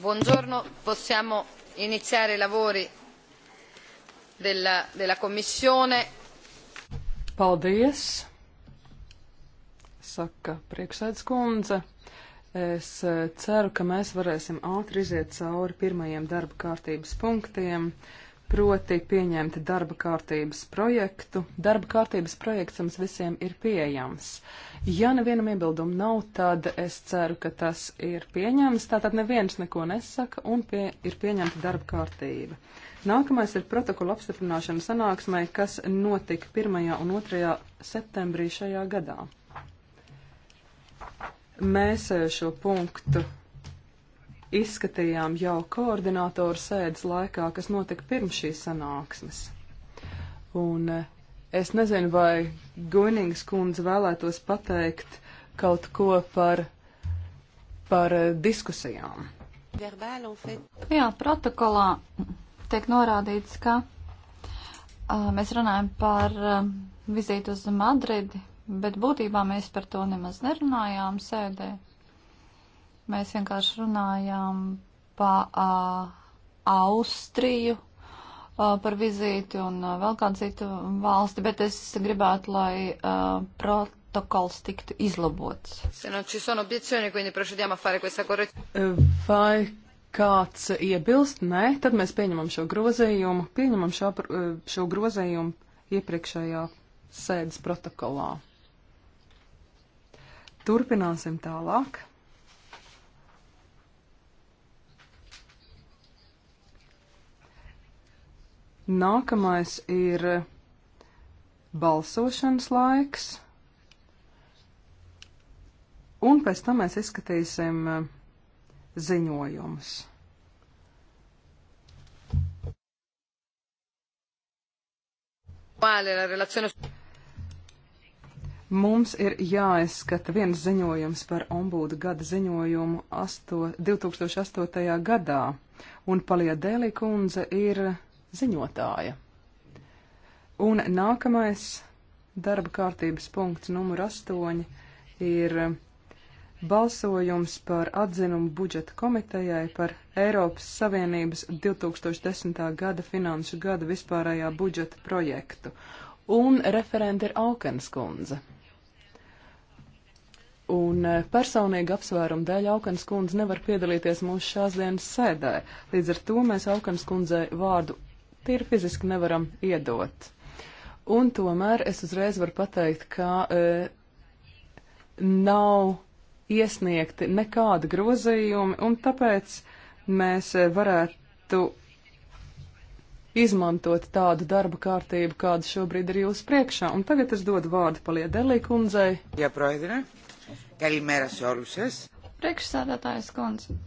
Buongiorno, possiamo iniziare i lavori della, della Commissione. Paldies, saka priekšsēdz kundze. Es eh, ceru, ka mēs varēsim ātri iziet cauri pirmajiem darba kārtības punktiem. Uh, proti pieņemt darba kārtības projektu. Darba kārtības projekts mums visiem ir pieejams. Ja nevienam iebildumu nav, tad es ceru, ka tas ir pieņemts. Tātad neviens neko nesaka un pie, ir pieņemta darba kārtība. Nākamais ir protokola apstiprināšana sanāksmai, kas notika 1. un 2. septembrī šajā gadā. Mēs eh, šo punktu izskatījām jau koordinātoru sēdes laikā, kas notika pirms šīs sanāksmes. Un eh, es nezinu, vai Guinings kundze vēlētos pateikt kaut ko par, par eh, diskusijām. Jā, protokolā tiek norādīts, ka uh, mēs runājam par uh, vizīti uz Madridi, bet būtībā mēs par to nemaz nerunājām sēdē. Mēs vienkārši runājām pa uh, Austriju uh, par vizīti un uh, vēl kādu citu valsti, bet es gribētu, lai uh, protokols tiktu izlabots. E, vai kāds iebilst? Nē, tad mēs pieņemam šo grozījumu, pieņemam šo, e, šo grozījumu iepriekšējā sēdes protokolā. Turpināsim tālāk. Nākamais ir balsošanas laiks. Un pēc tam mēs izskatīsim eh, ziņojumus. Mums ir jāizskata viens ziņojums par ombudu gada ziņojumu asto, 2008. gadā, un Paliedēlī kundze ir ziņotāja. Un nākamais darba kārtības punkts numur 8 ir balsojums par atzinumu budžeta komitejai par Eiropas Savienības 2010. gada finanšu gada vispārējā budžeta projektu. Un referenti ir Aukens kundze. Un eh, personīgi apsvērumu dēļ Aukens kundze nevar piedalīties mūsu šās dienas sēdē. Līdz ar to mēs Aukens kundzei vārdu tīri fiziski nevaram iedot. Un tomēr es uzreiz varu pateikt, ka e, nav iesniegti nekādi grozījumi, un tāpēc mēs eh, varētu izmantot tādu darba kārtību, kāda šobrīd ir jūsu priekšā. Un tagad es dodu vārdu Paliedelī kundzei. Jā, proidina. Kalimēra Soruses. Priekšsēdētājs kundze.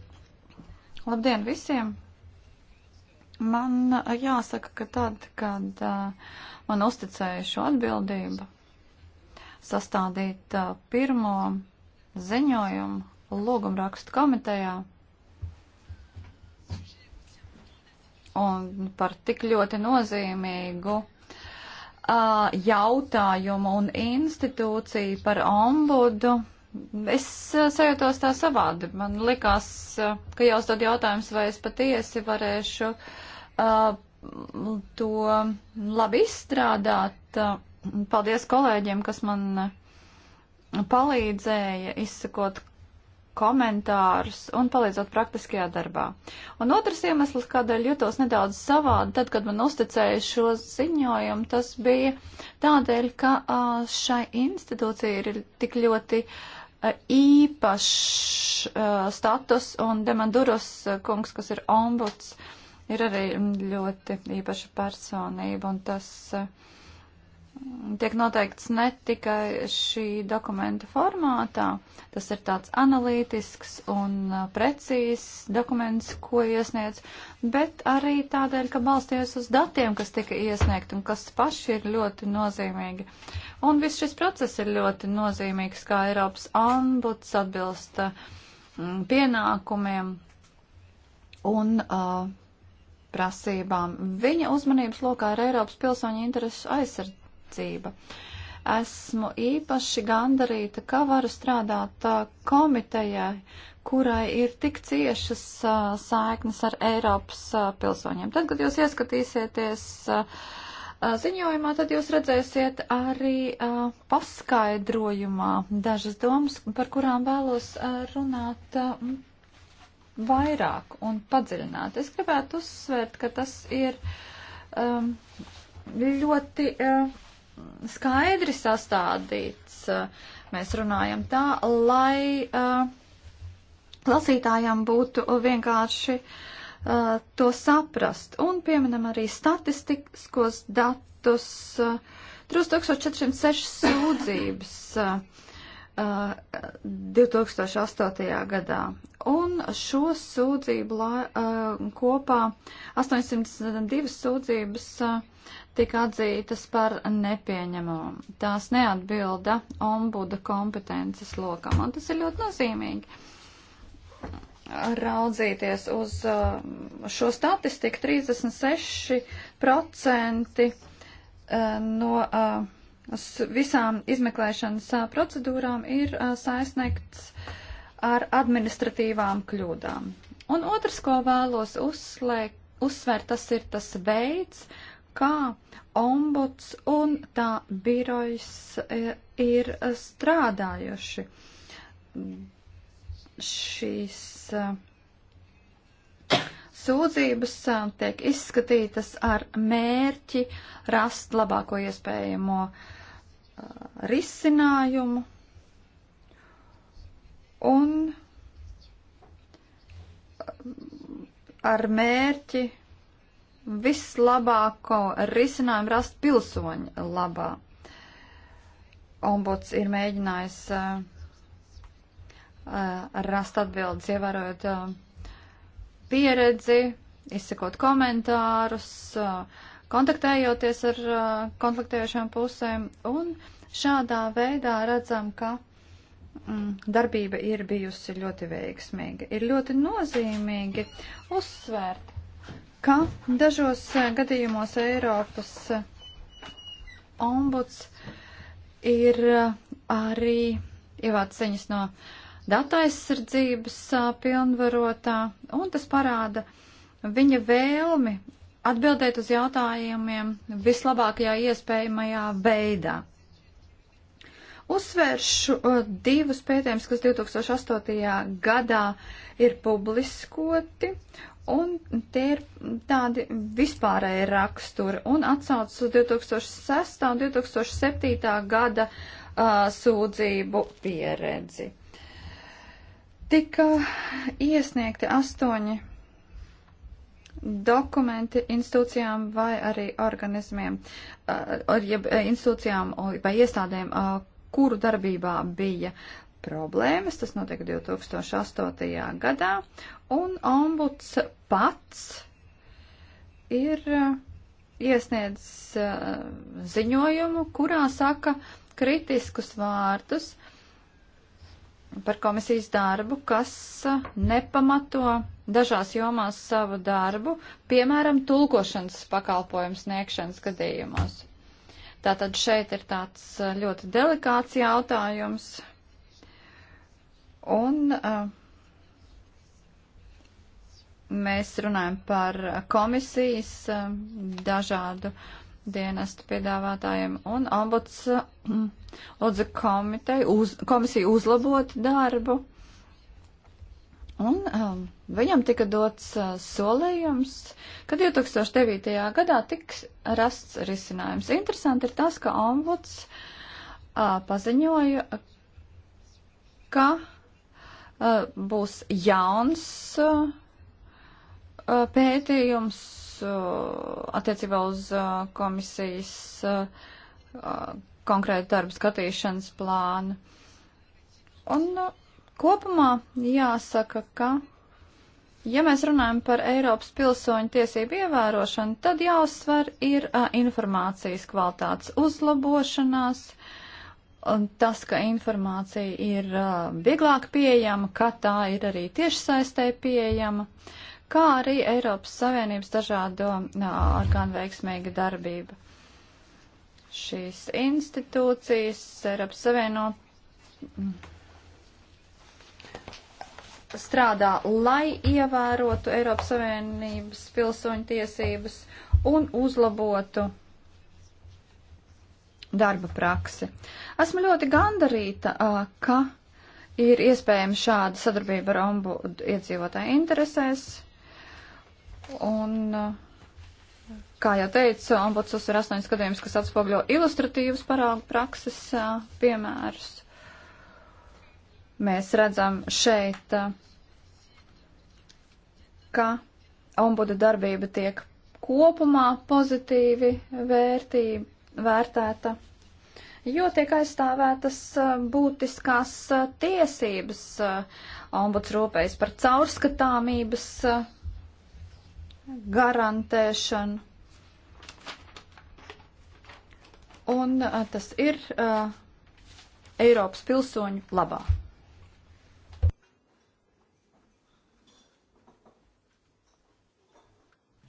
Labdien visiem! Man eh, jāsaka, ka tad, kad eh, man uzticēja šo atbildību sastādīt eh, pirmo ziņojumu lūgumrakstu komitejā, un par tik ļoti nozīmīgu uh, jautājumu un institūciju par ombudu. Es uh, sajūtos tā savādi. Man likās, uh, ka jāuzdod jautājums, vai es patiesi varēšu uh, Uh, to labi izstrādāt. Uh, paldies kolēģiem, kas man palīdzēja izsakot komentārus un palīdzot praktiskajā darbā. Un otrs iemesls, kādēļ jutos nedaudz savādi, tad, kad man uzticēja šo ziņojumu, tas bija tādēļ, ka uh, šai institūcija ir tik ļoti īpašs status un Demanduros kungs, kas ir ombuds, uh, ir arī ļoti īpaša personība, un tas eh, tiek noteikts ne tikai šī dokumenta formātā, tas ir tāds analītisks un eh, precīzs dokuments, ko iesniedz, bet arī tādēļ, ka balstījies uz datiem, kas tika iesniegt un kas paši ir ļoti nozīmīgi. Un viss šis process ir ļoti nozīmīgs, kā Eiropas ombuds atbilst eh, pienākumiem un uh, prasībām. Viņa uzmanības lokā ir Eiropas pilsoņu interesu aizsardzība. Esmu īpaši gandarīta, ka varu strādāt komitejai, kurai ir tik ciešas saiknes ar Eiropas pilsoņiem. Tad, kad jūs ieskatīsieties ziņojumā, tad jūs redzēsiet arī paskaidrojumā dažas domas, par kurām vēlos runāt vairāk un padziļināt. Es gribētu uzsvērt, ka tas ir um, ļoti uh, skaidri sastādīts. Uh, mēs runājam tā, lai uh, lasītājiem būtu vienkārši uh, to saprast. Un pieminam arī statistiskos datus. Uh, 3406 sūdzības. Uh, 2008. Uh, uh, gadā. Un šo sūdzību lai, uh, kopā 802 sūdzības uh, tika atzītas par nepieņemamām. Tās neatbilda ombuda kompetences lokam, un tas ir ļoti nozīmīgi. Raudzīties uz uh, šo statistiku 36% uh, no. Uh, Uz visām izmeklēšanas procedūrām ir saisniegts ar administratīvām kļūdām. Un otrs, ko vēlos uzslēgt, uzsvērt, tas ir tas veids, kā ombuds un tā birojs ir strādājuši šīs sūdzības tiek izskatītas ar mērķi rast labāko iespējamo uh, risinājumu un ar mērķi vislabāko risinājumu rast pilsoņu labā. Ombuds ir mēģinājis rast atbildes, ievērojot pieredzi, izsakot komentārus, uh, kontaktējoties ar uh, konfliktējošām pusēm, un šādā veidā redzam, ka mm, darbība ir bijusi ļoti veiksmīga. Ir ļoti nozīmīgi uzsvērt, ka dažos uh, gadījumos Eiropas uh, ombuds ir uh, arī ievāc ziņas no datu aizsardzības pilnvarotā, un tas parāda viņa vēlmi atbildēt uz jautājumiem vislabākajā iespējamajā veidā. Uzsvēršu divus pētījumus, kas 2008. gadā ir publiskoti, un tie ir tādi vispārēji raksturi un atsaucas uz 2006. un 2007. gada uh, sūdzību pieredzi. Tika iesniegti astoņi dokumenti institūcijām vai arī organismiem, uh, ar, jeb, eh, institūcijām vai iestādēm, uh, kuru darbībā bija problēmas. Tas notika 2008. gadā, un ombuds pats ir uh, iesniedzis ziņojumu, kurā saka kritiskus vārtus par komisijas darbu, kas nepamato dažās jomās savu darbu, piemēram, tulkošanas pakalpojumu sniegšanas gadījumos. Tātad šeit ir tāds ļoti delikāts jautājums. Un uh, mēs runājam par komisijas uh, dažādu uh, dienestu piedāvātājiem un ombuds mm, lūdza komiteju, uz, komisiju uzlabot darbu. Un um, viņam tika dots uh, solījums, ka 2009. gadā tiks rasts risinājums. Interesanti ir tas, ka ombuds uh, paziņoja, ka uh, būs jauns uh, uh pētījums Uh, attiecībā uz uh, komisijas uh, konkrētu darbu skatīšanas plānu. Un kopumā jāsaka, ka, ja mēs runājam par Eiropas pilsoņu tiesību ievērošanu, tad jāuzsver ir informācijas kvalitātes uzlabošanās, tas, ka informācija ir vieglāk pieejama, ka tā ir arī tiešsaistē pieejama. Uh, kā arī Eiropas Savienības dažādo orgānu veiksmīga darbība. Šīs institūcijas, Eiropas Savienot strādā, lai ievērotu Eiropas Savienības pilsoņu tiesības un uzlabotu darba praksi. Esmu ļoti gandarīta, ka ir iespējama šāda sadarbība ar ombudu iedzīvotāju interesēs. Un, kā jau teicu, ombudsmanis ir astoņas gadījums, kas atspogļo ilustratīvas parādu prakses piemērus. Mēs redzam šeit, ka ombuda darbība tiek kopumā pozitīvi vērtī, vērtēta, jo tiek aizstāvētas būtiskās tiesības. Ombuds rūpējas par caurskatāmības garantēšanu. Un tas ir uh, Eiropas pilsoņu labā.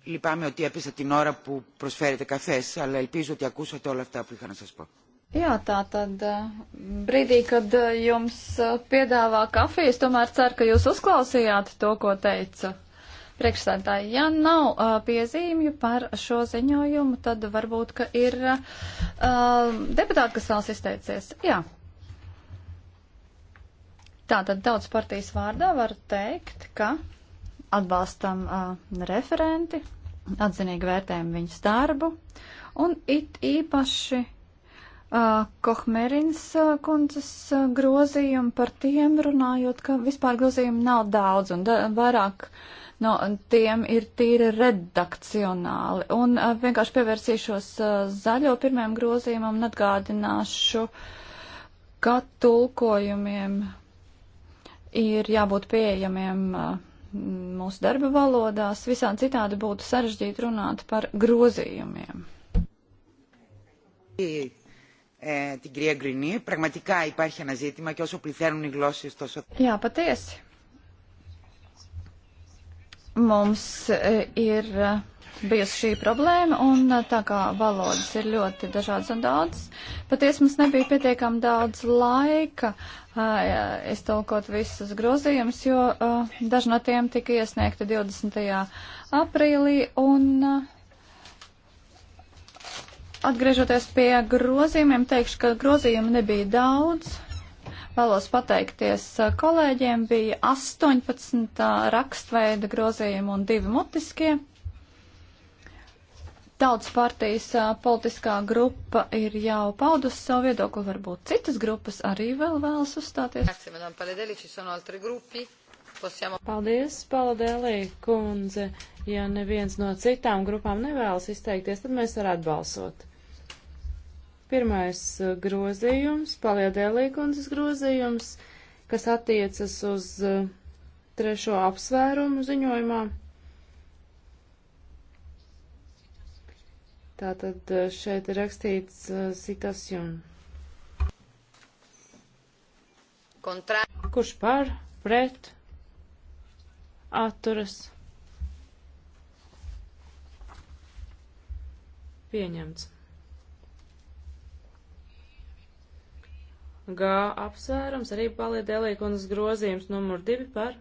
Λυπάμαι ότι έπεσα την ώρα που προσφέρετε καφές, αλλά ελπίζω ότι ακούσατε όλα αυτά που είχα να σας πω. Jā, tā tad brīdī, kad jums piedāvā kafijas, tomēr ceru, ka jūs uzklausījāt to, ko teicu. Priekšsēdētāji, ja nav uh, piezīmju par šo ziņojumu, tad varbūt, ka ir uh, deputāti, kas vēlas izteicies. Jā. Tātad daudz partijas vārdā var teikt, ka atbalstam uh, referenti, atzinīgi vērtējam viņas darbu un it īpaši uh, Kohmerins uh, kundzes uh, grozījumi par tiem runājot, ka vispār grozījumi nav daudz un da vairāk uh, no tiem ir tīri redakcionāli. Un uh, vienkārši pievērsīšos uh, zaļo pirmajam grozījumam un atgādināšu, ka tulkojumiem ir jābūt pieejamiem. Uh, mūsu darba valodās, visādi citādi būtu sarežģīti runāt par grozījumiem. Jā, patiesi mums e, ir e, bijusi šī problēma, un e, tā kā valodas ir ļoti dažādas un daudzas, patiesi mums nebija pietiekami daudz laika iztolkot visus grozījumus, jo daži no tiem tika iesniegti 20. aprīlī, un atgriežoties pie grozījumiem, teikšu, ka grozījumu nebija daudz, Vēlos pateikties kolēģiem. Bija 18 rakstveida grozījumi un divi mutiskie. Tautas partijas politiskā grupa ir jau paudusi savu viedokli, varbūt citas grupas arī vēl vēlas uzstāties. Paldies, Paladēlī, kundze. Ja neviens no citām grupām nevēlas izteikties, tad mēs varētu balsot. Pirmais uh, grozījums, paliedēlīkundzes grozījums, kas attiecas uz uh, trešo apsvērumu ziņojumā. Tātad uh, šeit ir rakstīts citasjum. Kontrā... Kurš par, pret, atturas. Pieņemts. G apsvērums arī paliek delīkunas grozījums numur 2 par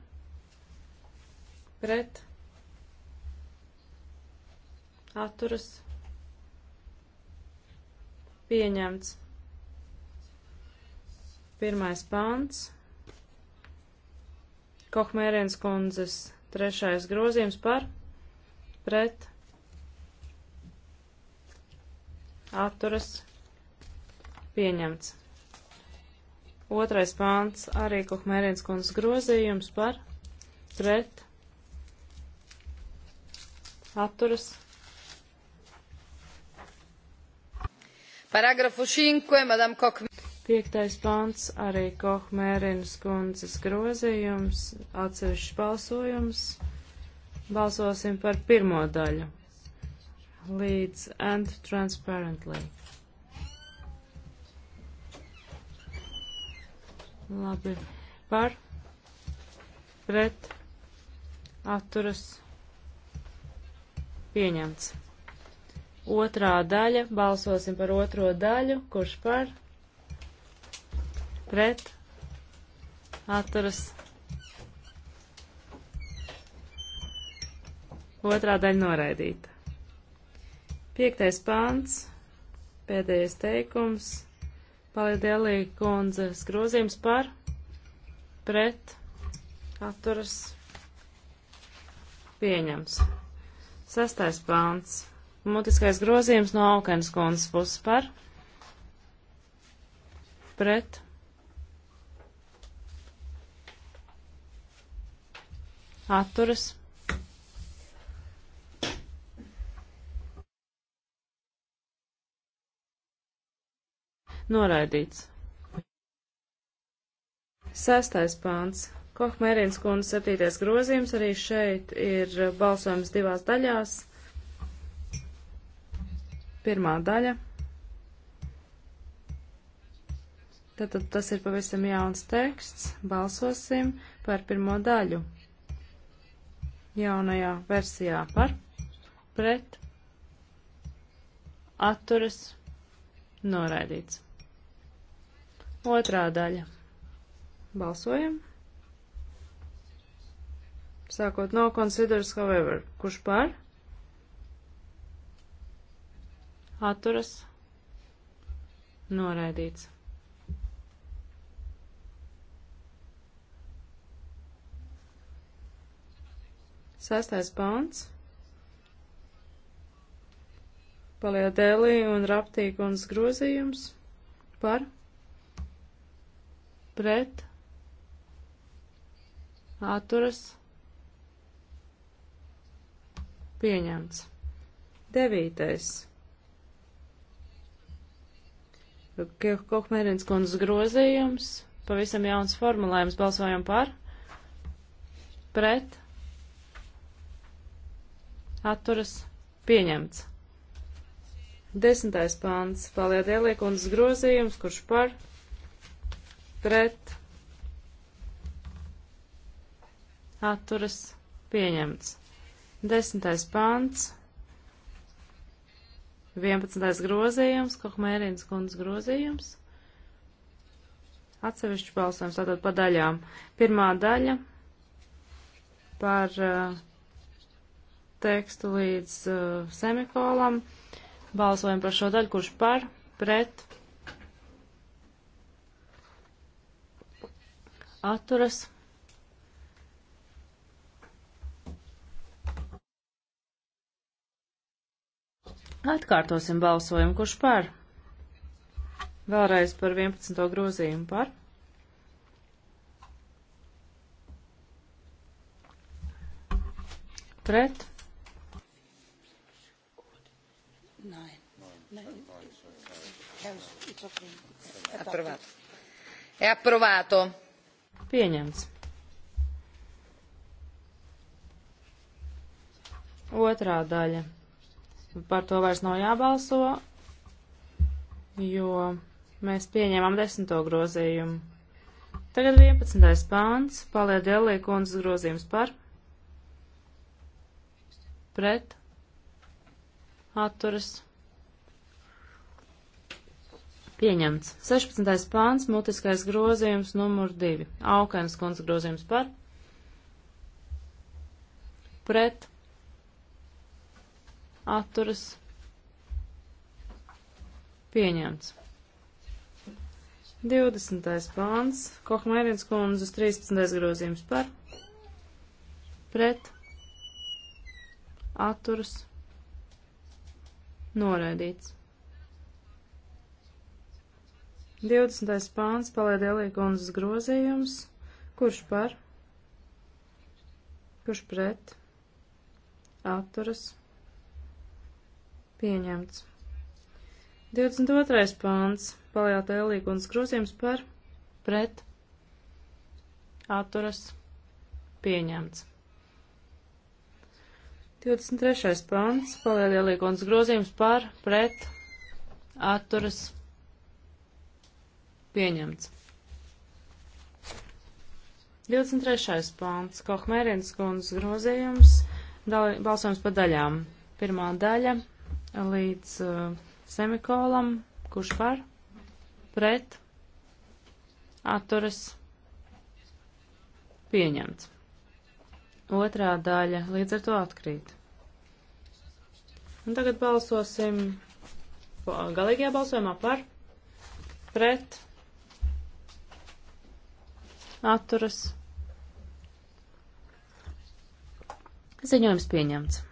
pret atturas pieņemts. Pirmais pants. Kohmērienas kundzes trešais grozījums par pret atturas pieņemts. Otrais pāns arī Kuhmērins kundzes grozījums par pret atturas. Paragrafu 5, Madame Kokmērin. Piektais pāns arī Kohmērinas kundzes grozījums, atsevišķs balsojums. Balsosim par pirmo daļu līdz and transparently. Labi. Par. Pret. Atturas. Pieņemts. Otrā daļa. Balsosim par otro daļu. Kurš par? Pret. Atturas. Otrā daļa noraidīta. Piektais pāns, pēdējais teikums. Paldielī kundzes grozījums par pret atturas pieņems. Sastais pāns. Mutiskais grozījums no Aukenas kundzes puses par pret atturas pieņems. Noraidīts. Sestais pāns. Kohmērins kundze septītais grozījums. Arī šeit ir balsojums divās daļās. Pirmā daļa. Tātad tas ir pavisam jauns teksts. Balsosim par pirmo daļu. Jaunajā versijā par, pret, atturas, noraidīts. Otrā daļa. Balsojam. Sākot no considers however. Kurš par? Atturas. Noraidīts. Sestais pāns. Palielēlī un raptīkums grozījums par pret atturas pieņemts. Devītais. Kokmērins kundzes grozījums, pavisam jauns formulējums, balsojam par, pret, atturas, pieņemts. Desmitais pāns, paliet ieliekundzes grozījums, kurš par, pret pret atturas pieņemts. Desmitais pants, 11. grozījums, Kohmērīnas kundas grozījums. Atsevišķi balsojums tātad pa daļām. Pirmā daļa par uh, tekstu līdz uh, semikolam. Balsojam par šo daļu, kurš par, pret, atturas. Atkārtosim balsojumu, kurš par? Vēlreiz par 11. grozījumu par. Pret. È approvato. È approvato pieņemts. Otrā daļa. Par to vairs nav jābalso, jo mēs pieņēmām desmito grozījumu. Tagad 11. pāns, paliek Delija kundzes grozījums par, pret, atturas, Pieņemts. 16. pāns, mutiskais grozījums numur 2. Aukainas kundze grozījums par. Pret. Atturas. Pieņemts. 20. pāns, Kohmērins kundzes 13. grozījums par. Pret. Atturas. Noraidīts. 20. pāns paliek Elīgundas grozījums. Kurš par? Kurš pret? Atturas. Pieņemts. 22. pāns paliek Elīgundas grozījums par? Pret? Atturas. Pieņemts. 23. pāns, palielīgons grozījums par, pret, atturas, Pieņemts. 23. pāns. Kohmērienas kundzes grozījums. Dal, balsojums pa daļām. Pirmā daļa līdz uh, semikolam. Kurš par? Pret. Atturas. Pieņemts. Otrā daļa līdz ar to atkrīt. Un tagad balsosim galīgajā balsojumā par pret atturas. Ziņojums pieņemts.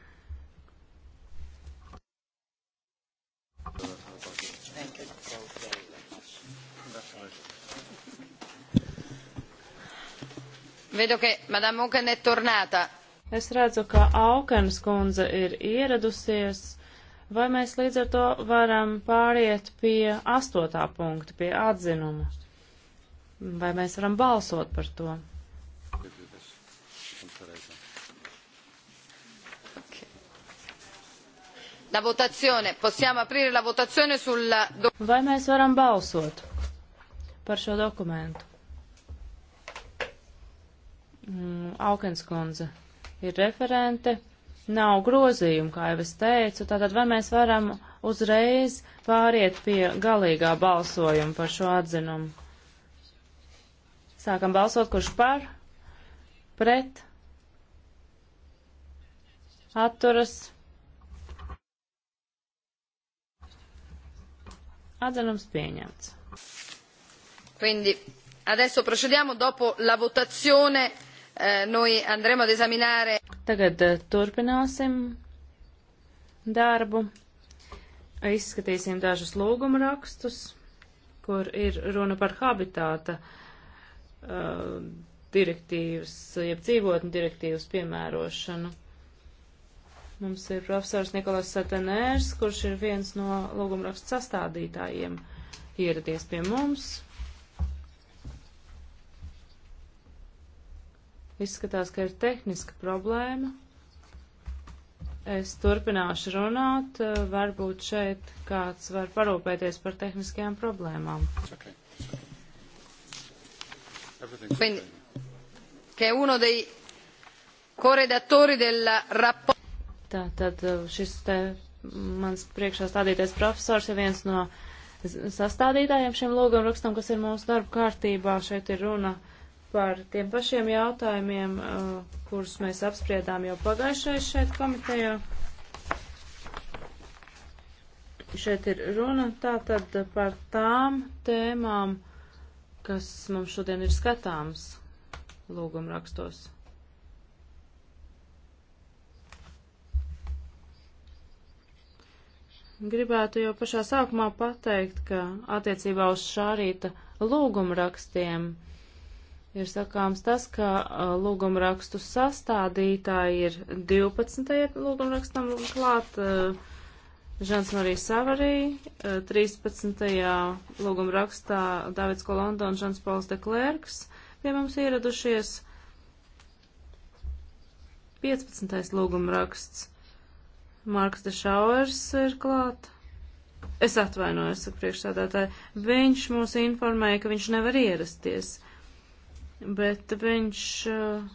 Vedo che Madame Auken è tornata. Es redzu, ka Aukenas kundze ir ieradusies. Vai mēs līdz ar to varam pāriet pie astotā punkta, pie atzinuma? Vai mēs varam balsot par to? La votazione, possiamo aprire la votazione sul... Vai mēs varam balsot par šo dokumentu? Mm, Aukenskundze ir referente, nav grozījumu, kā jau es teicu, tātad vai mēs varam uzreiz pāriet pie galīgā balsojuma par šo atzinumu? Sākam balsot, kurš par, pret, atturas. Atzinums pieņemts. Quindi adesso procediamo dopo la votazione. Eh, noi andremo ad esaminare. Tagad eh, turpināsim darbu. Izskatīsim dažus lūgumu rakstus, kur ir runa par habitāta uh, uh, direktīvas, jeb dzīvotņu direktīvas piemērošanu. Mums ir profesors Nikolas Satenērs, kurš ir viens no lūgumrakstu sastādītājiem, ieradies pie mums. Izskatās, ka ir tehniska problēma. Es turpināšu runāt. Varbūt šeit kāds var parūpēties par tehniskajām problēmām. Okay. Quindi, che è uno dei coredattori della rapporto. Tātad uh, šis te mans priekšā stādītais profesors ir viens no sastādītājiem šiem logumrakstam, kas ir mūsu darba kārtībā. Šeit ir runa par tiem pašiem jautājumiem, uh, kurus mēs apspriedām jau pagājušais šeit komitejā. Šeit ir runa tātad par tām tēmām, kas mums šodien ir skatāms lūgumrakstos. Gribētu jau pašā sākumā pateikt, ka attiecībā uz šā rīta lūgumrakstiem ir sakāms tas, ka lūgumrakstu sastādītāji ir 12. lūgumrakstam klāt. Uh, Žants Marijas Savarī, 13. Eh, lūguma rakstā Davids Kolondo un Žants Pauls de Klērks pie mums ieradušies. 15. lūguma raksts. Marks de Šauers ir klāt. Es atvainojos, saka priekšsādātāji. Viņš mūs informēja, ka viņš nevar ierasties, bet viņš. Uh,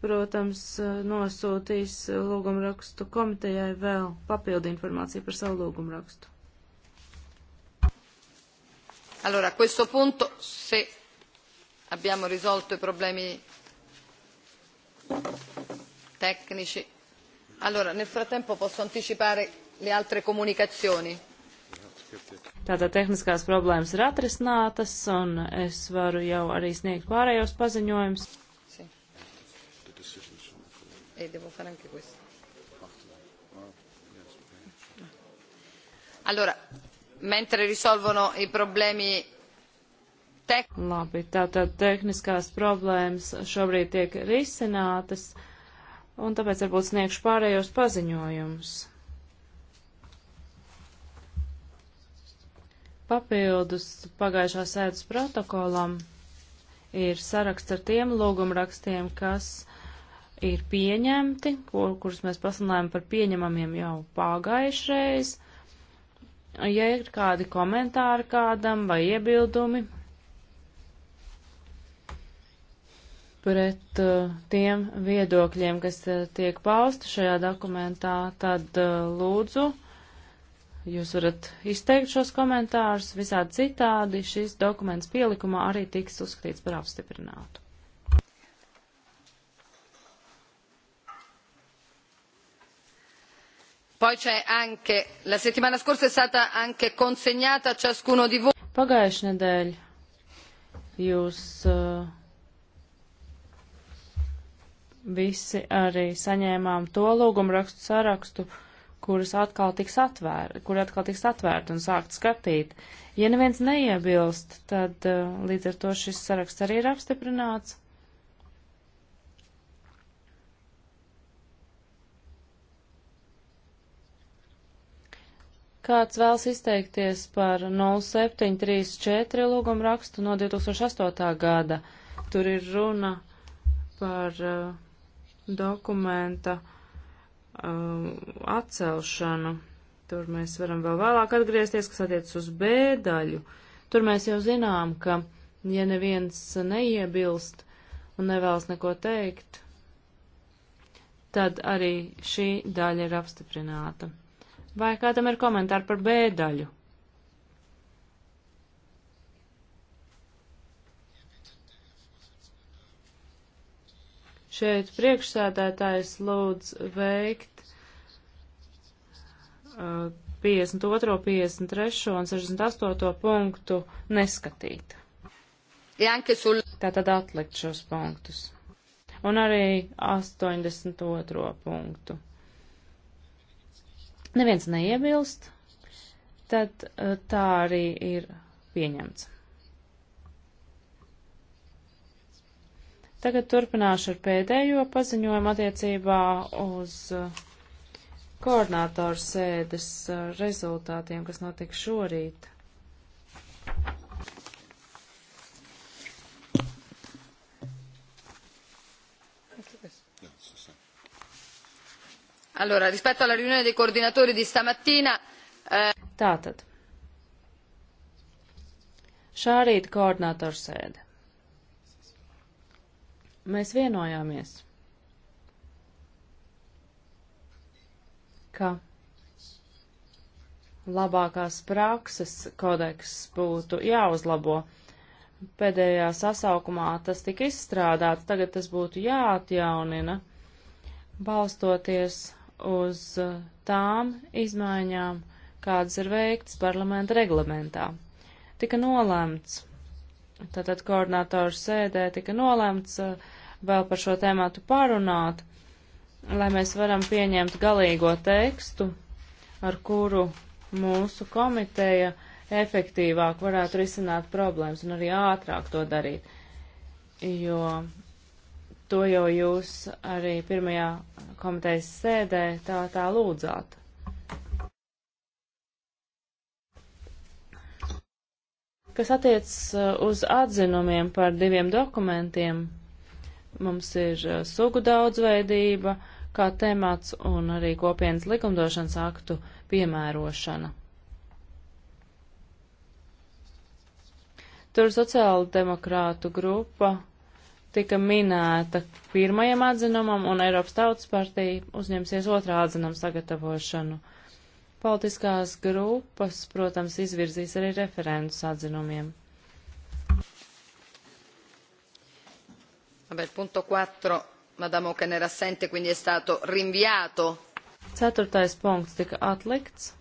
protams, eh, nosūtīs lūgumrakstu komitejai vēl papildu informāciju par savu lūgumrakstu. Allora, a questo punto, se abbiamo risolto i problemi tecnici, allora nel frattempo posso anticipare le altre comunicazioni. Tātad tehniskās problēmas ir atrisinātas, un es varu jau arī sniegt pārējos paziņojumus e devo fare anche questo. Allora, mentre risolvono i problemi tecnici. Labi, tātad tehniskās problēmas šobrīd tiek risinātas, un tāpēc varbūt sniegšu pārējos paziņojumus. Papildus pagājušā sēdes protokolam ir saraksts ar tiem lūgumrakstiem, kas ir pieņemti, kur, kurus mēs pasludinājām par pieņemamiem jau pagājušreiz. Ja ir kādi komentāri kādam vai iebildumi pret uh, tiem viedokļiem, kas uh, tiek pausti šajā dokumentā, tad uh, lūdzu, jūs varat izteikt šos komentārus visādi citādi. Šis dokuments pielikumā arī tiks uzskatīts par apstiprinātu. Poi c'è anche, la settimana scorsa è stata anche consegnata a ciascuno di voi. Pagājušajā nedēļā jūs uh, visi arī saņēmām to lūgumu rakstu sarakstu, kuras atkal tiks atvērta, kur atkal tiks atvērta un sākt skatīt. Ja neviens neiebilst, tad uh, līdz ar to šis saraksts arī ir apstiprināts. Kāds vēlas izteikties par 0734 lūgumu rakstu no 2008. gada? Tur ir runa par uh, dokumenta uh, atcelšanu. Tur mēs varam vēl vēlāk atgriezties, kas attiecas uz B daļu. Tur mēs jau zinām, ka ja neviens neiebilst un nevēlas neko teikt, tad arī šī daļa ir apstiprināta. Vai kādam ir komentāri par B daļu? Šeit priekšsēdētājs lūdz veikt uh, 52, 53 un 68 punktu neskatīt. E Tātad atlikt šos punktus. Un arī 82 punktu neviens neiebilst, tad eh, tā arī ir pieņemts. Tagad turpināšu ar pēdējo paziņojumu attiecībā uz eh, koordinātoru sēdes eh, rezultātiem, kas notika šorīt. Allora, rispetto alla riunione dei coordinatori di stamattina. Eh... Tātad. Šā rīta koordinātora sēde. Mēs vienojāmies, ka labākās prakses kodeks būtu jāuzlabo. Pēdējā sasaukumā tas tika izstrādāts, tagad tas būtu jāatjaunina, balstoties uz uh, tām izmaiņām, kādas ir veikts parlamenta reglamentā. Tika nolēmts, tātad koordinātoru sēdē tika nolēmts uh, vēl par šo tēmātu parunāt, lai mēs varam pieņemt galīgo tekstu, ar kuru mūsu komiteja efektīvāk varētu risināt problēmas un arī ātrāk to darīt. Jo To jau jūs arī pirmajā komitejas sēdē tā, tā lūdzāt. Kas attiecas uh, uz atzinumiem par diviem dokumentiem, mums ir uh, sugu daudzveidība kā temats un arī kopienas likumdošanas aktu piemērošana. Tur sociāla demokrātu grupa tika minēta pirmajam atzinumam, un Eiropas Tautas partija uzņemsies otrā atzinuma sagatavošanu. Politiskās grupas, protams, izvirzīs arī referentus atzinumiem. Vabbè, il punto 4, Madame Oken era assente, quindi è stato rinviato. Ceturtais punkts tika atlikts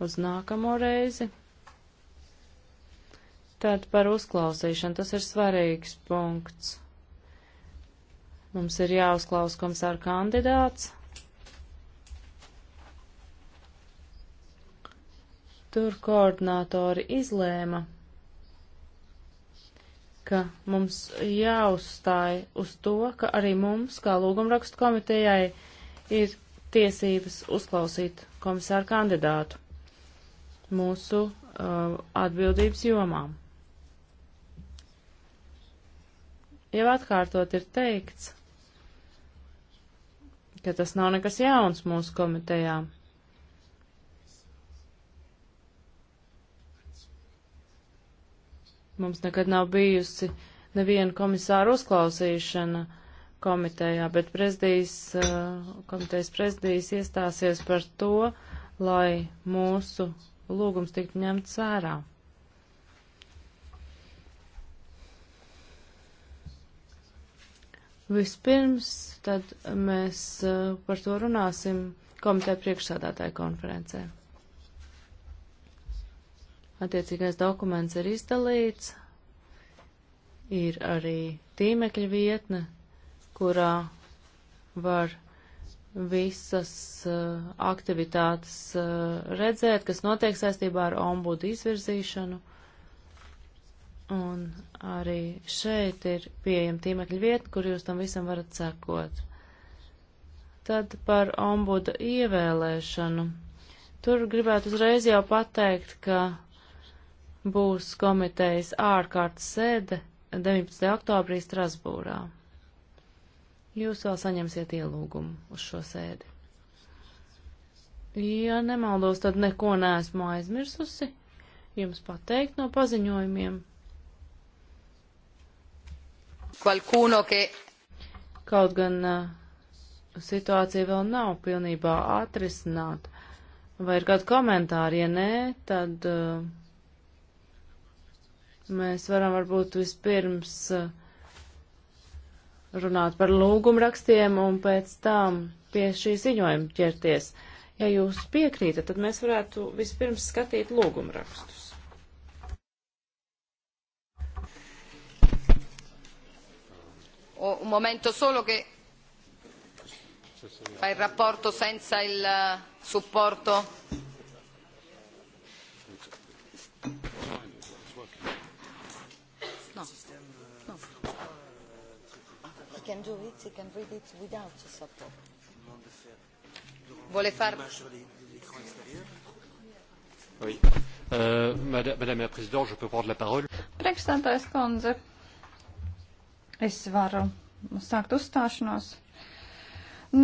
uz nākamo reizi. Tad par uzklausīšanu tas ir svarīgs punkts. Mums ir jāuzklaus komisāra kandidāts. Tur koordinātori izlēma, ka mums jāuzstāj uz to, ka arī mums, kā lūgumrakstu komitejai, ir tiesības uzklausīt komisāru kandidātu mūsu uh, atbildības jomām. jau atkārtot ir teikts, ka tas nav nekas jauns mūsu komitejā. Mums nekad nav bijusi neviena komisāra uzklausīšana komitejā, bet prezidijas, uh, komitejas prezidijas iestāsies par to, lai mūsu lūgums tiktu ņemts vērā. Vispirms tad mēs eh, par to runāsim komiteja priekšsādātāja konferencē. Attiecīgais dokuments ir izdalīts, ir arī tīmekļa vietne, kurā var visas uh, aktivitātes uh, redzēt, kas notiek saistībā ar ombudu izvirzīšanu. Un arī šeit ir pieejama tīmekļa vieta, kur jūs tam visam varat sekot. Tad par ombuda ievēlēšanu. Tur gribētu uzreiz jau pateikt, ka būs komitejas ārkārtas sēde 19. oktobrī Strasbūrā. Jūs vēl saņemsiet ielūgumu uz šo sēdi. Ja nemaldos, tad neko neesmu aizmirsusi jums pateikt no paziņojumiem qualcuno che. Kaut gan uh, situācija vēl nav pilnībā atrisināta. Vai ir kādi komentāri? Ja nē, tad uh, mēs varam varbūt vispirms uh, runāt par lūgumrakstiem un pēc tam pie šī ziņojuma ķerties. Ja jūs piekrītat, tad mēs varētu vispirms skatīt lūgumrakstus. un momento solo che fa il rapporto senza il eh, supporto. No. No. He can do it, he can read it without support. Vuole far... Oui. Euh, Madame, Madame la Présidente, je peux prendre la parole. Priekšstādātājs kundze, Es varu sākt uzstāšanos.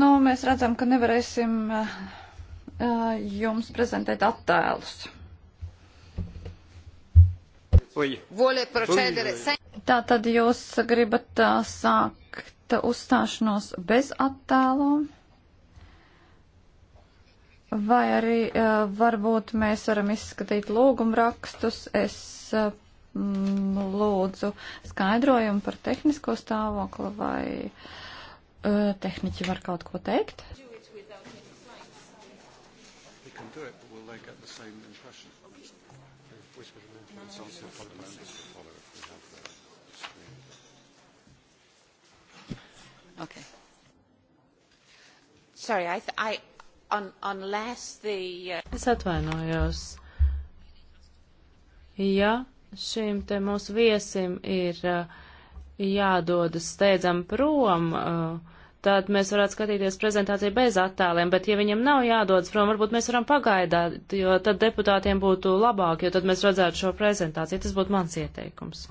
Nu, mēs redzam, ka nevarēsim uh, jums prezentēt attēlus. Tā tad jūs gribat uh, sākt uzstāšanos bez attēliem? Vai arī uh, varbūt mēs varam izskatīt lūgumrakstus? Es uh, Mm, lūdzu skaidrojumu par tehnisko stāvokli vai uh, tehniķi var kaut ko teikt? Okay. Sorry, I, th I un unless the. Uh... Es atvainojos. Ja šim te mūsu viesim ir eh, jādodas steidzam prom, eh, tad mēs varētu skatīties prezentāciju bez attēliem, bet ja viņam nav jādodas prom, varbūt mēs varam pagaidāt, jo tad deputātiem būtu labāk, jo tad mēs redzētu šo prezentāciju. Tas būtu mans ieteikums.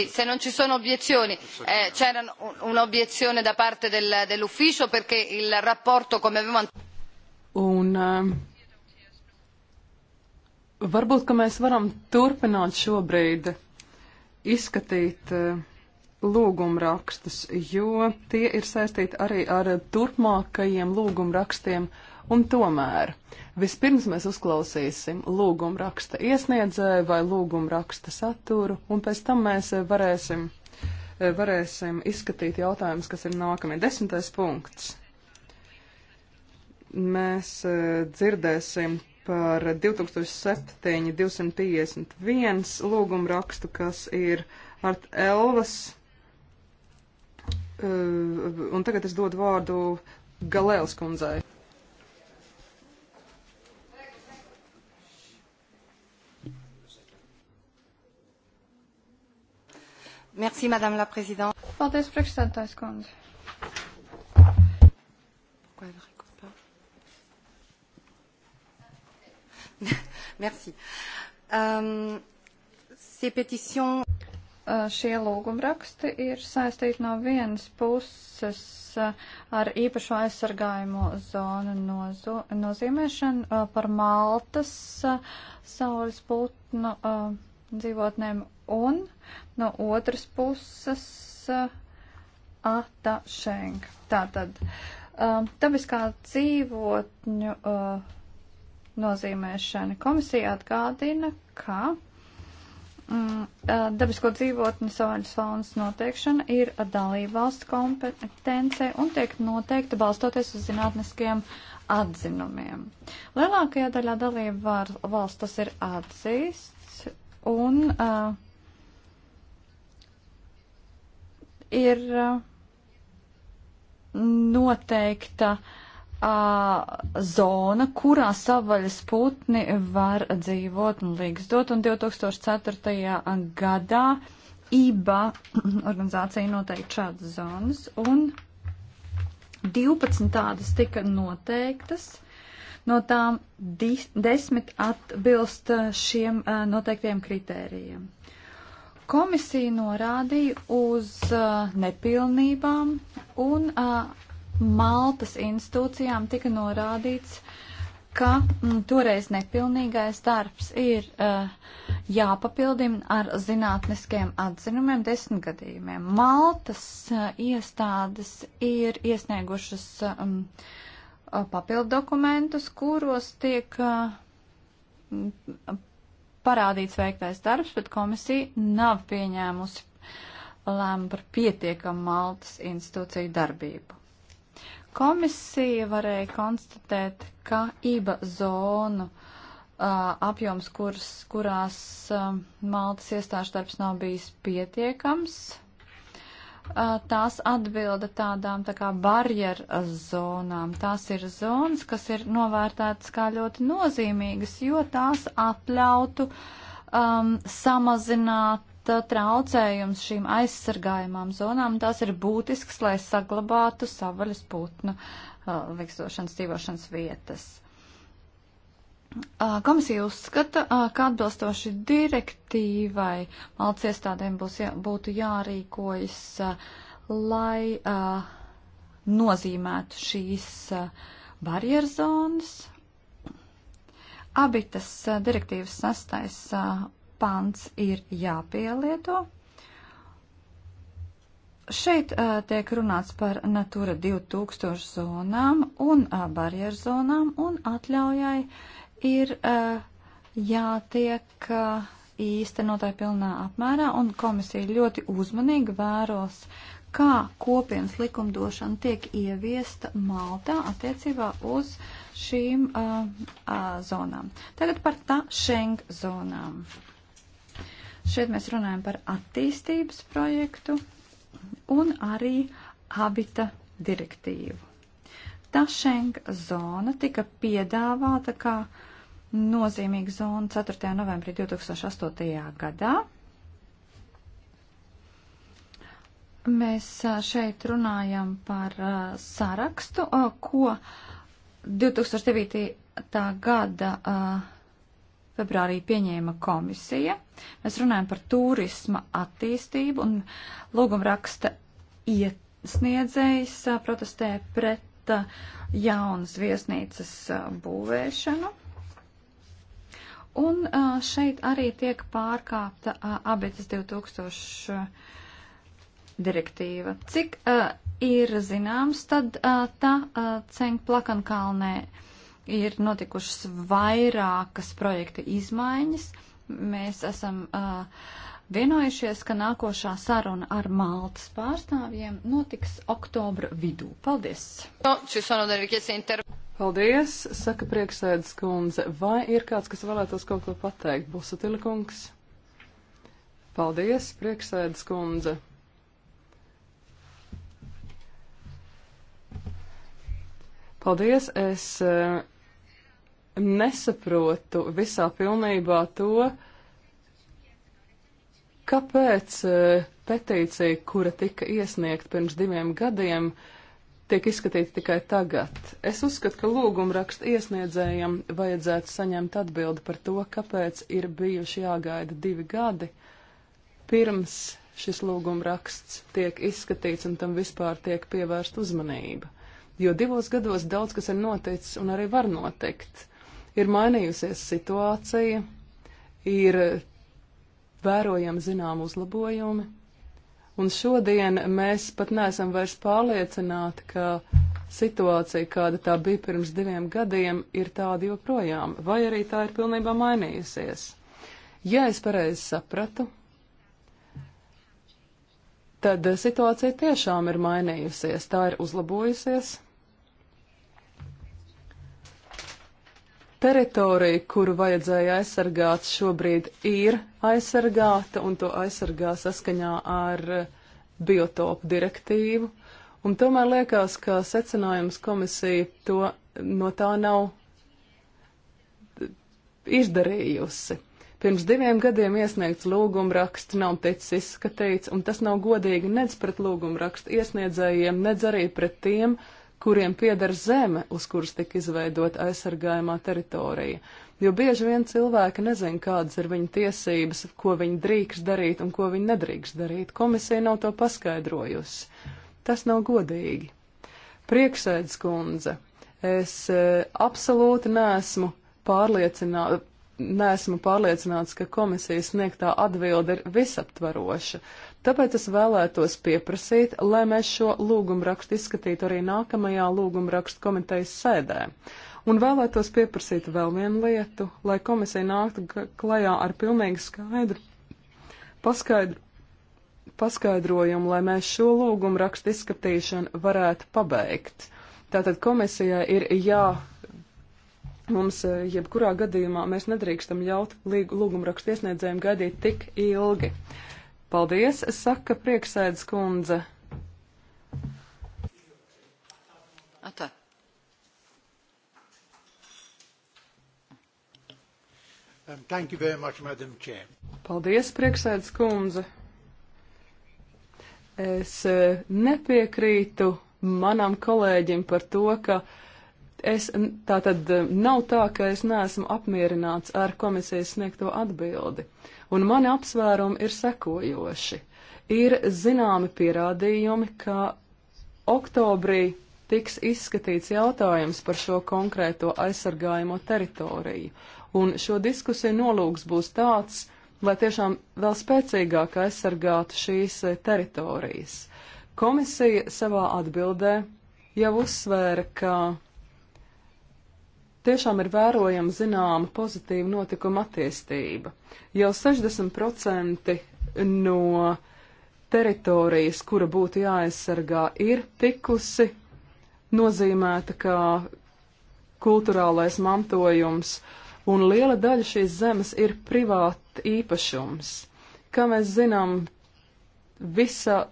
Sì, se non ci sono obiezioni, eh, c'era un'obiezione da parte del, dell'ufficio perché il rapporto come avevamo... Un, uh, varbūt, ka mēs varam turpināt šobrīd izskatīt uh, lūgumrakstus, jo tie ir saistīti arī ar turpmākajiem lūgumrakstiem. rakstiem Un tomēr vispirms mēs uzklausīsim lūgumu raksta iesniedzēju vai lūgumu raksta saturu, un pēc tam mēs varēsim, varēsim izskatīt jautājumus, kas ir nākamie. Desmitais punkts. Mēs e, dzirdēsim par 2007-251 lūgumu rakstu, kas ir Art Elvas. E, un tagad es dodu vārdu Galēlas kundzei. Merci, Madame la Présidente. Paldies, priekšsēdētājs kundze. Merci. Um, ces pétitions... Uh, šie lūgumraksti ir saistīti no vienas puses ar īpašo aizsargājumu zonu nozo, nozīmēšanu uh, par Maltas uh, saules putnu. Uh, dzīvotnēm un no otras puses eh, atašēng. Tātad eh, dabiskā dzīvotņu eh, nozīmēšana komisija atgādina, ka mm, dabisko dzīvotņu savaļas faunas noteikšana ir dalībvalsts kompetence un tiek noteikta balstoties uz zinātniskiem atzinumiem. Lielākajā daļā dalību valsts tas ir atzīst un uh, ir noteikta uh, zona, kurā savvaļas putni var dzīvot un līgstot, un 2004. gadā IBA organizācija noteikti šādas zonas, un 12 tādas tika noteiktas. No tām desmit atbilst eh, šiem eh, noteiktiem kritērijiem. Komisija norādīja uz eh, nepilnībām un Maltas institūcijām tika norādīts, ka m, mm, toreiz nepilnīgais darbs ir uh, jāpapildina ar zinātniskiem atzinumiem desmit gadījumiem. Maltas uh, iestādes ir iesniegušas um, Uh, papildu dokumentus, kuros tiek uh, parādīts veiktais darbs, bet komisija nav pieņēmusi lēmu par pietiekamu Maltas institūciju darbību. Komisija varēja konstatēt, ka IBA zonu uh, apjoms, kurs, kurās uh, Maltas iestāžu darbs nav bijis pietiekams, tās atbilda tādām tā kā barjeru zonām. Tās ir zonas, kas ir novērtētas kā ļoti nozīmīgas, jo tās atļautu um, samazināt uh, traucējums šīm aizsargājumām zonām. Tās ir būtisks, lai saglabātu savaļas putnu uh, likstošanas dzīvošanas vietas. Uh, Komisija uzskata, ka atbilstoši direktīvai malts iestādēm būs, jā, būtu jārīkojas, lai nozīmētu šīs barjerzonas. Abitas direktīvas sastais pants ir jāpielieto. Šeit uh, tiek runāts par Natura 2000 zonām un uh, barjerzonām un atļaujai uh, ir uh, jātiek uh, eh, īstenotai pilnā apmērā, un komisija ļoti uzmanīgi vēros, kā kopienas likumdošana tiek ieviesta Maltā attiecībā uz šīm uh, uh, zonām. Tagad par tā Šeng zonām. Šeit mēs runājam par attīstības projektu un arī habita direktīvu. Tašenga zona tika piedāvāta kā uh, nozīmīga zona 4. novembrī 2008. gadā. Mēs šeit runājam par sarakstu, ko 2009. gada februārī pieņēma komisija. Mēs runājam par turisma attīstību un lūgumraksta iesniedzējs protestē pret jaunas viesnīcas būvēšanu. Un šeit arī tiek pārkāpta abetas 2000 direktīva. Cik uh, ir zināms, tad uh, tā uh, cenk plakankalnē ir notikušas vairākas projekta izmaiņas. Mēs esam uh, vienojušies, ka nākošā saruna ar Maltas pārstāvjiem notiks oktobra vidū. Paldies! Paldies, saka prieksēdes kundze. Vai ir kāds, kas vēlētos kaut ko pateikt? Busatila kungs? Paldies, prieksēdes kundze. Paldies, es eh, nesaprotu visā pilnībā to, uh, Kāpēc e, petīcija, kura tika iesniegta pirms diviem gadiem, tiek izskatīta tikai tagad? Es uzskatu, ka lūguma raksta iesniedzējiem vajadzētu saņemt atbildi par to, kāpēc ir bijuši jāgaida divi gadi pirms šis lūguma raksts tiek izskatīts un tam vispār tiek pievērsta uzmanība. Jo divos gados daudz kas ir noticis un arī var notikt. Ir mainījusies situācija, ir vērojam zinām uzlabojumi. Un šodien mēs pat neesam vairs pārliecināti, ka situācija, kāda tā bija pirms diviem gadiem, ir tāda joprojām, vai arī tā ir pilnībā mainījusies. Ja es pareizi sapratu, tad situācija tiešām ir mainījusies, tā ir uzlabojusies, Teritorija, kuru vajadzēja aizsargāt, šobrīd ir aizsargāta un to aizsargā saskaņā ar eh, biotopu direktīvu. Un tomēr liekas, ka secinājums komisija to no tā nav eh, izdarījusi. Pirms diviem gadiem iesniegts lūgumraksts nav ticis izskatīts, un tas nav godīgi nedz pret lūgumrakstu iesniedzējiem, nedz arī pret tiem, uh, kuriem pieder zeme, uz kuras tika izveidota aizsargājumā teritorija. Jo bieži vien cilvēki nezina, kādas ir viņa tiesības, ko viņi drīkst darīt un ko viņi nedrīkst darīt. Komisija nav to paskaidrojusi. Tas nav godīgi. Prieksēdz kundze, es e, absolūti neesmu pārliecināta. Nesmu pārliecināts, ka komisijas sniegtā atbilde ir visaptvaroša. Uh, Tāpēc es vēlētos pieprasīt, lai mēs šo lūgumrakstu izskatītu arī nākamajā lūgumrakstu komitejas sēdē. Un vēlētos pieprasīt vēl vienu lietu, lai komisija nāktu klajā ar pilnīgi skaidru, paskaidru, paskaidrojumu, lai mēs šo lūgumrakstu izskatīšanu varētu pabeigt. Tātad komisijai ir jā mums eh, jebkurā gadījumā mēs nedrīkstam ļaut lūgumrakstu iesniedzējiem gaidīt tik ilgi. Paldies, saka prieksēdz kundze. Atā. Um, thank you very much, Madam Chair. Paldies, prieksēdz kundze. Es e, nepiekrītu manam kolēģim par to, ka es tā tad e, nav tā, ka es neesmu apmierināts ar komisijas sniegto atbildi. Uh, Un mani apsvērumi ir sekojoši. Ir zināmi pierādījumi, ka oktobrī tiks izskatīts jautājums par šo konkrēto aizsargājamo teritoriju. Un šo diskusiju nolūks būs tāds, lai tiešām vēl spēcīgāk aizsargātu šīs eh, teritorijas. Komisija savā atbildē jau uzsvēra, ka tiešām ir vērojama zināma pozitīva notikuma attīstība. Jau 60% no teritorijas, kura būtu jāaizsargā, ir tikusi nozīmēta kā kulturālais mantojums, un liela daļa šīs zemes ir privāta īpašums. Kā mēs zinām, visa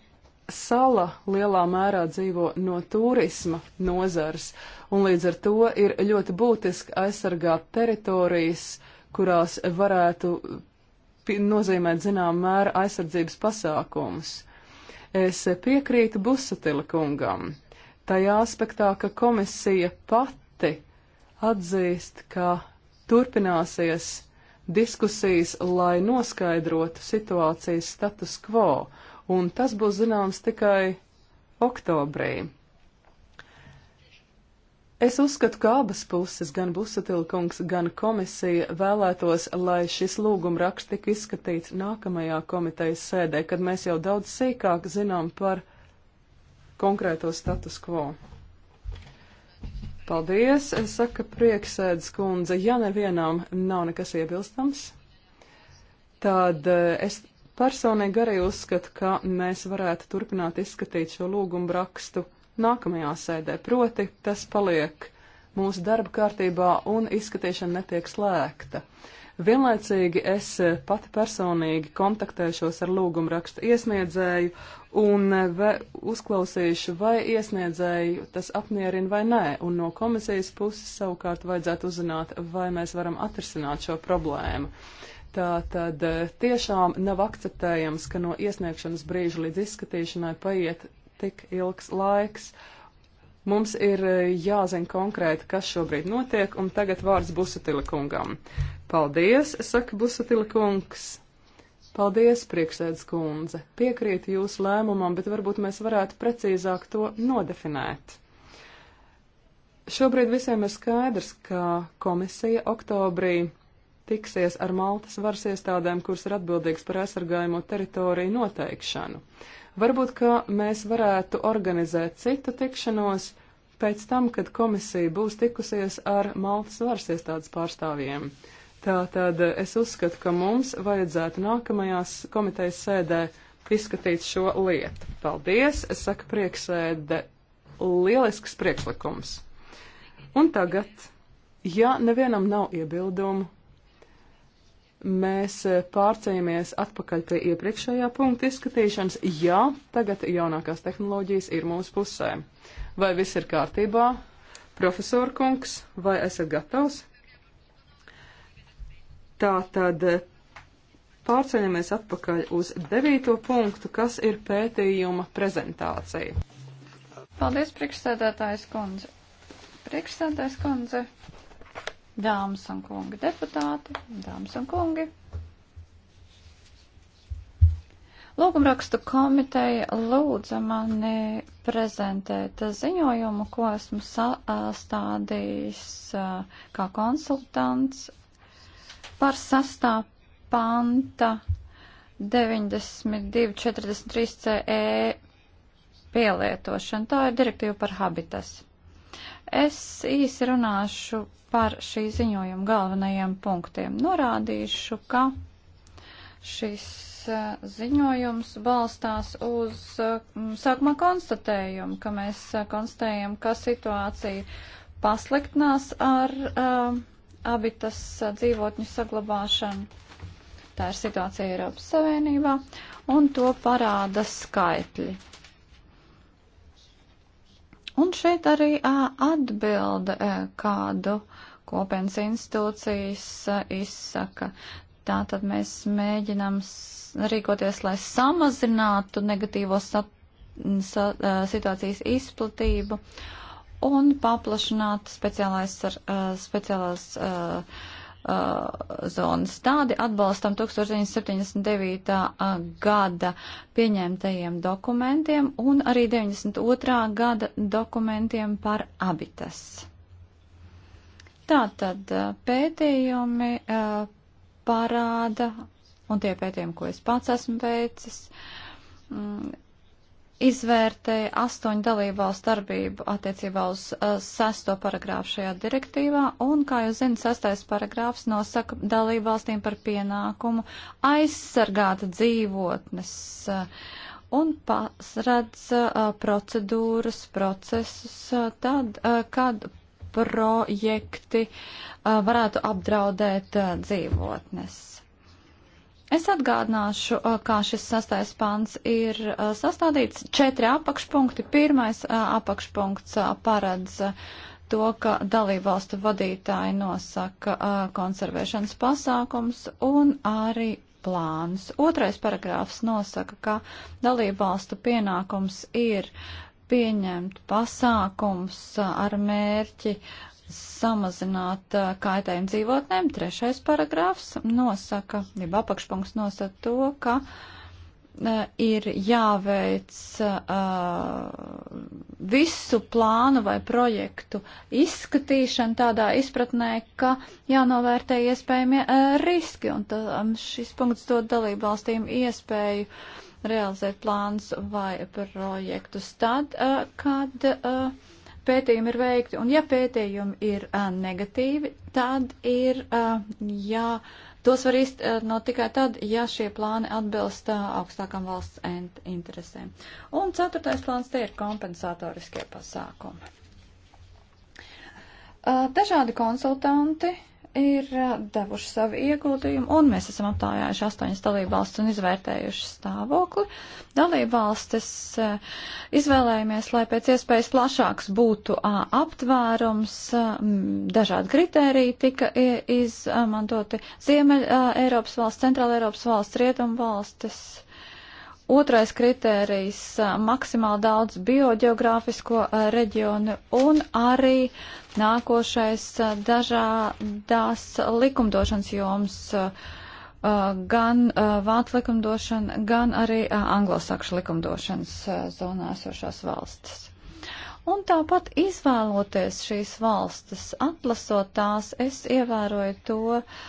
sala lielā mērā dzīvo no turisma nozars, un līdz ar to ir ļoti būtiski aizsargāt teritorijas, kurās varētu nozīmēt zinām mēra aizsardzības pasākumus. Es piekrītu Busatila kungam tajā aspektā, ka komisija pati atzīst, ka turpināsies diskusijas, lai noskaidrotu situācijas status quo un tas būs zināms tikai oktobrī. Es uzskatu, ka abas puses, gan Busatilkungs, gan komisija vēlētos, lai šis lūguma raksts tika izskatīts nākamajā komitejas sēdē, kad mēs jau daudz sīkāk zinām par konkrēto status quo. Paldies, es saku prieksēdz kundze, ja nevienam nav nekas iebilstams, tad eh, es Personīgi arī uzskatu, ka mēs varētu turpināt izskatīt šo lūgumu rakstu nākamajā sēdē, proti tas paliek mūsu darba kārtībā un izskatīšana netiek slēgta. Vienlaicīgi es pati personīgi kontaktēšos ar lūgumu rakstu iesniedzēju un ve, uzklausīšu, vai iesniedzēju tas apmierina vai nē, un no komisijas puses savukārt vajadzētu uzzināt, vai mēs varam atrisināt šo problēmu. Tā tad eh, tiešām nav akceptējams, ka no iesniegšanas brīža līdz izskatīšanai paiet tik ilgs laiks. Mums ir eh, jāzina konkrēti, kas šobrīd notiek, un tagad vārds Busatila kungam. Paldies, saka Busatila kungs. Paldies, priekšsēdz kundze. Piekrītu jūsu lēmumam, bet varbūt mēs varētu precīzāk to nodefinēt. Šobrīd visiem ir skaidrs, ka komisija oktobrī tiksies ar Maltas varas iestādēm, kuras ir atbildīgas par aizsargājumu teritoriju noteikšanu. Varbūt, ka mēs varētu organizēt citu tikšanos pēc tam, kad komisija būs tikusies ar Maltas varas iestādes pārstāvjiem. Tātad es uzskatu, ka mums vajadzētu nākamajās komitejas sēdē izskatīt šo lietu. Paldies! Es saku prieksēde lielisks priekšlikums. Un tagad, ja nevienam nav iebildumu, mēs e, pārcēlamies atpakaļ pie iepriekšējā punkta izskatīšanas. Jā, tagad jaunākās tehnoloģijas ir mūsu pusē. Vai viss ir kārtībā, profesor kungs, vai esat gatavs? Tā tad e, pārceļamies atpakaļ uz devīto punktu, kas ir pētījuma prezentācija. Paldies, priekšsēdētājs kundze. Priekšsēdētājs kundze, Dāmas un kungi deputāti, dāmas un kungi. Lūgumrakstu komiteja lūdza mani prezentēt ziņojumu, ko esmu sastādījis kā konsultants par sastā panta 92.43 CE e pielietošanu. Tā ir direktīva par habitas. Es īsi runāšu par šī ziņojuma galvenajiem punktiem. Norādīšu, ka šis eh, ziņojums balstās uz eh, sākumā konstatējumu, ka mēs eh, konstatējam, ka situācija pasliktinās ar uh, abitas dzīvotņu saglabāšanu. Tā ir situācija Eiropas Savienībā, un to parāda skaitļi. Un šeit arī atbilde kādu kopienas institūcijas izsaka. Tātad mēs mēģinām rīkoties, lai samazinātu negatīvo sat, sa, situācijas izplatību un paplašinātu speciālās, speciālās uh, Uh, zonas. Tādi atbalstam 1979. Uh, gada pieņemtajiem dokumentiem un arī 92. gada dokumentiem par abitas. Tātad uh, pētījumi parāda, un tie pētījumi, ko es pats esmu veicis, mm, izvērtēja astoņu dalībvalstu darbību attiecībā uz uh, sesto paragrāfu šajā direktīvā, un, kā jūs zinat, sestais paragrāfs nosaka dalībvalstīm par pienākumu aizsargāt dzīvotnes uh, un pasredz uh, procedūras, procesus uh, tad, uh, kad projekti uh, varētu apdraudēt uh, dzīvotnes. Es atgādināšu, uh, kā šis sastais pants ir uh, sastādīts. Četri apakšpunkti. Pirmais uh, apakšpunkts paredz to, ka dalībvalstu vadītāji nosaka konservēšanas pasākums un arī plānus. Otrais paragrāfs nosaka, ka dalībvalstu pienākums ir pieņemt pasākums ar mērķi uh, samazināt eh, kaitējumu dzīvotnēm. Trešais paragrāfs nosaka, jeb apakšpunkts nosaka to, ka uh, ir jāveic uh, visu plānu vai projektu izskatīšana tādā izpratnē, ka jānovērtē iespējamie uh, riski, un tā, um, šis punkts dod dalību valstīm iespēju realizēt plāns vai projektus tad, uh, kad uh, pētījumi ir veikti, un ja pētījumi ir uh, negatīvi, tad ir uh, jā. Tos var īstenot tikai tad, ja šie plāni atbilst augstākam valsts interesēm. Un ceturtais plāns te ir kompensatoriskie pasākumi. Dažādi konsultanti ir devuši savu ieguldījumu, un mēs esam aptājājuši astoņas dalībvalstis un izvērtējuši stāvokli. Dalībvalstis izvēlējamies, lai pēc iespējas plašāks būtu aptvērums, dažādi kritēriji tika izmantoti Ziemeļ Eiropas valsts, Centrāla Eiropas valsts, Rietumu valstis Otrais kritērijs - maksimāli daudz bioģeogrāfisko reģionu un arī nākošais dažādās likumdošanas joms, gan vācu likumdošana, gan arī anglosakšu likumdošanas zonā esošās valstis. Un tāpat izvēloties šīs valstis, atlasot tās, es ievēroju to, uh,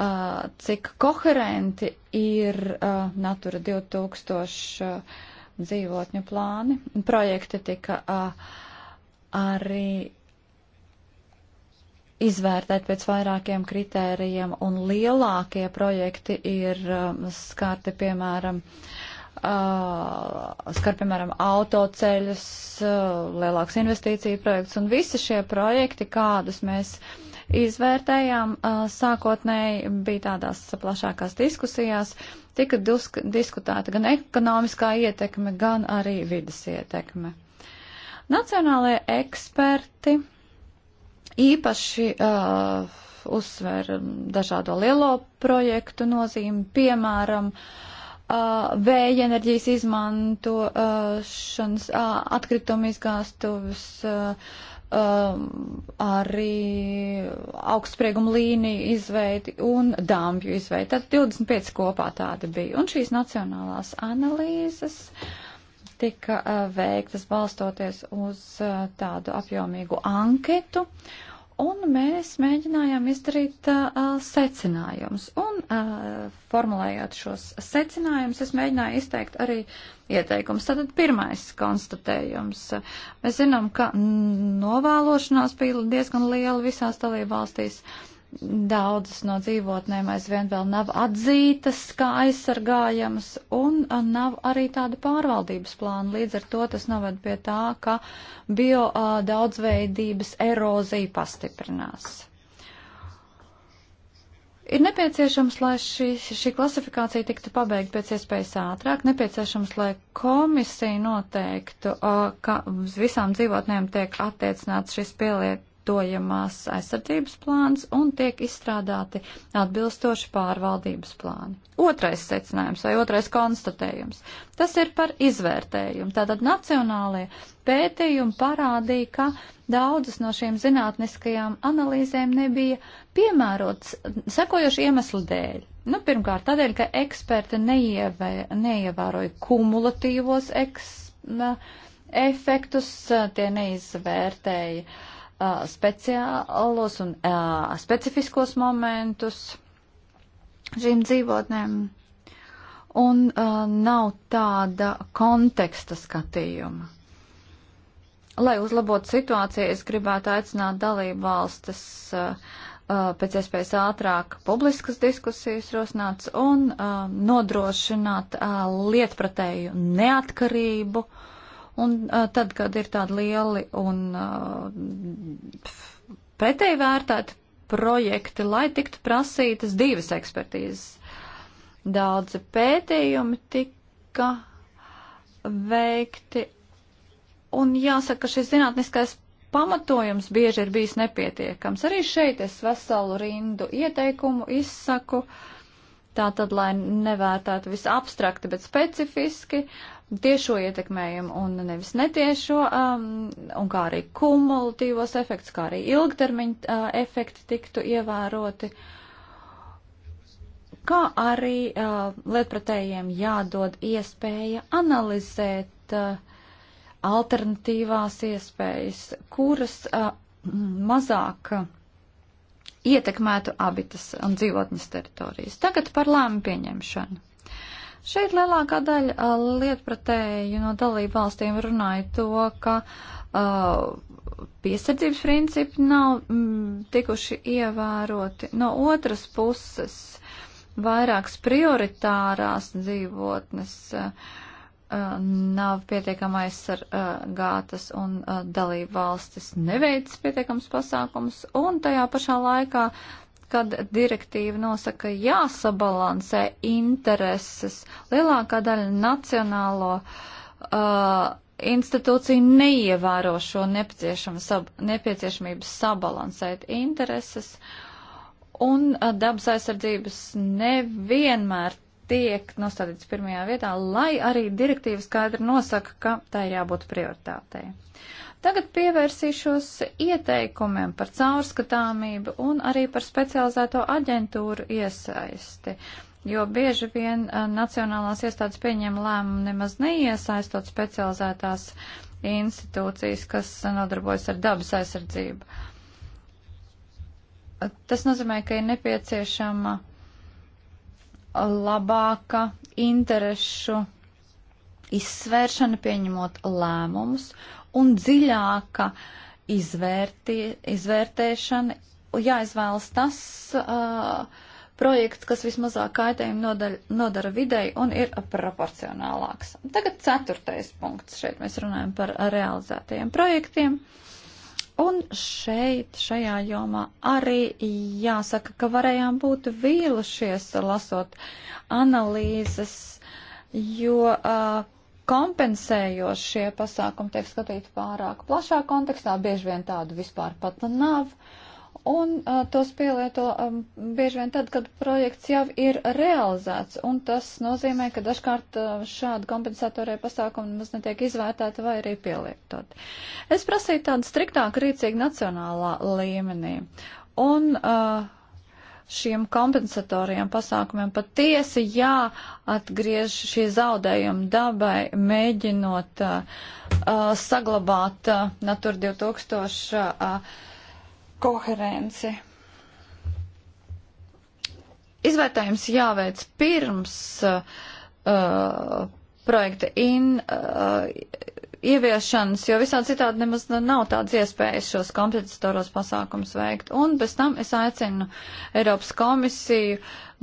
Uh, cik koherenti ir uh, Natura 2000 uh, dzīvotņu plāni. Projekti tika arī izvērtēt pēc vairākiem kritērijiem, un lielākie projekti ir um, skarti, piemēram, uh, skar, piemēram, autoceļus, uh, lielāks investīciju projekts, un visi šie projekti, kādus mēs uh, izvērtējām, sākotnēji bija tādās plašākās diskusijās, tika dusk, diskutēta gan ekonomiskā ietekme, gan arī vidas ietekme. Nacionālajie eksperti īpaši uh, uzsver dažādo lielo projektu nozīmi, piemēram, uh, vēja enerģijas izmantošanas, atkritumu izgāstuves, um, arī augstsprieguma līniju izveidi un dāmbju izveidi. Tad 25 kopā tādi bija. Un šīs nacionālās analīzes tika uh, veiktas balstoties uz uh, tādu apjomīgu anketu. Uh, Un mēs mēģinājām izdarīt uh, secinājumus. Un uh, formulējot šos secinājumus, es mēģināju izteikt arī ieteikumus. Tātad pirmais konstatējums. Mēs zinām, ka novēlošanās bija diezgan liela visās dalībvalstīs. valstīs Daudzas no dzīvotnēm aizvien vēl nav atzītas kā aizsargājamas un nav arī tāda pārvaldības plāna. Līdz ar to tas noved pie tā, ka bio daudzveidības erozija pastiprinās. Ir nepieciešams, lai šī, šī klasifikācija tiktu pabeigta pēc iespējas ātrāk, nepieciešams, lai komisija noteiktu, ka uz visām dzīvotnēm tiek attiecināts šis pieliet izmantojamās aizsardzības plāns un tiek izstrādāti atbilstoši pārvaldības plāni. Otrais secinājums vai otrais konstatējums. Tas ir par izvērtējumu. Tātad nacionālie pētījumi parādīja, ka daudzas no šīm zinātniskajām analīzēm nebija piemērotas sekojošu iemeslu dēļ. Nu, pirmkārt, tādēļ, ka eksperti neievē, neievēroja kumulatīvos eks, efektus, tie neizvērtēja speciālos un specifiskos momentus šīm dzīvotnēm. Un nav tāda konteksta skatījuma. Lai uzlabotu situāciju, es gribētu aicināt dalību valstis uh, pēc iespējas ātrāk publiskas diskusijas rosināts un uh, nodrošināt uh, lietpratēju neatkarību uh, Un uh, tad, kad ir tādi lieli un uh, pretēji vērtēti projekti, lai tiktu prasītas divas ekspertīzes. Daudzi pētījumi tika veikti, un jāsaka, ka šis zinātniskais pamatojums bieži ir bijis nepietiekams. Arī šeit es veselu rindu ieteikumu izsaku, tā tad, lai nevērtētu visu abstrakti, bet specifiski, uh, tiešo ietekmējumu un nevis netiešo, um, un kā arī kumulatīvos efektus, kā arī ilgtermiņa uh, efekti tiktu ievēroti, kā arī uh, lietpratējiem jādod iespēja analizēt uh, alternatīvās iespējas, kuras uh, mazāk uh, ietekmētu abitas un dzīvotnes teritorijas. Tagad par lēmu pieņemšanu. Šeit lielākā daļa lietpratēju no dalību valstīm runāja to, ka uh, piesardzības principi nav mm, tikuši ievēroti. No otras puses, vairākas prioritārās dzīvotnes uh, nav pietiekami aizsargātas uh, un dalību valstis neveic pietiekams pasākums, un tajā pašā laikā kad direktīva nosaka jāsabalansē intereses. Lielākā daļa nacionālo uh, institūciju neievēro šo sab, nepieciešamību sabalansēt intereses, un uh, dabas aizsardzības nevienmēr tiek nostādīts pirmajā vietā, lai arī direktīva skaidri nosaka, ka tā ir jābūt prioritātei. Uh, Tagad pievērsīšos ieteikumiem par caurskatāmību un arī par specializēto aģentūru iesaisti, jo bieži vien eh, nacionālās iestādes pieņem lēmumu nemaz neiesaistot specializētās institūcijas, kas nodarbojas ar dabas aizsardzību. Tas nozīmē, ka ir nepieciešama labāka interešu izsvēršana, pieņemot lēmumus, un dziļāka izvērti, izvērtēšana, jāizvēlas tas uh, projekts, kas vismazāk kaitējumu nodaļ, nodara videi un ir proporcionālāks. Tagad ceturtais punkts. Šeit mēs runājam par realizētajiem projektiem. Un šeit, šajā jomā arī jāsaka, ka varējām būt vīlušies lasot analīzes, jo uh, kompensējošie pasākumi tiek skatīti pārāk plašā kontekstā, bieži vien tādu vispār pat nav. Un uh, tos pielieto um, bieži vien tad, kad projekts jau ir realizēts, un tas nozīmē, ka dažkārt uh, šādi kompensatorie pasākumi maz netiek izvērtēti vai arī pielietot. Es prasīju tādu striktāku rīcīgu nacionālā līmenī. Un uh, šiem kompensatorijiem pasākumiem patiesi jāatgriež šie zaudējumi dabai, mēģinot uh, uh saglabāt uh, Natura 2000 uh, koherenci. Izvērtējums jāveic pirms uh, uh projekta in, uh, ieviešanas, jo visā citādi nemaz nu nav tādas iespējas šos kompetitoros pasākums veikt. Un bez tam es aicinu Eiropas komisiju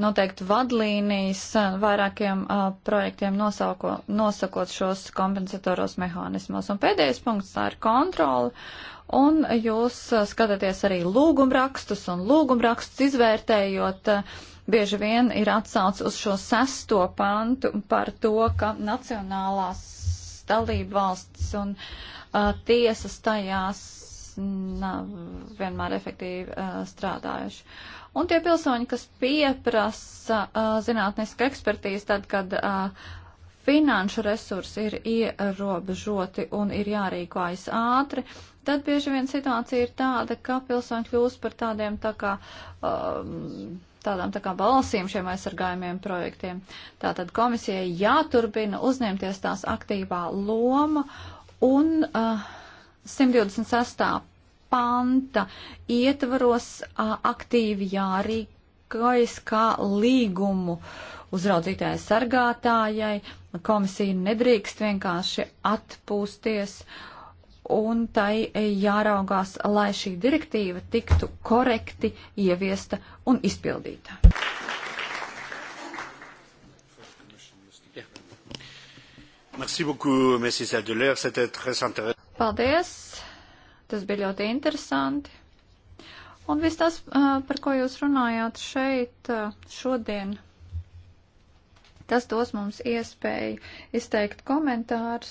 noteikt vadlīnijas eh, vairākiem uh, projektiem nosauko, nosakot šos kompensatoros mehānismos. Un pēdējais punkts tā ir kontroli. Un jūs eh, skatāties arī lūgumrakstus un lūgumrakstus izvērtējot. Uh, bieži vien ir atsauc uz šo sesto pantu par to, ka nacionālās dalību valsts un uh, tiesas tajās nav vienmēr efektīvi uh, strādājuši. Un tie pilsoņi, kas pieprasa uh, zinātnisku ekspertīzi, tad, kad uh, finanšu resursi ir ierobežoti un ir jārīkojas ātri, tad bieži vien situācija ir tāda, ka pilsoņi kļūst par tādiem tā kā. Um, tādām tā kā balsīm šiem aizsargājumiem projektiem. Tātad komisijai jāturpina uzņemties tās aktīvā loma un uh, 126. panta ietvaros uh, aktīvi jārīkojas kā līgumu uzraudzītājai sargātājai. Komisija nedrīkst vienkārši atpūsties. Uh, un tai jāraugās, lai šī direktīva tiktu korekti ieviesta un izpildīta. Merci beaucoup, Messi Sadeler. C'était très intéressant. Paldies. Tas bija ļoti interesanti. Un viss tas, uh, par ko jūs runājāt šeit uh, šodien. Tas dos mums iespēju izteikt komentārus,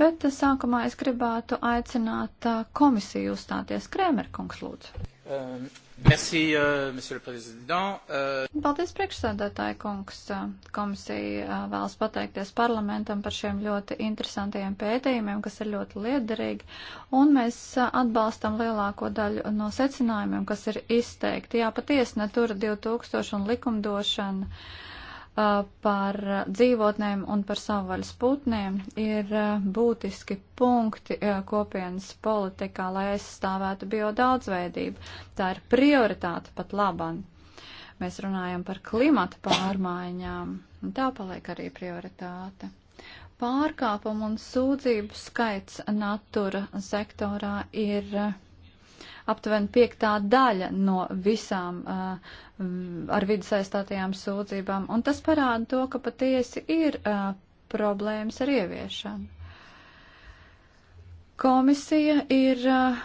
bet sākumā es gribētu aicināt uh, komisiju uzstāties. Krēmerkungs, lūdzu. Um, merci, uh, uh... Paldies, priekšsēdētāji kungs. Uh, komisija uh, vēlas pateikties parlamentam par šiem ļoti interesantajiem pētījumiem, kas ir ļoti liederīgi, un mēs atbalstam lielāko daļu no secinājumiem, kas ir izteikti. Jā, patiesi, Natura 2000 un likumdošana par dzīvotnēm un par savvaļas putniem ir būtiski punkti kopienas politikā, lai aizstāvētu biodaudzveidību. Tā ir prioritāte pat laban. Mēs runājam par klimata pārmaiņām, un tā paliek arī prioritāte. Pārkāpumu un sūdzību skaits natura sektorā ir aptuveni piektā daļa no visām uh, ar vidu saistātajām sūdzībām. Un tas parāda to, ka patiesi ir uh, problēmas ar ieviešanu. Komisija ir uh,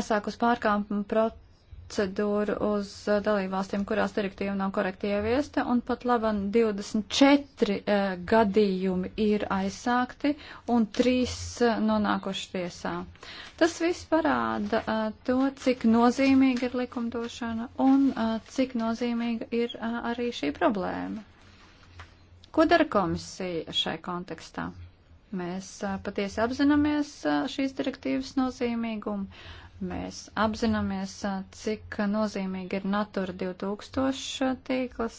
aizsākus pārkāpumu procesu procedūru uz eh, dalībvalstīm, kurās direktīva nav korekti ieviesta, un pat laban 24 uh, gadījumi ir aizsākti un 3 uh, eh, nonākuši tiesā. Tas viss parāda uh, to, cik nozīmīga ir likumdošana un uh, cik nozīmīga ir uh, arī šī problēma. Ko dara komisija šai kontekstā? Mēs a, patiesi apzināmies a, šīs direktīvas nozīmīgumu Mēs apzināmies, cik nozīmīgi ir Natura 2000 tīkls.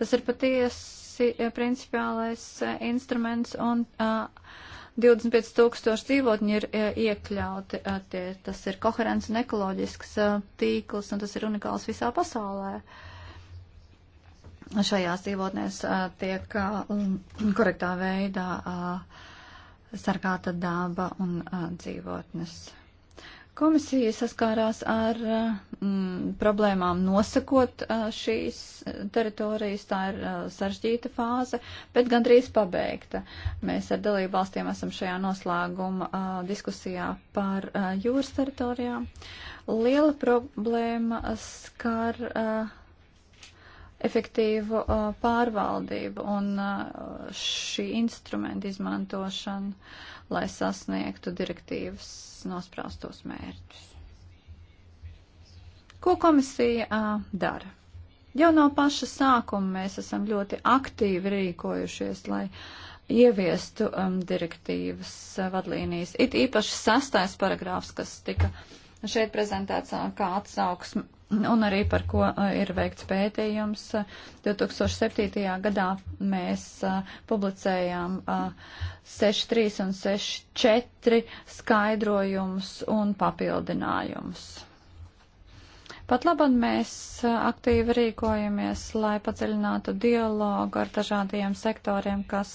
Tas ir patiesi principiālais instruments un uh, 25 tūkstoši dzīvotņi ir iekļauti. Tie, tas ir koherents un ekoloģisks tīkls un tas ir unikāls visā pasaulē. Šajās dzīvotnēs tiek korektā veidā sargāta daba un dzīvotnes. Komisija saskārās ar mm, problēmām nosakot šīs teritorijas. Tā ir sarežģīta fāze, bet gandrīz pabeigta. Mēs ar dalību valstīm esam šajā noslēguma diskusijā par jūras teritorijām. Liela problēma skar efektīvu pārvaldību un šī instrumenta izmantošanu lai sasniegtu direktīvas nosprāstos mērķus. Ko komisija uh, dara? Jau no paša sākuma mēs esam ļoti aktīvi rīkojušies, lai ieviestu um, direktīvas uh, vadlīnijas. It īpaši sastais paragrāfs, kas tika šeit prezentēts uh, kā atsauksme un arī par ko uh, ir veikts pētījums. 2007. gadā mēs uh, publicējām 6.3 uh, un 6.4 skaidrojumus un papildinājumus. Pat labam mēs aktīvi rīkojamies, lai paceļinātu dialogu ar dažādiem sektoriem, kas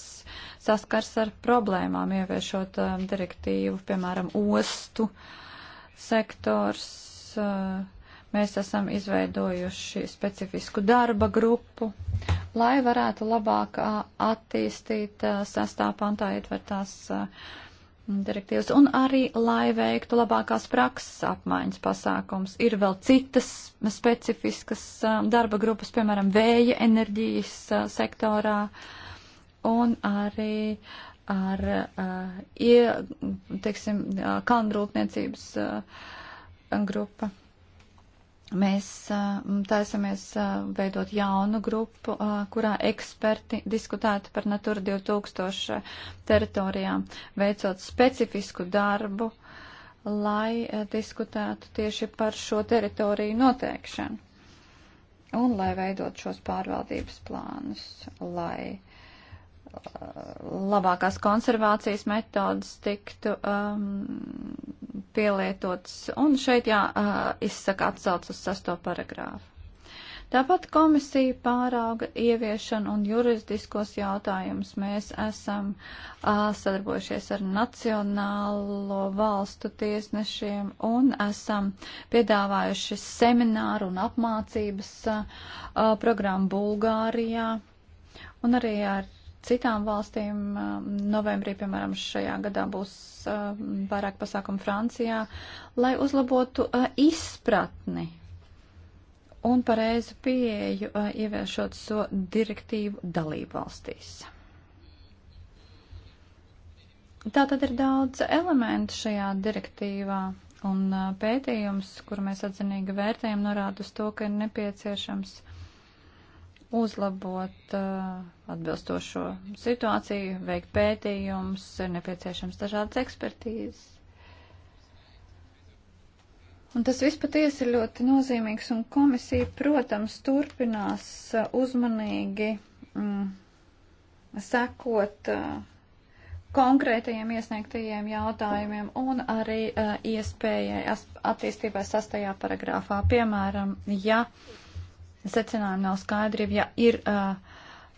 saskars ar problēmām, ieviešot um, direktīvu, piemēram, ostu sektors, Mēs esam izveidojuši specifisku darba grupu, lai varētu labāk attīstīt sastā pantā ietvertās direktīvas un arī, lai veiktu labākās prakses apmaiņas pasākums. Ir vēl citas specifiskas darba grupas, piemēram, vēja enerģijas sektorā un arī ar, uh, ie, teiksim, kalnrūpniecības uh, grupa. Mēs taisamies veidot jaunu grupu, kurā eksperti diskutētu par Natura 2000 teritorijām, veicot specifisku darbu, lai diskutētu tieši par šo teritoriju noteikšanu un lai veidot šos pārvaldības plānus, lai uh, labākās konservācijas metodas tiktu um, pielietotas. Un šeit jā, uh, izsaka atsauc uz sasto paragrāfu. Tāpat komisija pārauga ieviešanu un juridiskos jautājumus. Mēs esam uh, sadarbojušies ar Nacionālo valstu tiesnešiem un esam piedāvājuši semināru un apmācības uh, programmu Bulgārijā un arī ar citām valstīm. Um, novembrī, piemēram, šajā gadā būs um, vairāk pasākumu Francijā, lai uzlabotu uh, izpratni un pareizu pieeju uh, ieviešot šo so direktīvu dalību valstīs. Tā tad ir daudz elementu šajā direktīvā, un uh, pētījums, kuru mēs atzinīgi vērtējam, norāda uz to, ka ir nepieciešams uh, uzlabot uh, atbilstošo situāciju, veikt pētījumus, ir nepieciešams dažādas ekspertīzes. Un tas viss patiesi ir ļoti nozīmīgs, un komisija, protams, turpinās uh, uzmanīgi mm, sekot uh, konkrētajiem iesniegtajiem jautājumiem un arī uh, iespējai attīstībai sastajā paragrāfā. Piemēram, ja uh, secinājumi nav skaidrība. Ja ir uh,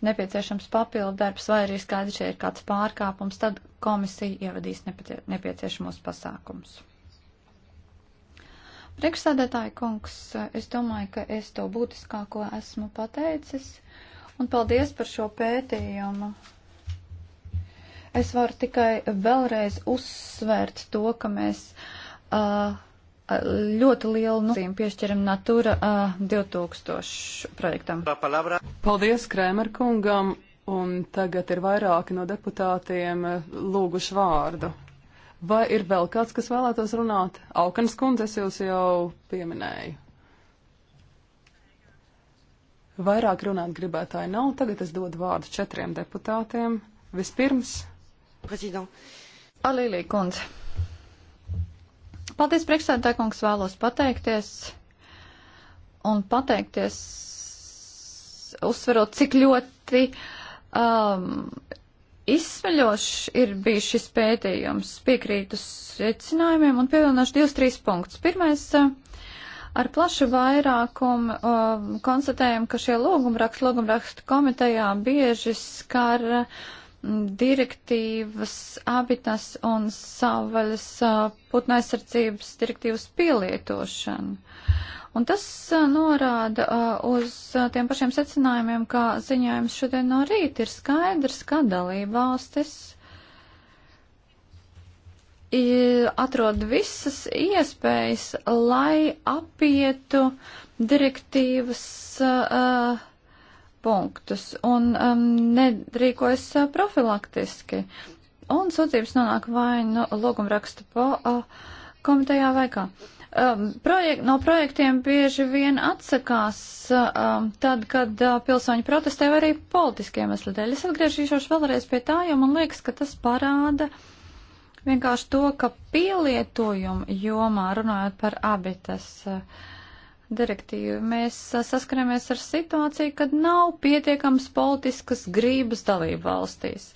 nepieciešams papildu darbs vai arī skaidrs, ja ir kāds pārkāpums, tad komisija ievadīs nepieciešamos pasākumus. Priekšsādētāji kungs, es domāju, ka es to būtiskāko esmu pateicis, un paldies par šo pētījumu. Es varu tikai vēlreiz uzsvērt to, ka mēs uh, ļoti lielu nozīmi piešķiram Natura 2000 projektam. Paldies Krēmerkungam, un tagad ir vairāki no deputātiem lūguši vārdu. Vai ir vēl kāds, kas vēlētos runāt? Aukans kundze, es jūs jau pieminēju. Vairāk runāt gribētāji nav, tagad es dodu vārdu četriem deputātiem. Vispirms. Prezident. Alīlī kundze. Paldies, priekšsēdētāji kungs, vēlos pateikties un pateikties, uzsverot, cik ļoti um, izsmeļošs ir bijis šis pētījums. Piekrītu secinājumiem un pievienošu divus, trīs punktus. Pirmais, uh, ar plašu vairākumu um, konstatējam, ka šie lūgumrakstu, lūgumrakstu komitejā bieži skar uh, direktīvas abitas un savvaļas putna aizsardzības direktīvas pielietošanu. Un tas norāda uz tiem pašiem secinājumiem, kā ziņojums šodien no rīta ir skaidrs, ka dalība valstis atrod visas iespējas, lai apietu direktīvas uh, punktus un um, nedrīkojas uh, profilaktiski. Un sūdzības nonāk vai nu no logumraksta po uh, komitejā vai kā. Um, projek no projektiem bieži vien atsakās uh, um, tad, kad uh, pilsoņi protestē vai arī politiskiem iemeslu dēļ. Es atgriežīšos vēlreiz pie tā, jo man liekas, ka tas parāda vienkārši to, ka pielietojuma jomā runājot par abitas. Uh, direktīvu. Mēs saskaramies ar situāciju, kad nav pietiekams politiskas grības dalību valstīs.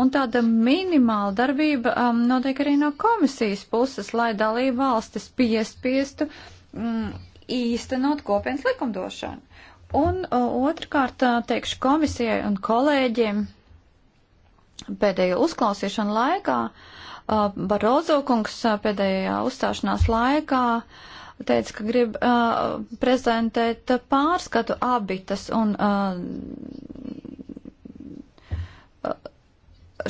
Un tāda minimāla darbība um, notiek arī no komisijas puses, lai dalību valstis piespiestu mm, īstenot kopienas likumdošanu. Un uh, otrkārt, uh, teikšu komisijai un kolēģiem pēdējo uzklausīšanu laikā, uh, Barozo kungs uh, pēdējā uzstāšanās laikā uh, teica, ka grib uh, prezentēt pārskatu abitas un uh,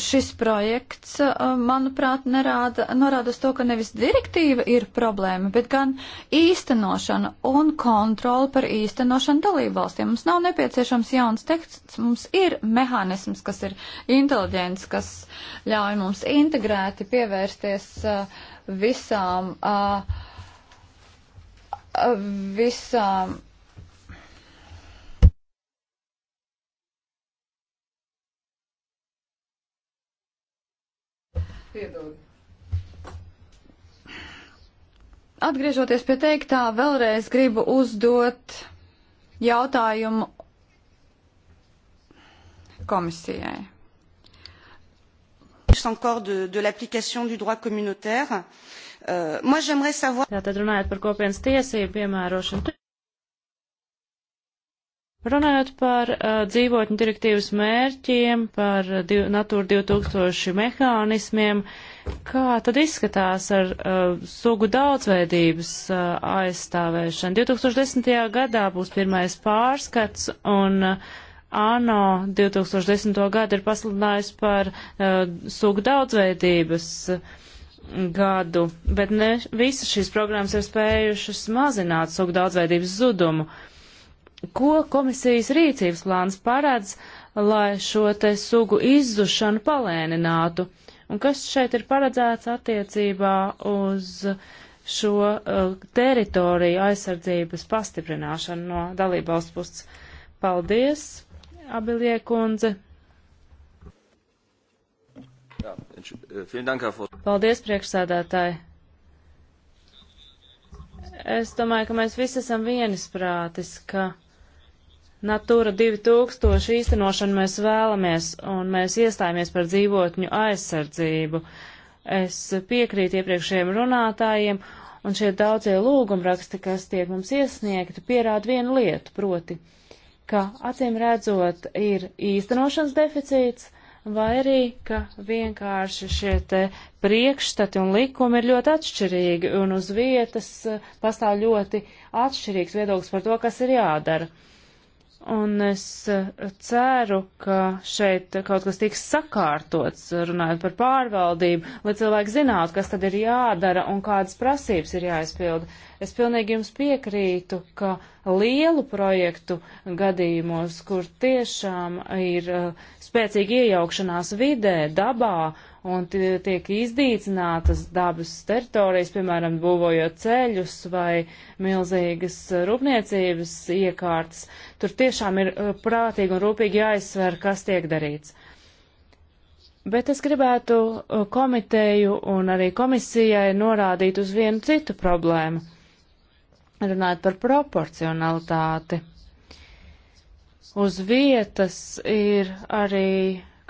šis projekts, uh, manuprāt, nerāda, norāda uz to, ka nevis direktīva ir problēma, bet gan īstenošana un kontrola par īstenošanu dalībvalstiem. Mums nav nepieciešams jauns teksts, mums ir mehānisms, kas ir inteliģents, kas ļauj mums integrēti pievērsties uh, visām. Uh, visām. Piedod. Atgriežoties pie teiktā, vēlreiz gribu uzdot jautājumu komisijai. encore de, de l'application du droit communautaire. Euh, Eh, Tātad runājot par kopienas tiesību piemērošanu. Runājot par uh, dzīvotņu direktīvas mērķiem, par eh, div, Natūra 2000 mehānismiem, kā tad izskatās ar uh, sugu daudzveidības uh, aizstāvēšanu? 2010. gadā būs pirmais pārskats un uh, ANO 2010. gadu ir pasludinājis par uh, sugu daudzveidības. Uh, gadu, bet ne visas šīs programmas ir spējušas mazināt sugu daudzveidības zudumu. Ko komisijas rīcības plāns paredz, lai šo te sugu izzušanu palēninātu? Un kas šeit ir paredzēts attiecībā uz šo uh, teritoriju aizsardzības pastiprināšanu no dalībvalsts puses? Paldies, Abiliekundze! Paldies, priekšsēdētāji. Es domāju, ka mēs visi esam vienisprātis, ka Natūra 2000 īstenošanu mēs vēlamies un mēs iestājāmies par dzīvotņu aizsardzību. Es piekrītu iepriekšējiem runātājiem un šie daudzie lūgumraksti, kas tiek mums iesniegti, pierāda vienu lietu, proti, ka acīm redzot ir īstenošanas deficīts vai arī, ka vienkārši šie te priekšstati un likumi ir ļoti atšķirīgi, un uz vietas eh, pastāv ļoti atšķirīgs viedoklis par to, kas ir jādara. Uh, Un es eh, ceru, ka šeit kaut kas tiks sakārtots, runājot par pārvaldību, lai cilvēki zinātu, kas tad ir jādara un kādas prasības ir jāizpilda. Es pilnīgi jums piekrītu, ka lielu projektu gadījumos, kur tiešām ir eh, spēcīga iejaukšanās vidē, dabā, un tiek izdīcinātas dabas teritorijas, piemēram, būvojot ceļus vai milzīgas rūpniecības iekārtas. Tur tiešām ir uh, prātīgi un rūpīgi jāizsver, kas tiek darīts. Bet es gribētu uh, komiteju un arī komisijai norādīt uz vienu citu problēmu. Runāt par proporcionalitāti. Uz vietas ir arī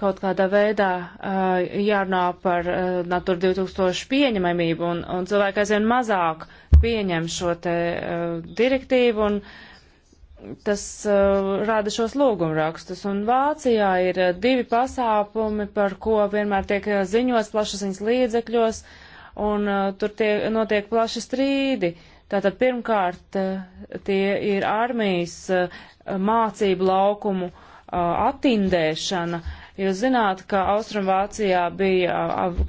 kaut kādā veidā uh, jārunā par uh, Natura 2000 pieņemamību, un, un cilvēki aizvien mazāk pieņem šo te uh, direktīvu, un tas uh, rada šos lūgumrakstus. Un Vācijā ir uh, divi pasākumi, par ko vienmēr tiek ziņots plašasiņas līdzekļos, un uh, tur tie, notiek plaši strīdi. Tātad pirmkārt uh, tie ir armijas uh, mācību laukumu uh, attindēšana, uh, Jūs zināt, ka Austrumvācijā bija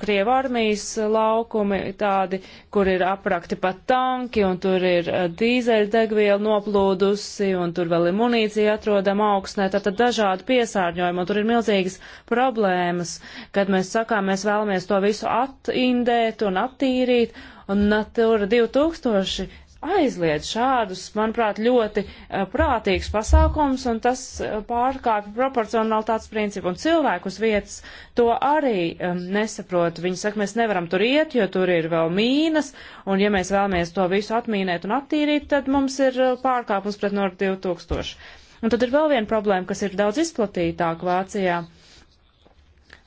Krievu armijas laukumi tādi, kur ir aprakti pat tanki, un tur ir dīzeļdegviela noplūdusi, un tur vēl ir munīcija atrodama augstnē, tātad dažādi piesārņojumi, un tur ir milzīgas problēmas, kad mēs sakām, mēs vēlamies to visu atindēt un attīrīt, un Natura 2000 aizliedz šādus, manuprāt, ļoti eh, prātīgs pasākums, un tas eh, pārkāpj proporcionalitātes principu, un cilvēku uz vietas to arī um, nesaprot. Viņi saka, mēs nevaram tur iet, jo tur ir vēl mīnas, un ja mēs vēlamies to visu atmīnēt un attīrīt, tad mums ir eh, pārkāpums pret Nord 2000. Un tad ir vēl viena problēma, kas ir daudz izplatītāka Vācijā.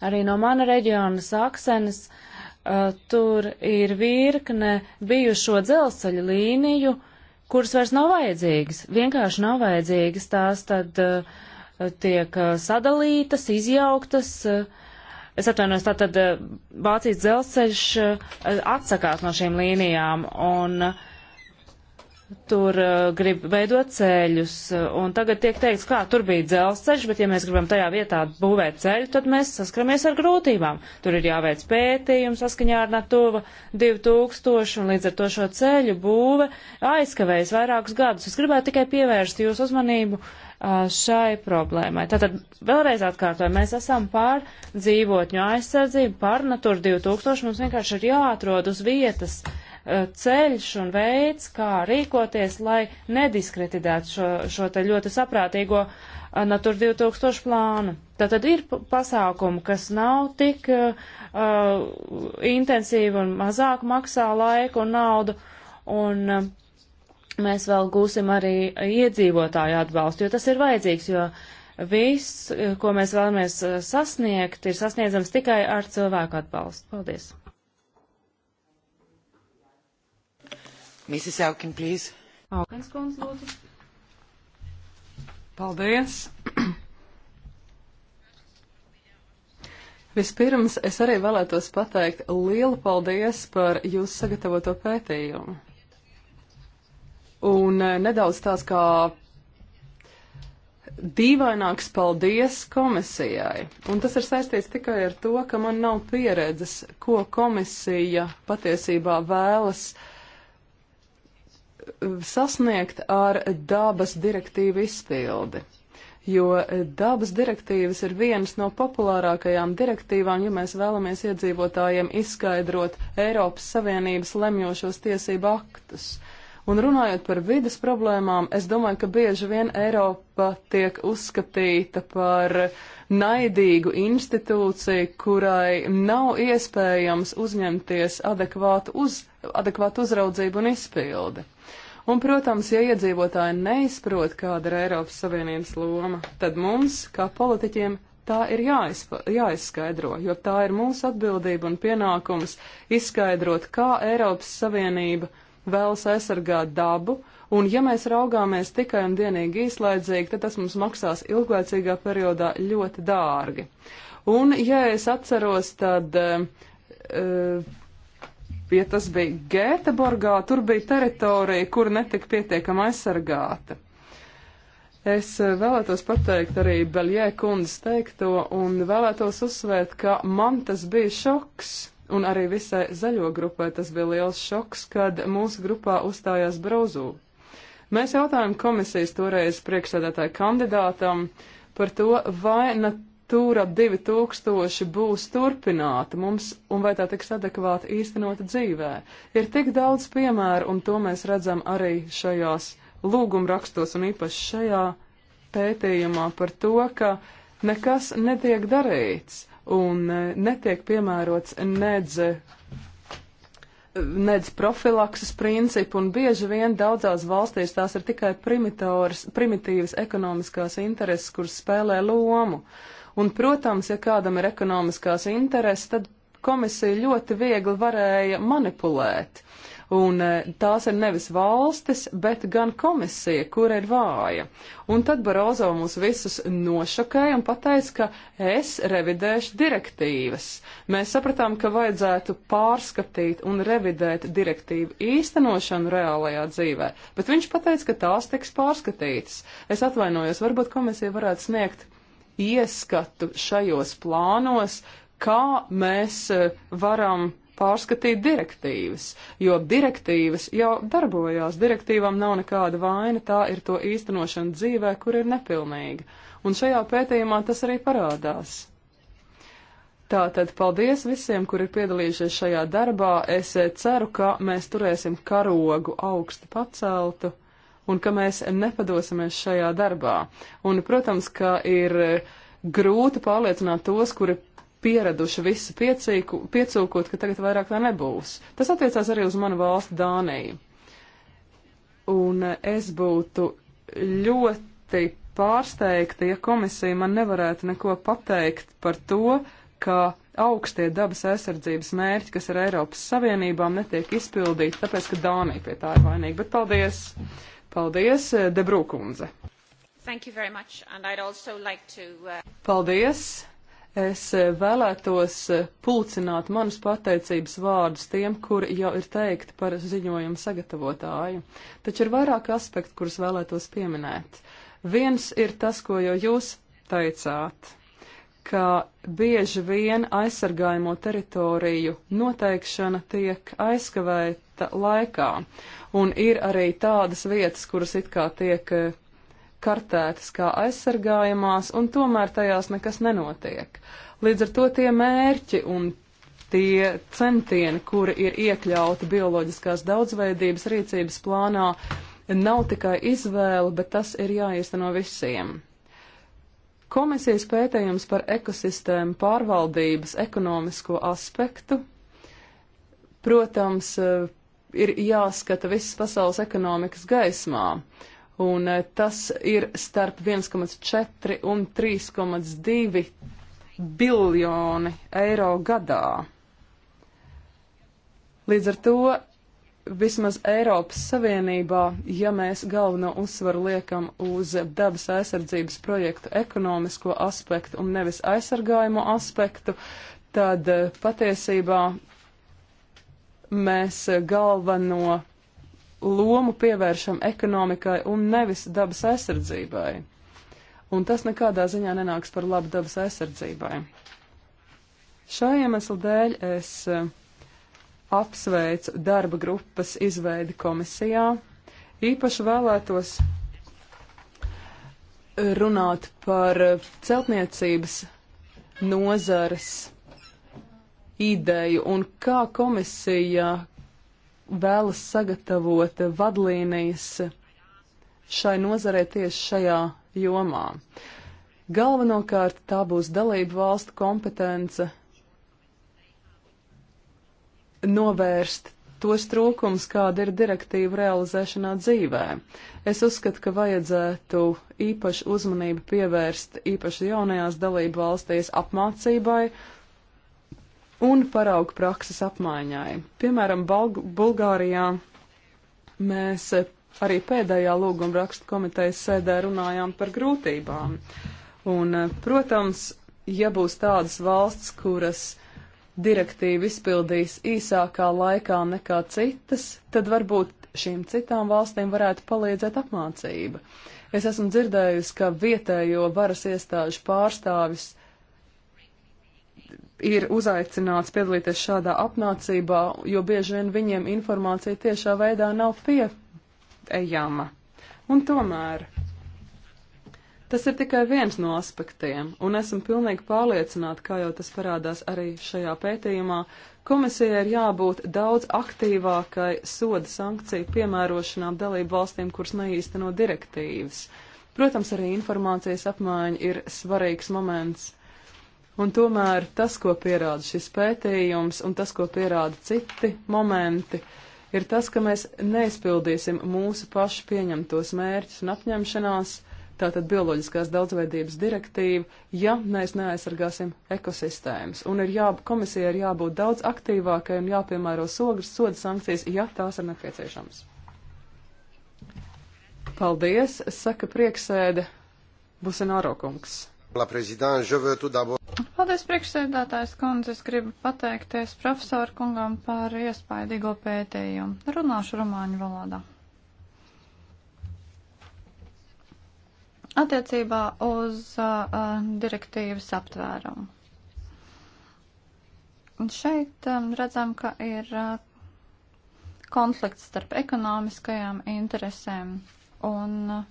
Arī no mana reģiona Saksenes. Uh, Uh, tur ir virkne bijušo dzelzceļa līniju, kuras vairs nav vajadzīgas. Vienkārši nav vajadzīgas tās tad uh, tiek uh, sadalītas, izjauktas. Es atvainojos, tātad Vācijas dzelzceļš atsakās no šīm līnijām un uh, tur uh, grib veidot ceļus, eh, un tagad tiek teikts, kā tur bija dzelzceļš, bet ja mēs gribam tajā vietā būvēt ceļu, tad mēs saskaramies ar grūtībām. Tur ir jāveic pētījums saskaņā ar Natūva 2000, un līdz ar to šo ceļu būve aizkavējas vairākus gadus. Es gribētu tikai pievērst jūsu uzmanību uh, šai problēmai. Tātad vēlreiz atkārtoju, mēs esam pār dzīvotņu aizsardzību, pār Natūra 2000, mums vienkārši ir jāatrod uz vietas uh, Eh, ceļš un veids, kā rīkoties, lai nediskreditētu šo, šo te ļoti saprātīgo eh, Natur 2000 plānu. Tātad ir pasākumi, kas nav tik uh, intensīvi un mazāk maksā laiku un naudu, un uh, mēs vēl gūsim arī iedzīvotāju atbalstu, jo tas ir vajadzīgs, jo uh, viss, ko mēs vēlamies sasniegt, ir sasniedzams tikai ar cilvēku atbalstu. Paldies! Mrs. Elkin, please. Alkins kundze, lūdzu. Paldies. Vispirms es arī vēlētos pateikt lielu paldies par jūsu sagatavoto pētījumu. Un eh, nedaudz tās kā dīvaināks paldies komisijai. Un tas ir saistīts tikai ar to, ka man nav pieredzes, ko komisija patiesībā vēlas uh, sasniegt ar dabas direktīvu izpildi. Jo dabas direktīvas ir vienas no populārākajām direktīvām, ja mēs vēlamies iedzīvotājiem izskaidrot Eiropas Savienības lemjošos tiesību aktus. Un runājot par vidas problēmām, es domāju, ka bieži vien Eiropa tiek uzskatīta par naidīgu institūciju, kurai nav iespējams uzņemties adekvātu, uz, adekvātu uzraudzību un izpildi. Un, protams, ja iedzīvotāji neizprot, kāda ir Eiropas Savienības loma, tad mums, kā politiķiem, tā ir jāizpa, jāizskaidro, jo tā ir mūsu atbildība un pienākums izskaidrot, kā Eiropas Savienība vēlas aizsargāt dabu, un ja mēs raugāmies tikai un vienīgi īslaicīgi, tad tas mums maksās ilglaicīgā periodā ļoti dārgi. Un, ja es atceros, tad. Uh, ja tas bija Gēteborgā, tur bija teritorija, kur netika pietiekami aizsargāta. Es eh, vēlētos pateikt arī Beļē kundas teikto un vēlētos uzsvērt, ka man tas bija šoks, un arī visai zaļo grupai tas bija liels šoks, kad mūsu grupā uzstājās Brauzū. Mēs jautājām komisijas toreiz priekšsēdētāju kandidātam par to, vai ne Natūra 2000 būs turpināta mums un vai tā tiks adekvāti īstenota dzīvē. Ir tik daudz piemēru, un to mēs redzam arī šajās lūgumrakstos un īpaši šajā pētījumā par to, ka nekas netiek darīts un e, netiek piemērots nedze nedz profilakses principu, un bieži vien daudzās valstīs tās ir tikai primitīvas ekonomiskās intereses, kuras spēlē lomu. Un, protams, ja kādam ir ekonomiskās intereses, tad komisija ļoti viegli varēja manipulēt. Un e, tās ir nevis valstis, bet gan komisija, kur ir vāja. Un tad Barozo mūs visus nošokēja un pateica, ka es revidēšu direktīvas. Mēs sapratām, ka vajadzētu pārskatīt un revidēt direktīvu īstenošanu reālajā dzīvē, bet viņš pateica, ka tās tiks pārskatītas. Es atvainojos, varbūt komisija varētu sniegt ieskatu šajos plānos, kā mēs e, varam pārskatīt direktīvas, jo direktīvas jau darbojās, direktīvām nav nekāda vaina, tā ir to īstenošana dzīvē, kur ir nepilnīga. Un šajā pētījumā tas arī parādās. Tātad paldies visiem, kur ir piedalījušies šajā darbā. Es e, ceru, ka mēs turēsim karogu augstu paceltu un ka mēs nepadosimies šajā darbā. Un, protams, ka ir grūti pārliecināt tos, kuri pieraduši visu piecīku, piecūkot, ka tagad vairāk tā nebūs. Tas attiecās arī uz manu valsti Dāniju. Un es būtu ļoti pārsteigta, ja komisija man nevarētu neko pateikt par to, ka augstie dabas aizsardzības mērķi, kas ir Eiropas Savienībām, netiek izpildīti, tāpēc, ka Dānija pie tā ir vainīga. Bet paldies! Paldies, eh, Debrūkundze! Like to... Uh, Paldies! Es eh, vēlētos eh, pulcināt manus pateicības vārdus tiem, kuri jau ir teikti par ziņojumu sagatavotāju. Taču ir vairāk aspektu, kurus vēlētos pieminēt. Viens ir tas, ko jau jūs teicāt, ka bieži vien aizsargājumo teritoriju noteikšana tiek aizkavēta gada laikā. Un ir arī tādas vietas, kuras it kā tiek eh, kartētas kā aizsargājamās, un tomēr tajās nekas nenotiek. Līdz ar to tie mērķi un tie centieni, kuri ir iekļauti bioloģiskās daudzveidības rīcības plānā, nav tikai izvēle, bet tas ir jāiesteno visiem. Komisijas pētījums par ekosistēmu pārvaldības ekonomisko aspektu, protams, eh, ir jāskata visas pasaules ekonomikas gaismā. Un eh, tas ir starp 1,4 un 3,2 biljoni eiro gadā. Līdz ar to vismaz Eiropas Savienībā, ja mēs galveno uzsvaru liekam uz dabas aizsardzības projektu ekonomisko aspektu un nevis aizsargājumu aspektu, tad eh, patiesībā mēs galveno lomu pievēršam ekonomikai un nevis dabas aizsardzībai. Un tas nekādā ziņā nenāks par labu dabas aizsardzībai. Šā iemesla dēļ es e, apsveicu darba grupas izveidi komisijā. Īpaši vēlētos runāt par celtniecības nozares ideju un kā komisija vēlas sagatavot vadlīnijas šai nozarē tieši šajā jomā. Galvenokārt tā būs dalību valstu kompetence novērst tos trūkums, kāda ir direktīva realizēšanā dzīvē. Es uzskatu, ka vajadzētu īpašu uzmanību pievērst īpaši jaunajās dalību valstīs apmācībai un paraugu prakses apmaiņai. Piemēram, Balg Bulgārijā mēs eh, arī pēdējā lūguma rakstu komitejas sēdē runājām par grūtībām. Un, eh, protams, ja būs tādas valsts, kuras direktīvu izpildīs īsākā laikā nekā citas, tad varbūt šīm citām valstīm varētu palīdzēt apmācība. Es esmu dzirdējusi, ka vietējo varas iestāžu pārstāvis ir uzaicināts piedalīties šādā apmācībā, jo bieži vien viņiem informācija tiešā veidā nav pieejama. Un tomēr tas ir tikai viens no aspektiem, un esam pilnīgi pārliecināti, kā jau tas parādās arī šajā pētījumā, komisijai ir jābūt daudz aktīvākai soda sankciju piemērošanām dalību valstīm, kuras neīsteno direktīvas. Protams, arī informācijas apmaiņa ir svarīgs moments Un tomēr tas, ko pierāda šis pētījums un tas, ko pierāda citi momenti, ir tas, ka mēs neizpildīsim mūsu pašu pieņemtos mērķus un apņemšanās, tātad bioloģiskās daudzveidības direktīvu, ja mēs neaizsargāsim ekosistēmas. Un ir jā, komisija ir jābūt daudz aktīvākai un jāpiemēro sogras, soda sankcijas, ja tās ir nepieciešams. Paldies, saka prieksēde Busenāro kungs. Paldies, priekšsēdētājs kundze. Es gribu pateikties profesoru kungam par iespaidīgo pētījumu. Runāšu romāņu valodā. Attiecībā uz uh, uh, direktīvas aptvērumu. Un šeit um, redzam, ka ir uh, konflikts starp ekonomiskajām interesēm un uh,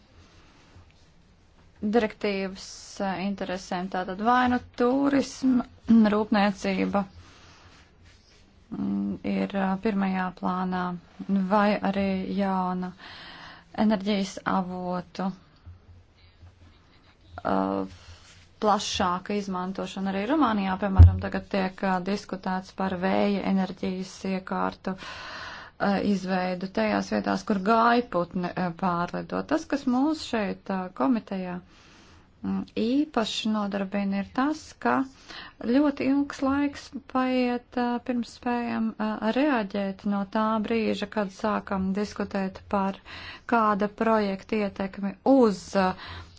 direktīvas eh, interesēm. Tātad vai nu turisma, rūpniecība mm, ir eh, pirmajā plānā, vai arī jauna enerģijas avotu eh, plašāka izmantošana. Arī Rumānijā, piemēram, tagad tiek diskutēts par vēja enerģijas iekārtu. Uh, izveidu tajās vietās, kur gaiputne pārlido. Tas, kas mūs šeit komitejā īpaši nodarbina, ir tas, ka ļoti ilgs laiks paiet pirms spējam reaģēt no tā brīža, kad sākam diskutēt par kāda projekta ietekmi uz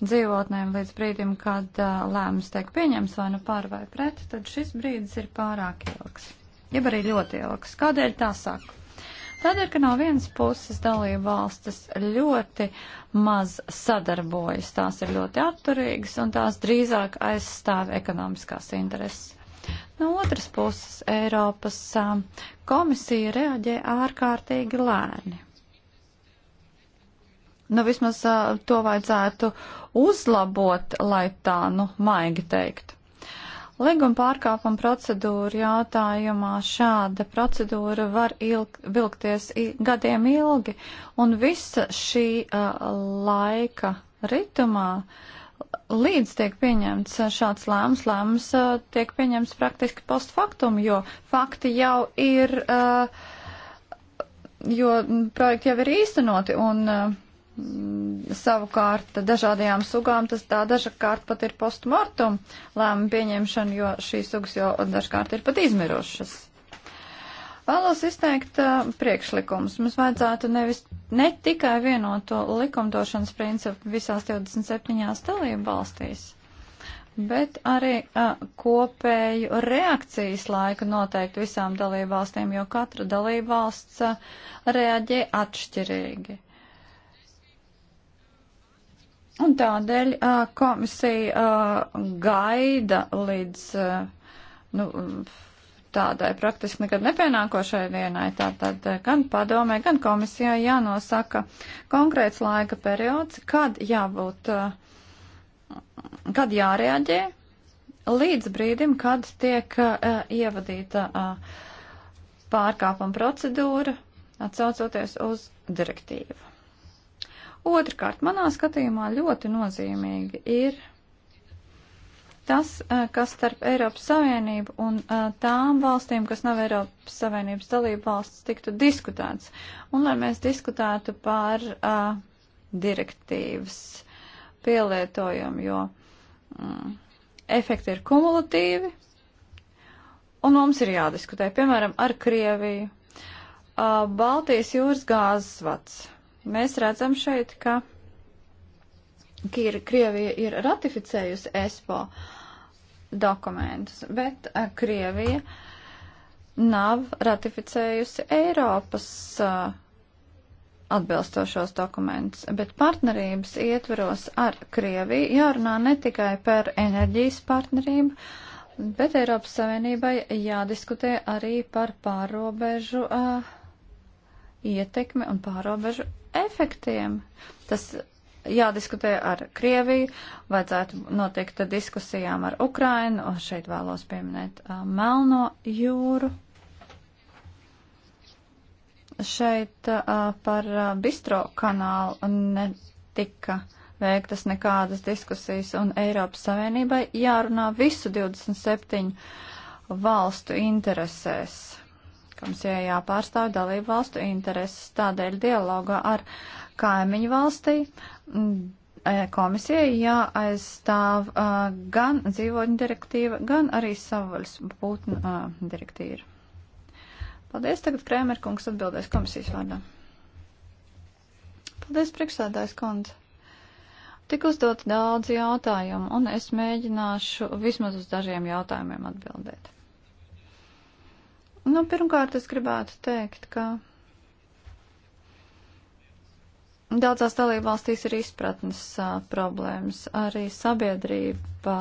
dzīvotnēm līdz brīdim, kad lēmums tiek pieņems vai nu par vai pret, tad šis brīdis ir pārāk ilgs. Jeb arī ļoti ilgs. Kādēļ tā saku? Tādēļ, ka no vienas puses dalība valstis ļoti maz sadarbojas, tās ir ļoti atturīgas un tās drīzāk aizstāv ekonomiskās intereses. No otras puses, Eiropas um, komisija reaģē ārkārtīgi lēni. Nu, vismaz uh, to vajadzētu uzlabot, lai tā, nu, maigi teikt. Līguma pārkāpuma procedūra jautājumā šāda procedūra var ilg, vilkties gadiem ilgi, un visa šī uh, laika ritumā līdz tiek pieņemts šāds lēmums, lēmums uh, tiek pieņemts praktiski post faktum, jo fakti jau ir. Uh, jo projekti jau ir īstenoti un uh, Mm, savukārt dažādajām sugām tas tā dažkārt pat ir postmortum lēmumu pieņemšana, jo šīs sugas jau dažkārt ir pat izmirušas. Vēlos izteikt uh, priekšlikumus. Mums vajadzētu nevis ne tikai vienoto likumdošanas principu visās 27 dalību valstīs, bet arī uh, kopēju reakcijas laiku noteikti visām dalību valstīm, jo katra dalību valsts uh, reaģē atšķirīgi. Un tādēļ komisija gaida līdz nu, tādai praktiski nekad nepienākošai dienai, tātad gan padomē, gan komisijai jānosaka konkrēts laika periods, kad jābūt, kad jārēģē līdz brīdim, kad tiek ievadīta pārkāpuma procedūra, atsaucoties uz direktīvu. Otrkārt, manā skatījumā ļoti nozīmīgi ir tas, eh, kas starp Eiropas Savienību un eh, tām valstīm, kas nav Eiropas Savienības dalība valsts, tiktu diskutēts. Un lai mēs diskutētu par uh, direktīvas pielietojumu, jo mm, efekti ir kumulatīvi, un mums ir jādiskutē, piemēram, ar Krieviju. Uh, Baltijas jūras gāzes vats Mēs redzam šeit, ka Krievija ir ratificējusi ESPO dokumentus, bet Krievija nav ratificējusi Eiropas atbilstošos dokumentus, bet partnerības ietveros ar Krieviju jārunā ne tikai par enerģijas partnerību, bet Eiropas Savienībai jādiskutē arī par pārobežu uh, ietekmi un pārobežu efektiem. Tas jādiskutē ar Krieviju, vajadzētu noteikt diskusijām ar Ukrainu, un šeit vēlos pieminēt uh, Melno jūru. Šeit uh, par uh, bistro kanālu netika veiktas nekādas diskusijas, un Eiropas Savienībai jārunā visu 27 valstu interesēs Komisijai jāpārstāv dalību valstu intereses, tādēļ dialogā ar kaimiņu valstī e, komisijai jāaizstāv uh, gan dzīvotņu direktīva, gan arī savvaļas būtņu uh, direktīva. Paldies, tagad Krēmerkungs atbildēs komisijas vārdā. Paldies, priekšsēdājs kundze. Tik uzdot daudz jautājumu, un es mēģināšu vismaz uz dažiem jautājumiem atbildēt. Nu, pirmkārt, es gribētu teikt, ka daudzās dalībvalstīs ir izpratnes a, problēmas. Arī sabiedrība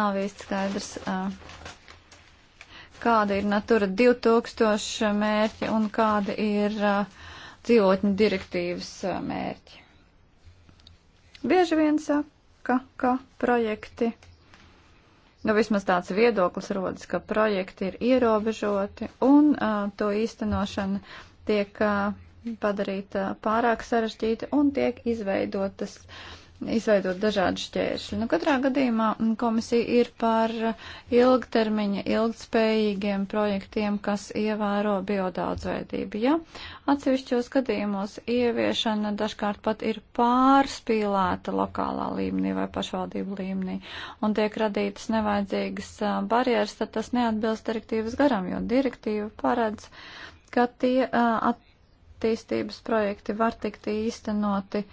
nav īsti skaidrs, a, kāda ir Natura 2000 mērķi un kāda ir a, dzīvotņu direktīvas a, mērķi. Bieži vien saka, ka projekti Nu, vismaz tāds viedoklis rodas, ka projekti ir ierobežoti un uh, to īstenošana tiek uh, padarīta pārāk sarežģīta un tiek izveidotas uh, izveidot dažādu šķēršļu. Nu, katrā gadījumā mm, komisija ir par ilgtermiņa, ilgtspējīgiem projektiem, kas ievēro biodaudzveidību. Ja atsevišķos gadījumos ieviešana dažkārt pat ir pārspīlēta lokālā līmenī vai pašvaldību līmenī un tiek radītas nevajadzīgas barjeras, tad tas neatbilst direktīvas garam, jo direktīva paredz, ka tie attīstības projekti var tikt īstenoti,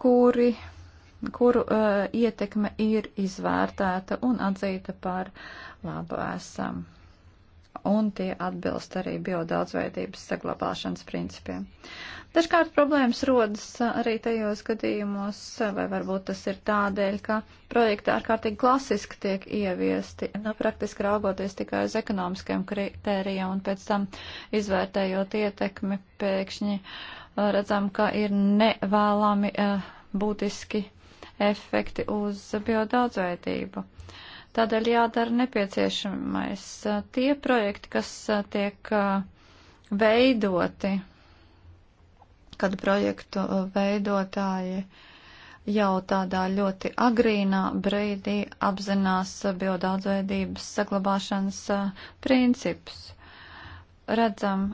kuri kuru uh, ietekme ir izvērtēta un atzīta par labu esam. Un tie atbilst arī biodaudzveidības saglabāšanas principiem. Dažkārt problēmas rodas uh, arī tajos gadījumos, uh, vai varbūt tas ir tādēļ, ka projekti ārkārtīgi klasiski tiek ieviesti, nu, praktiski raugoties tikai uz ekonomiskiem kritērijiem un pēc tam izvērtējot ietekmi, pēkšņi uh, redzam, ka ir nevēlami būtiski efekti uz biodaudzveidību. Tādēļ jādara nepieciešamais tie projekti, kas tiek veidoti, kad projektu veidotāji jau tādā ļoti agrīnā brīdī apzinās biodaudzveidības saglabāšanas principus. Redzam,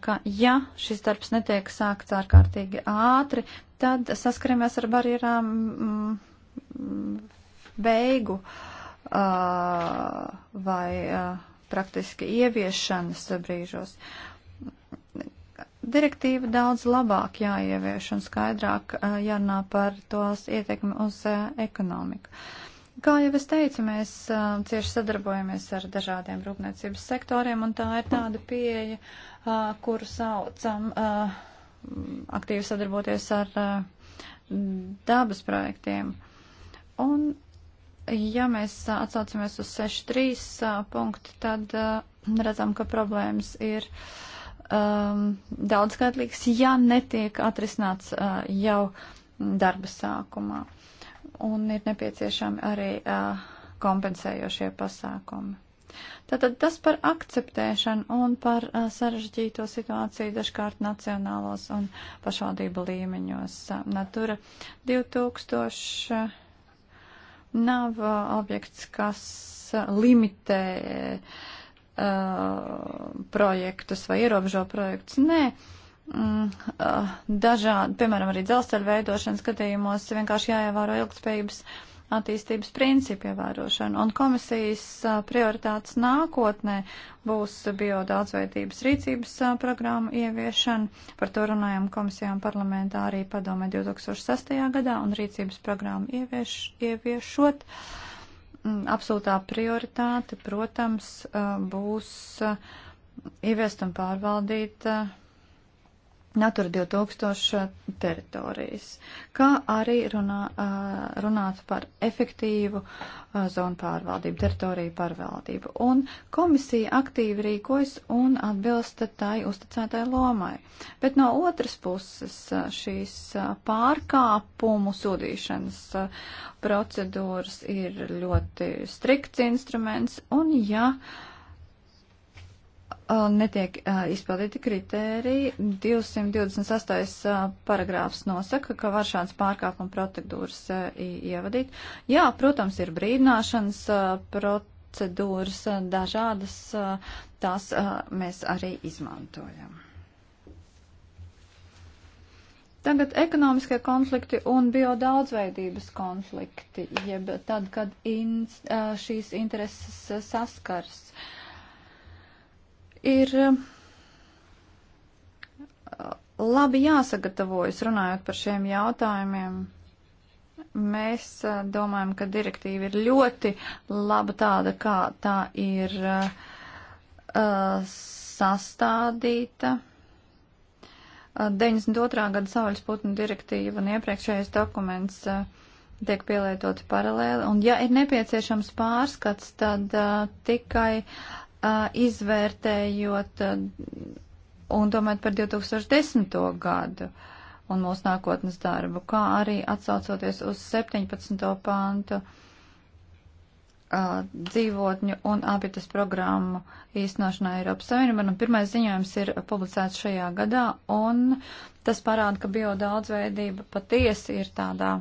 ka ja šis darbs netiek sākts ārkārtīgi ātri, tad saskaramies ar barjerām mm, beigu vai praktiski ieviešanas brīžos. Direktīva daudz labāk jāievieš un skaidrāk jārunā par tos ietekmi uz ekonomiku. Kā jau es teicu, mēs cieši sadarbojamies ar dažādiem rūpniecības sektoriem, un tā ir tāda pieeja, uh, kuru saucam aktīvi sadarboties ar dabas projektiem. Un, ja mēs atsaucamies uz 6.3 punktu, tad redzam, ka problēmas ir um, daudzskaitlīgas, ja netiek atrisināts uh, jau darba sākumā. Un ir nepieciešami arī uh, kompensējošie pasākumi. Tātad tas par akceptēšanu un par uh, sarežģīto situāciju dažkārt nacionālos un pašvaldību līmeņos. Natura 2000 nav uh, objekts, kas uh, limitē uh, projektus vai ierobežo projektus. Nē. Mm, uh, dažādi, piemēram, arī dzelzceļa veidošanas gadījumos vienkārši jāievēro ilgspējības uh, attīstības principu ievērošanu. Un komisijas prioritātes nākotnē būs biodaudzveidības rīcības programma ieviešana. Par to runājam komisijām parlamentā arī padomē 2006. gadā un rīcības programmu ievieš, ieviešot. Mm, absolūtā prioritāte, protams, būs ieviest un pārvaldīt Natura 2000 teritorijas, kā arī runā, runāt par efektīvu zonu pārvaldību, teritoriju pārvaldību. Un komisija aktīvi rīkojas un atbilsta tai uzticētai lomai. Bet no otras puses šīs pārkāpumu sodīšanas procedūras ir ļoti strikts instruments, un ja uh, Uh, netiek uh, izpildīti kritēriji. 228. Uh, paragrāfs nosaka, ka var šāds pārkāpuma procedūras ievadīt. Jā, protams, ir brīdināšanas procedūras dažādas, tās mēs arī izmantojam. Tagad ekonomiskie konflikti un biodaudzveidības konflikti, jeb tad, kad in, šīs intereses saskars. Uh, ir eh, labi jāsagatavojas runājot par šiem jautājumiem. Mēs eh, domājam, ka direktīva ir ļoti laba tāda, kā tā ir uh, sastādīta. 92. gada saules putnu direktīva un iepriekšējais dokuments uh, tiek pielietoti paralēli, un ja ir nepieciešams pārskats, tad uh, tikai uh, izvērtējot un domājot par 2010. gadu un mūsu nākotnes darbu, kā arī atsaucoties uz 17. pāntu dzīvotņu un apitas programmu īstenošanā Eiropas Savienībā. Un nu, pirmais ziņojums ir publicēts šajā gadā, un tas parāda, ka biodaudzveidība patiesi ir tādā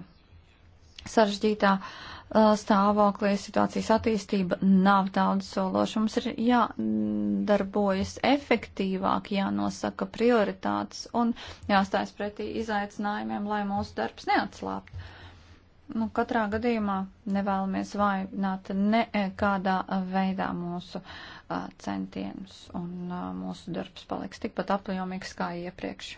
sarežģītā uh, stāvoklī situācijas attīstība nav daudz sološa. Mums ir jādarbojas efektīvāk, jānosaka prioritātes un jāstājas pretī izaicinājumiem, lai mūsu darbs neatslāpt. Nu, katrā gadījumā nevēlamies vainot nekādā veidā mūsu uh, centienus, un uh, mūsu darbs paliks tikpat apjomīgs kā iepriekš.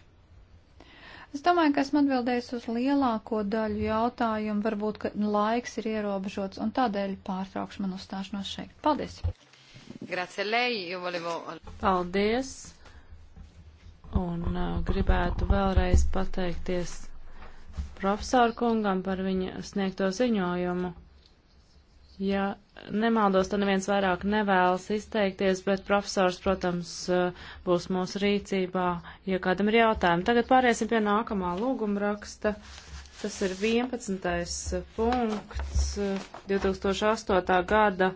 Es domāju, ka esmu atbildējis uz lielāko daļu jautājumu, varbūt, ka laiks ir ierobežots, un tādēļ pārtraukšu man uzstāšanos šeit. Paldies! Paldies! Un uh, gribētu vēlreiz pateikties profesoru kungam par viņa sniegto ziņojumu. Ja nemaldos, tad neviens vairāk nevēlas izteikties, bet profesors, protams, būs mūsu rīcībā, ja kādam ir jautājumi. Tagad pāriesim pie nākamā lūguma raksta. Tas ir 11. punkts 2008. gada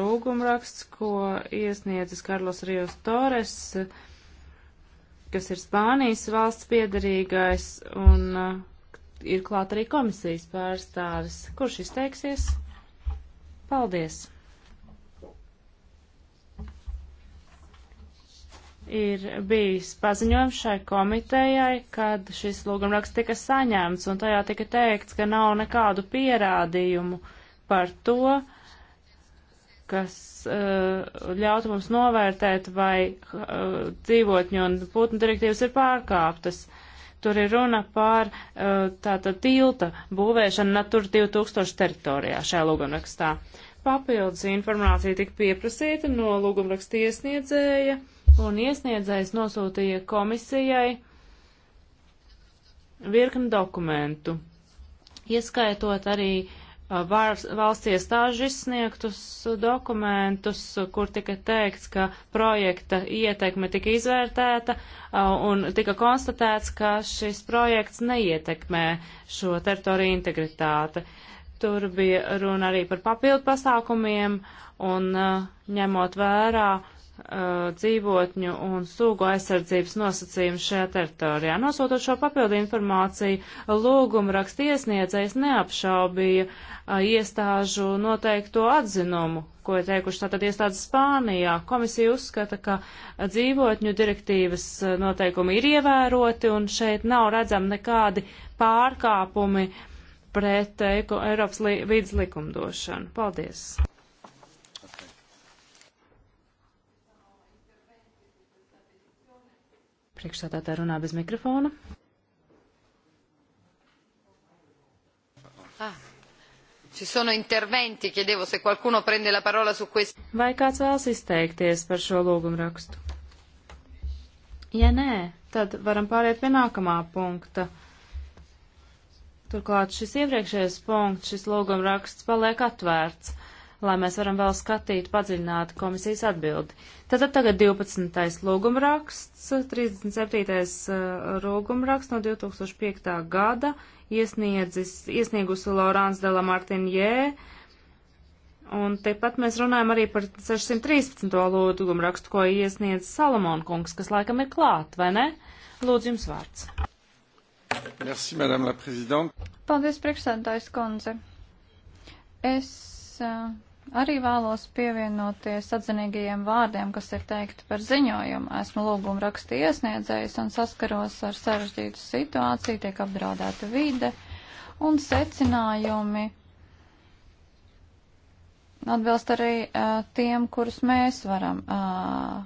rūgumraksts, ko iesniedzis Karlos Rijos Torres, kas ir Spānijas valsts piedarīgais un uh, ir klāt arī komisijas pārstāvis. Kurš izteiksies? Paldies! ir bijis paziņojums šai komitejai, kad šis lūgumraksts tika saņemts, un tajā tika teikts, ka nav nekādu pierādījumu par to, kas uh, ļautu mums novērtēt, vai uh, dzīvotņu un putnu direktīvas ir pārkāptas. Uh, Tur ir runa par eh, tātad tilta būvēšanu Natura 2000 teritorijā šajā lūgumrakstā. Papildus informācija tika pieprasīta no lūgumraksta iesniedzēja, un iesniedzējs nosūtīja komisijai virkni dokumentu, ieskaitot arī uh, valsts iestāžu izsniegtus dokumentus, kur tika teikts, ka projekta ietekme tika izvērtēta un tika konstatēts, ka šis projekts neietekmē šo teritoriju integritāti. Tur bija runa arī par papildu pasākumiem un ņemot vērā dzīvotņu un sūgu aizsardzības nosacījumus šajā teritorijā. Nosūtot šo papildu informāciju, lūguma rakstiesniedzējs neapšaubīja uh, iestāžu noteikto atzinumu, ko ir teikuši tātad iestādes Spānijā. Komisija uzskata, ka dzīvotņu direktīvas noteikumi ir ievēroti un šeit nav redzami nekādi pārkāpumi pret eko, Eiropas li, vidas likumdošanu. Paldies! Priekšsādātā runā bez mikrofona. Ci sono interventi, chiedevo se qualcuno prende la parola su questo. Vai kāds vēlas izteikties par šo lūgumu rakstu? Ja nē, tad varam pāriet pie nākamā punkta. Turklāt šis iepriekšējais punkts, šis lūguma raksts paliek atvērts lai mēs varam vēl skatīt padziļināt komisijas atbildi. Tātad tagad 12. lūgumraksts, 37. Uh, lūgumraksts no 2005. gada iesniedzis, iesniegusi Laurāns Dela Martinjē. Un tepat mēs runājam arī par 613. lūgumrakstu, ko iesniedz Salamon kungs, kas laikam ir klāt, vai ne? Lūdzu, jums vārds. Merci, Madame la Présidente. Paldies, priekšsēdājas kundze. Es uh, Arī vēlos pievienoties atzinīgajiem vārdiem, kas ir teikti par ziņojumu. Esmu lūgumu rakstu iesniedzējis un saskaros ar sarežģītu situāciju, tiek apdraudēta vide un secinājumi atbilst arī uh, tiem, kurus mēs varam uh,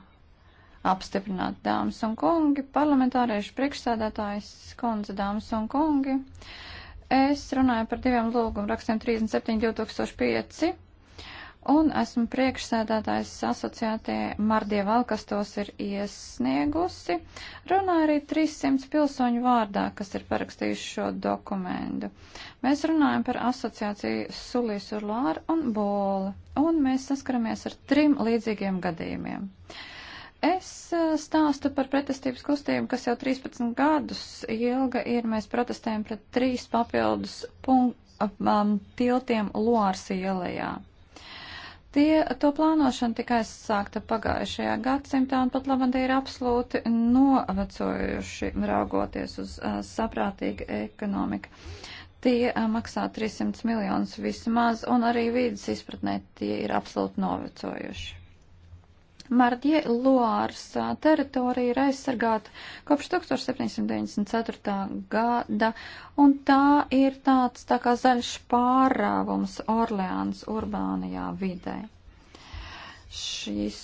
apstiprināt, dāmas un kungi, parlamentārieši priekšsēdētājs, kundze, dāmas un kungi. Es runāju par diviem lūgumu rakstiem 37 2005 un esmu priekšsēdētājs asociātie Mardieval, kas tos ir iesniegusi. Runā arī 300 pilsoņu vārdā, kas ir parakstījuši šo dokumentu. Mēs runājam par asociāciju Sulis Urlāra un Bola, un mēs saskaramies ar trim līdzīgiem gadījumiem. Es stāstu par pretestības kustību, kas jau 13 gadus ilga ir. Mēs protestējam pret trīs papildus punkt, um, tiltiem Loārs ielajā. Tie, to plānošana tika aizsākta pagājušajā gadsimtā, un pat labi, tie ir absolūti novecojuši, raugoties uz uh, saprātīgu ekonomiku. Tie uh, maksā 300 miljonus vismaz, un arī vīdes izpratnē tie ir absolūti novecojuši. Mardie Luārs teritorija ir aizsargāta kopš 1794. gada, un tā ir tāds tā kā zaļš pārāvums Orleāns urbānajā vidē. Šis,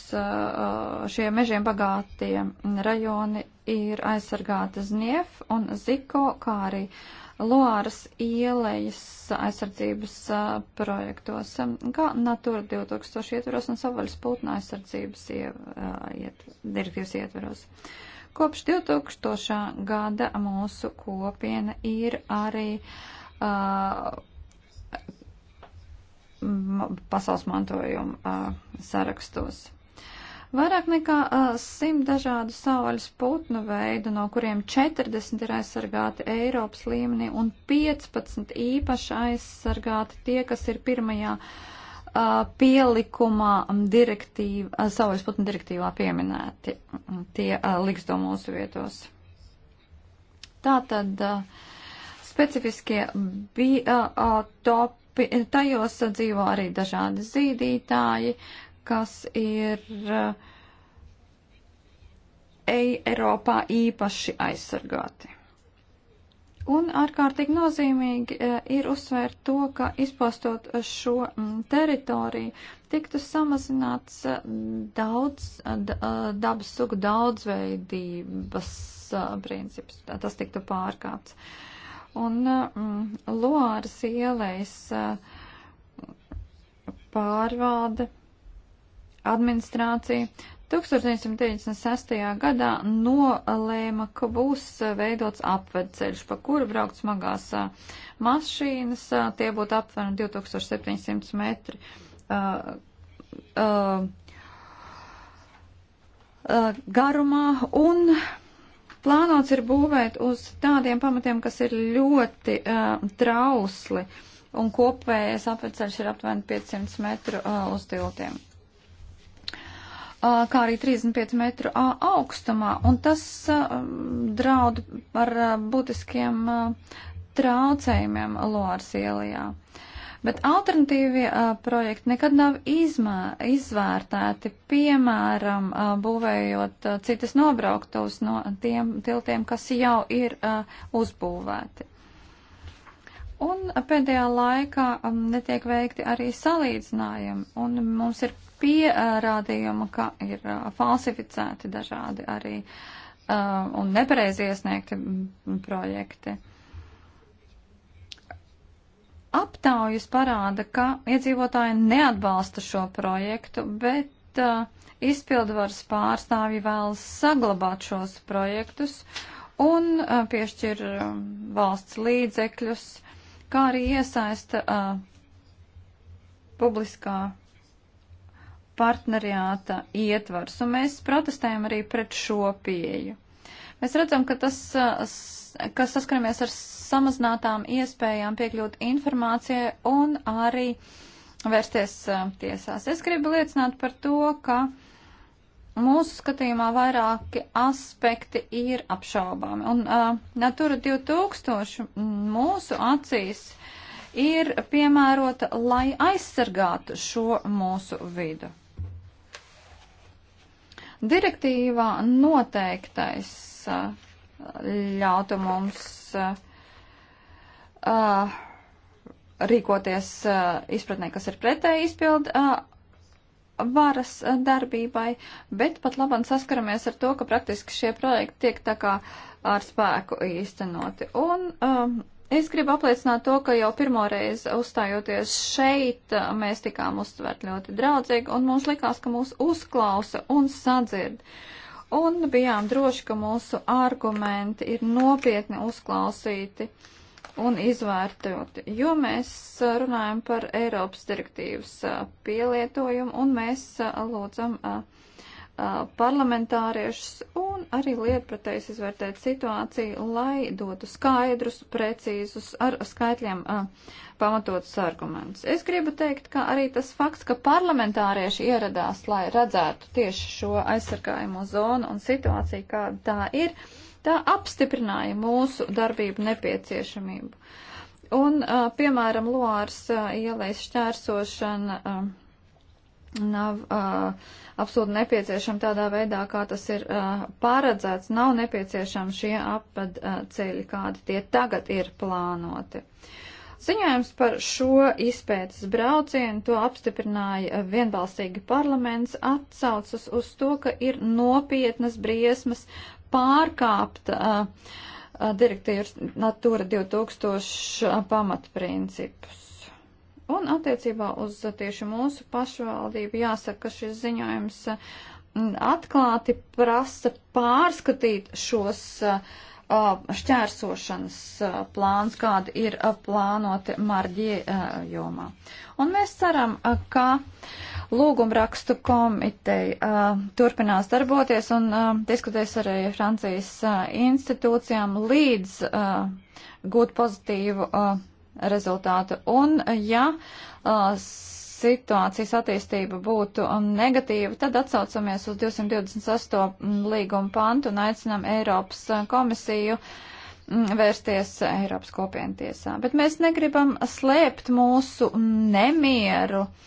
šie mežiem bagātie rajoni ir aizsargāta Znief un Ziko, kā arī uh, Loāras ielejas aizsardzības projektos, kā Natūra 2000 ietveros un savaļas putna aizsardzības iet, direktīvas ietveros. Kopš 2000. gada mūsu kopiena ir arī uh, pasaules mantojuma uh, sarakstos. Vairāk nekā uh, simt dažādu savvaļas putnu veidu, no kuriem 40 ir aizsargāti Eiropas līmenī un 15 īpaši aizsargāti tie, kas ir pirmajā uh, pielikumā direktīva, uh, savvaļas putnu direktīvā pieminēti. Tie uh, liks to mūsu vietos. Tātad uh, specifiskie biotopi, uh, tajos dzīvo arī dažādi zīdītāji, uh, kas ir eh, Eiropā īpaši aizsargāti. Un ārkārtīgi nozīmīgi eh, ir uzsvērt to, ka izpostot šo mm, teritoriju tiktu samazināts eh, daudz dabas sugu daudzveidības princips. Tas tiktu pārkāpts. Un mm, Loāras ielēs pārvalde administrācija 1996. gadā nolēma, ka būs eh, veidots apvedceļš, pa kuru braukt smagās eh, mašīnas, eh, tie būtu apmēram 2700 metri. Uh, uh, uh, garumā un plānots ir būvēt uz tādiem pamatiem, kas ir ļoti uh, trausli un kopējais apveceļš ir aptuveni 500 metru uh, uz tiltiem kā arī 35 metru augstumā, un tas draud ar būtiskiem traucējumiem Loāras ielijā. Bet alternatīvie uh, projekti nekad nav izmē, izvērtēti, piemēram, uh, būvējot uh, citas nobrauktos no tiem tiltiem, kas jau ir uh, uzbūvēti. Un pēdējā laikā um, netiek veikti arī salīdzinājumi, un mums ir pierādījumi, ka ir uh, falsificēti dažādi arī uh, un nepareizi iesniegti mm, projekti. Aptaujas parāda, ka iedzīvotāji neatbalsta šo projektu, bet uh, izpildvaras pārstāvji vēlas saglabāt šos projektus un uh, piešķir uh, valsts līdzekļus uh, kā arī iesaista uh, publiskā partneriāta ietvars. Un mēs protestējam arī pret šo pieju. Mēs redzam, ka tas, ka saskaramies ar samazinātām iespējām piekļūt informācijai un arī vērsties tiesās. Es gribu liecināt par to, ka uh, Mūsu skatījumā vairāki aspekti ir apšaubāmi. Un uh, Natura 2000 mūsu acīs ir piemērota, lai aizsargātu šo mūsu vidu. Direktīvā noteiktais uh, ļautu mums. Uh, Uh, rīkoties uh, izpratnē, kas ir pretēji izpildu uh, varas eh, darbībai, bet pat labam saskaramies ar to, ka praktiski šie projekti tiek tā kā ar spēku īstenoti. Un um, es gribu apliecināt to, ka jau pirmo reizi uzstājoties šeit, eh, mēs tikām uztvert ļoti draudzīgi, un mums likās, ka mūs uzklausa un sadzird. Un bijām droši, ka mūsu argumenti ir nopietni uzklausīti. Uh, un izvērtot, jo mēs uh, runājam par Eiropas direktīvas uh, pielietojumu un mēs uh, lūdzam parlamentāriešus un arī lietpratējs izvērtēt situāciju, lai dotu skaidrus, precīzus, ar skaitļiem a, pamatotus argumentus. Es gribu teikt, ka arī tas fakts, ka parlamentārieši ieradās, lai redzētu tieši šo aizsargājumu zonu un situāciju, kāda tā ir, uh, Tā apstiprināja mūsu darbību nepieciešamību. Un, uh, piemēram, Loārs uh, ielais šķērsošana. Uh, nav uh, absolūti nepieciešama tādā veidā, kā tas ir uh, paredzēts, nav nepieciešama šie apceļi, uh, kādi tie tagad ir plānoti. Ziņojums par šo izpētes braucienu to apstiprināja vienbalsīgi parlaments atsaucas uz to, ka ir nopietnas briesmas pārkāpt uh, uh, direktīvas Natura 2000 uh, pamatprincipus. Un attiecībā uz uh, tieši mūsu pašvaldību jāsaka, ka šis ziņojums atklāti prasa pārskatīt šos šķērsošanas plāns, kādi ir plānoti marģie jomā. Un mēs ceram, ka Lūgumrakstu komiteja turpinās darboties un diskutēs arī Francijas institūcijām līdz gūt pozitīvu rezultātu. Un ja situācijas attīstība būtu negatīva, tad atsaucamies uz 228 līguma pantu un aicinām Eiropas komisiju vērsties Eiropas kopienu tiesā. Bet mēs negribam slēpt mūsu nemieru. Uh,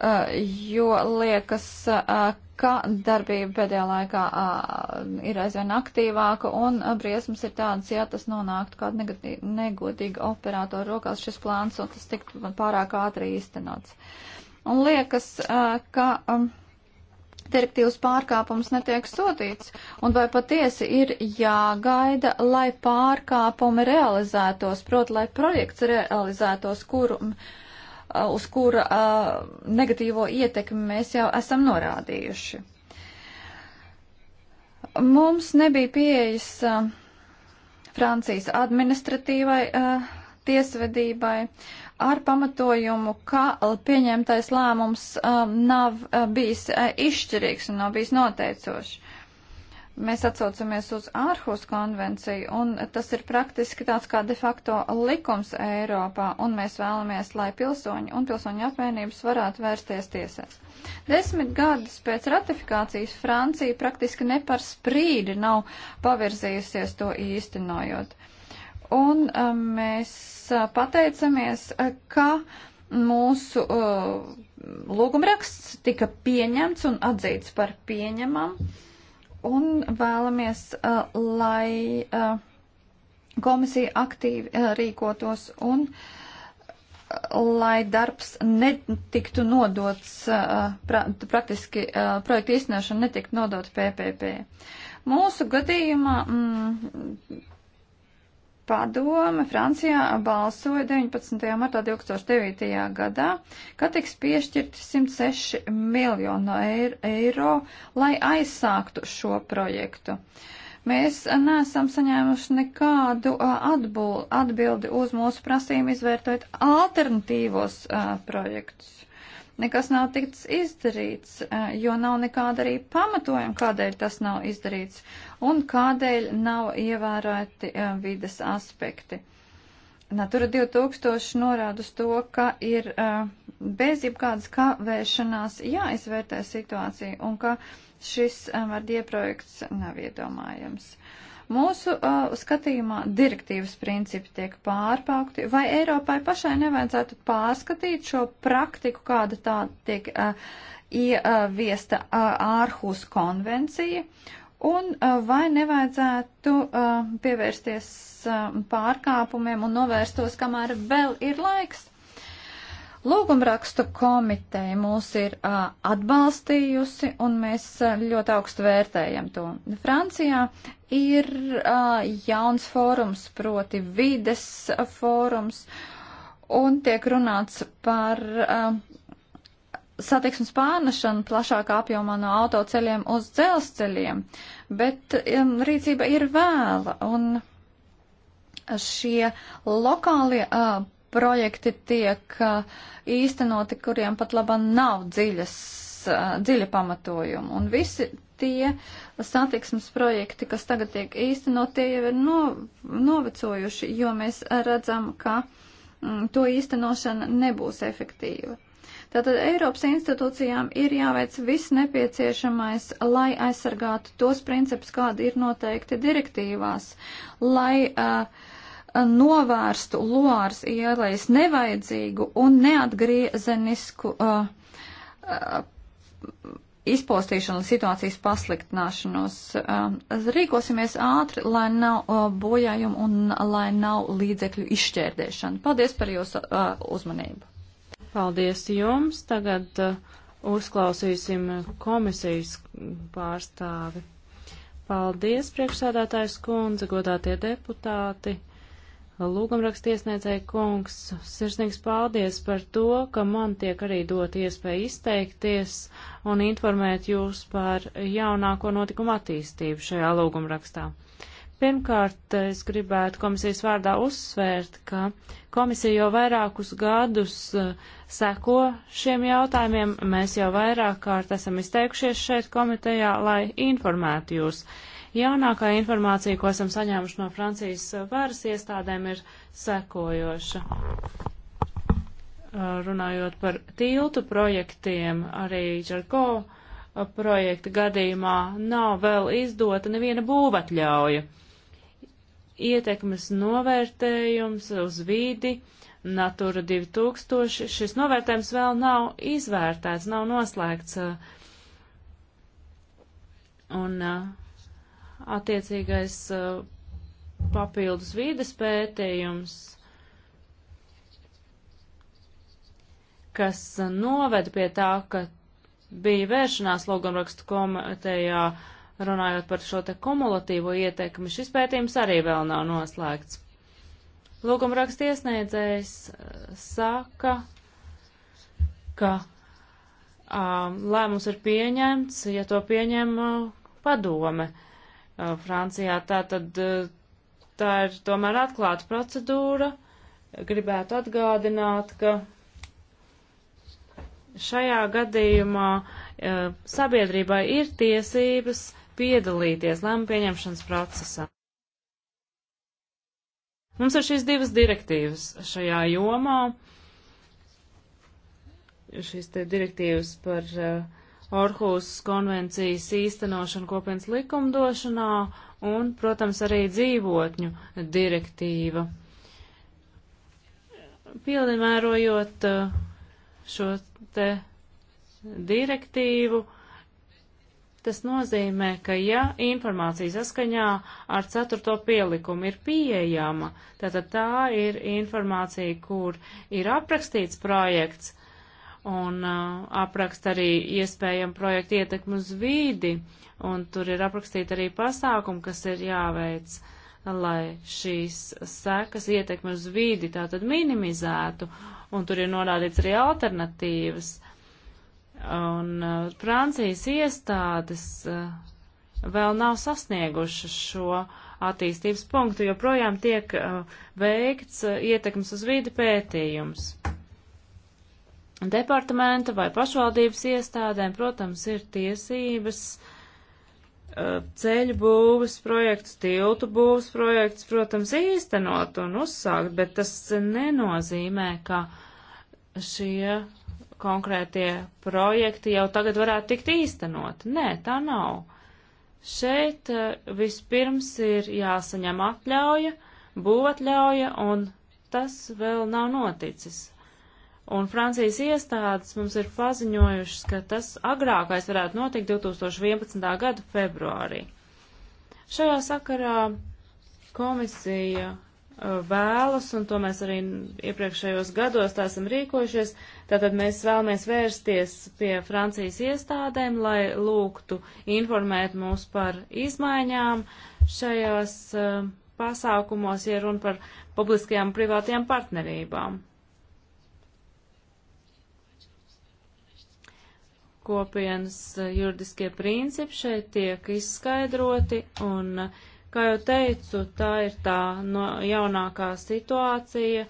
Eh, jo liekas, eh, ka darbība pēdējā laikā eh, ir aizvien aktīvāka un briesmas ir tādas, ja tas nonāktu kāda negodīga operatora rokās šis plāns un tas tiktu pārāk ātri īstenots. Un liekas, ka um, direktīvas pārkāpums netiek sodīts, un vai patiesi ir jāgaida, lai pārkāpumi realizētos, proti, lai projekts realizētos, kuru uz kura negatīvo ietekmi mēs jau esam norādījuši. Mums nebija pieejas Francijas administratīvai tiesvedībai ar pamatojumu, ka pieņemtais lēmums nav bijis izšķirīgs un nav bijis noteicošs mēs atsaucamies uz ārhus konvenciju, un tas ir praktiski tāds kā de facto likums Eiropā, un mēs vēlamies, lai pilsoņi un pilsoņu apvienības varētu vērsties tiesās. Desmit gadus pēc ratifikācijas Francija praktiski ne par sprīdi nav pavirzījusies to īstenojot. Un uh, mēs uh, pateicamies, uh, ka mūsu uh, lūgumraksts tika pieņemts un atzīts par pieņemamu un vēlamies, uh, lai uh, komisija aktīvi uh, rīkotos un uh, lai darbs netiktu nodots, uh, pra, praktiski uh, projekta īstenošana netiktu nodot PPP. Mūsu gadījumā mm, padome Francijā balsoja 19. martā 2009. gadā, ka tiks piešķirti 106 miljonu eiro, lai aizsāktu šo projektu. Mēs neesam saņēmuši nekādu atbildi uz mūsu prasījumu izvērtot alternatīvos projektus nekas nav tiks izdarīts, e, jo nav nekāda arī pamatojuma, kādēļ tas nav izdarīts un kādēļ nav ievērēti e, vides aspekti. Natura 2000 norāda uz to, ka ir e, bez jebkādas kavēšanās jāizvērtē situācija un ka šis vardieprojekts nav iedomājams. Uh, Mūsu uh, skatījumā direktīvas principi tiek pārpaukti, vai Eiropai pašai nevajadzētu pārskatīt šo praktiku, kāda tā tiek uh, ieviesta uh, ārhus konvencija, un uh, vai nevajadzētu uh, pievērsties uh, pārkāpumiem un novērst tos, kamēr vēl ir laiks. Lūgumrakstu komiteja mūs ir uh, atbalstījusi un mēs uh, ļoti augstu vērtējam to. Francijā ir uh, jauns fórums, proti vides uh, fórums, un tiek runāts par uh, satiksmes pārnešanu plašākā apjomā no autoceļiem uz dzelzceļiem, bet um, rīcība ir vēla un šie lokālie. Uh, projekti tiek īstenoti, kuriem pat labā nav dziļas, dziļa pamatojuma. Un visi tie satiksmes projekti, kas tagad tiek īstenot, tie jau ir no, novecojuši, jo mēs redzam, ka mm, to īstenošana nebūs efektīva. Tātad Eiropas institūcijām ir jāveic viss nepieciešamais, lai aizsargātu tos principus, kādi ir noteikti direktīvās, lai uh, novērstu Luāras ielais nevajadzīgu un neatgriezenisku uh, uh, izpostīšanu un situācijas pasliktināšanos. Uh, rīkosimies ātri, lai nav uh, bojājumu un lai nav līdzekļu izšķērdēšana. Paldies par jūsu uh, uzmanību. Paldies jums. Tagad uh, uzklausīsim komisijas pārstāvi. Paldies, priekšsēdētājs kundze, godātie deputāti. Lūgumraksta iesniedzēja kungs, sirsnīgs paldies par to, ka man tiek arī dot iespēja izteikties un informēt jūs par jaunāko notikumu attīstību šajā lūgumrakstā. Pirmkārt, es gribētu komisijas vārdā uzsvērt, ka komisija jau vairākus gadus eh, seko šiem jautājumiem. Mēs jau vairāk kārt esam izteikušies šeit komitejā, lai informētu jūs. Uh, Jaunākā informācija, ko esam saņēmuši no Francijas varas iestādēm, ir sekojoša. Runājot par tiltu projektiem, arī Čarko projekta gadījumā nav vēl izdota neviena būvatļauja. Ietekmes novērtējums uz vīdi Natura 2000. Šis novērtējums vēl nav izvērtēts, nav noslēgts. Un uh, attiecīgais uh, papildus vīdes pētījums, kas uh, noved pie tā, ka bija vēršanās logumrakstu komitejā runājot par šo te kumulatīvo ietekmi. Šis pētījums arī vēl nav noslēgts. Lūgumraksta iesniedzējs uh, saka, ka um, lēmums ir pieņemts, ja to pieņem uh, padome. Uh, Uh, Francijā. Tātad uh, tā ir tomēr atklāta procedūra. Gribētu atgādināt, ka šajā gadījumā uh, sabiedrībai ir tiesības piedalīties lēmu pieņemšanas procesā. Mums ir šīs divas direktīvas šajā jomā. Šīs te direktīvas par uh, Orhusas konvencijas īstenošanu kopienas likumdošanā un, protams, arī dzīvotņu direktīva. Pielīmērojot uh, šo te direktīvu, tas nozīmē, ka ja informācija saskaņā ar ceturto pielikumu ir pieejama, tātad tā ir informācija, kur ir aprakstīts projekts, un uh, apraksta arī iespējam projektu ietekmu uz vīdi, un tur ir aprakstīta arī pasākumi, kas ir jāveic, lai šīs sekas ietekmi uz vīdi tātad minimizētu, un tur ir norādīts arī alternatīvas. Un uh, Francijas iestādes uh, vēl nav sasniegušas šo attīstības punktu, jo projām tiek uh, veikts uh, ietekmes uz vīdi pētījums departamenta vai pašvaldības iestādēm, protams, ir tiesības ceļu būvas projekts, tiltu būvas projekts, protams, īstenot un uzsākt, bet tas nenozīmē, ka šie konkrētie projekti jau tagad varētu tikt īstenot. Nē, tā nav. Šeit vispirms ir jāsaņem atļauja, būvatļauja, un tas vēl nav noticis. Un Francijas iestādes mums ir paziņojušas, ka tas agrākais varētu notikt 2011. gada februārī. Šajā sakarā komisija uh, vēlas, un to mēs arī iepriekšējos gados tā esam rīkojušies, tātad mēs vēlamies vērsties pie Francijas iestādēm, lai lūgtu informēt mūs par izmaiņām šajās uh, pasākumos, ja runa par publiskajām privātajām partnerībām. kopienas eh, juridiskie principi šeit tiek izskaidroti, un, eh, kā jau teicu, tā ir tā no jaunākā situācija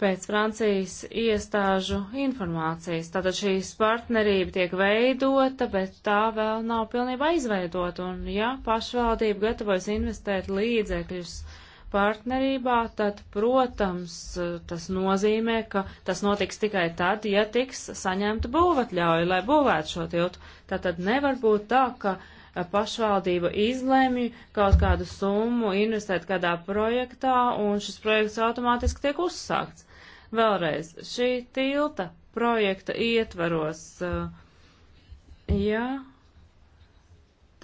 pēc Francijas iestāžu informācijas. Tātad šīs partnerība tiek veidota, bet tā vēl nav pilnībā izveidota, un ja pašvaldība gatavojas investēt līdzekļus, uh, partnerībā, tad, protams, tas nozīmē, ka tas notiks tikai tad, ja tiks saņemta būvatļauja, lai būvētu šo tiltu. Tātad nevar būt tā, ka pašvaldība izlēmj kaut kādu summu investēt kādā projektā un šis projekts automātiski tiek uzsākts. Vēlreiz, šī tilta projekta ietvaros, ja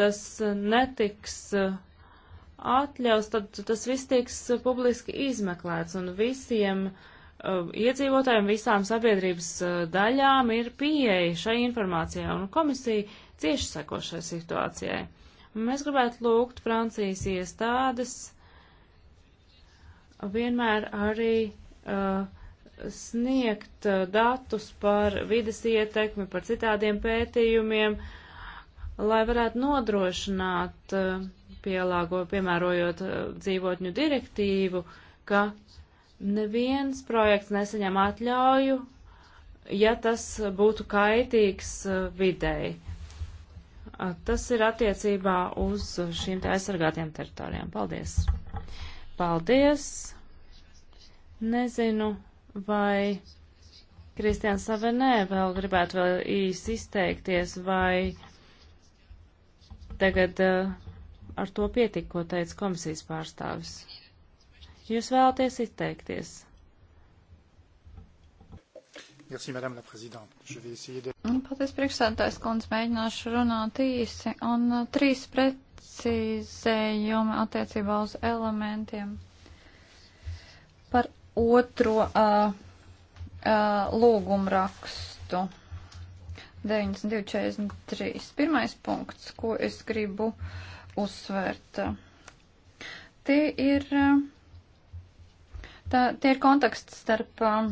tas netiks atļaus, tad tas viss tiks uh, publiski izmeklēts un visiem uh, iedzīvotājiem, visām sabiedrības uh, daļām ir pieeja šai informācijai un komisija cieši seko šai situācijai. Un mēs gribētu lūgt Francijas iestādes vienmēr arī uh, sniegt uh, datus par vides ietekmi, par citādiem pētījumiem, lai varētu nodrošināt uh, pielāgo, piemērojot eh, dzīvotņu direktīvu, ka neviens projekts nesaņem atļauju, ja tas būtu kaitīgs eh, videi. Tas ir attiecībā uz šīm te aizsargātiem teritorijām. Paldies! Paldies! Nezinu, vai Kristians Savenē vēl gribētu vēl īsi izteikties, vai tagad uh, ar to pietika, ko teica komisijas pārstāvis. Jūs vēlaties izteikties? Merci, Madame la Présidente. Je vais essayer de... Paldies, priekšsēdētājs kundze, mēģināšu runāt īsi. Un uh, trīs precizējumi attiecībā uz elementiem. Par otro uh, uh, lūgumu rakstu. 92.43. Pirmais punkts, ko es gribu uh, uzsvērt. Tie ir, tā, tie ir konteksts starp um,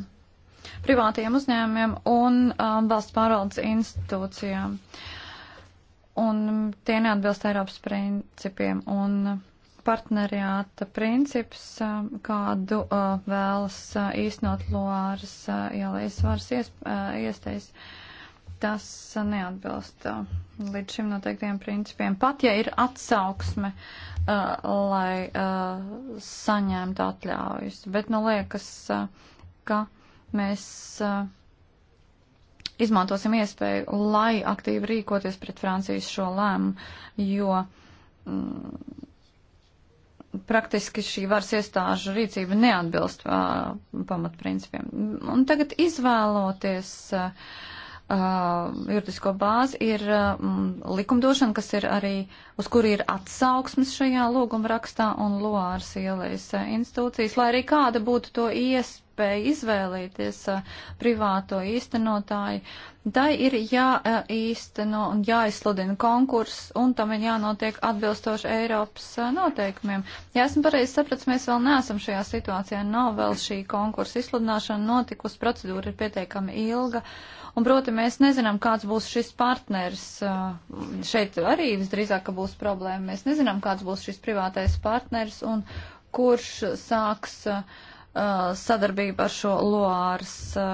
privātajiem uzņēmumiem un um, valsts pārvaldes institūcijām. Un tie neatbilst Eiropas principiem un partneriāta princips, um, kādu uh, vēlas uh, īstenot Loāras uh, ielais varas ies, uh, iestais. Uh, tas neatbilst uh, līdz šim noteiktiem principiem. Pat ja ir atsauksme, uh, lai uh, saņemtu atļaujas, bet nu liekas, ka mēs izmantosim iespēju, lai aktīvi rīkoties pret Francijas šo lēmumu, jo mm, praktiski šī varas iestāžu rīcība neatbilst uh, pamatprincipiem. Un tagad izvēloties uh, uh, juridisko bāzi ir um, likumdošana, kas ir arī, uz kuru ir atsauksmes šajā lūguma rakstā un loārs ielais uh, institūcijas, lai arī kāda būtu to iespēja izvēlēties uh, privāto īstenotāju. Tai ir jāīsteno uh, un jāizsludina konkurss, un tam ir jānotiek atbilstoši Eiropas uh, noteikumiem. Ja esmu pareizi sapratis, mēs vēl neesam šajā situācijā, nav vēl šī konkursa izsludināšana notikusi, procedūra ir pietiekami ilga. Uh, Un, proti, mēs nezinām, kāds būs šis partners. Šeit arī visdrīzāk, ka būs problēma. Mēs nezinām, kāds būs šis privātais partners un kurš sāks uh, sadarbību ar šo Loāras uh,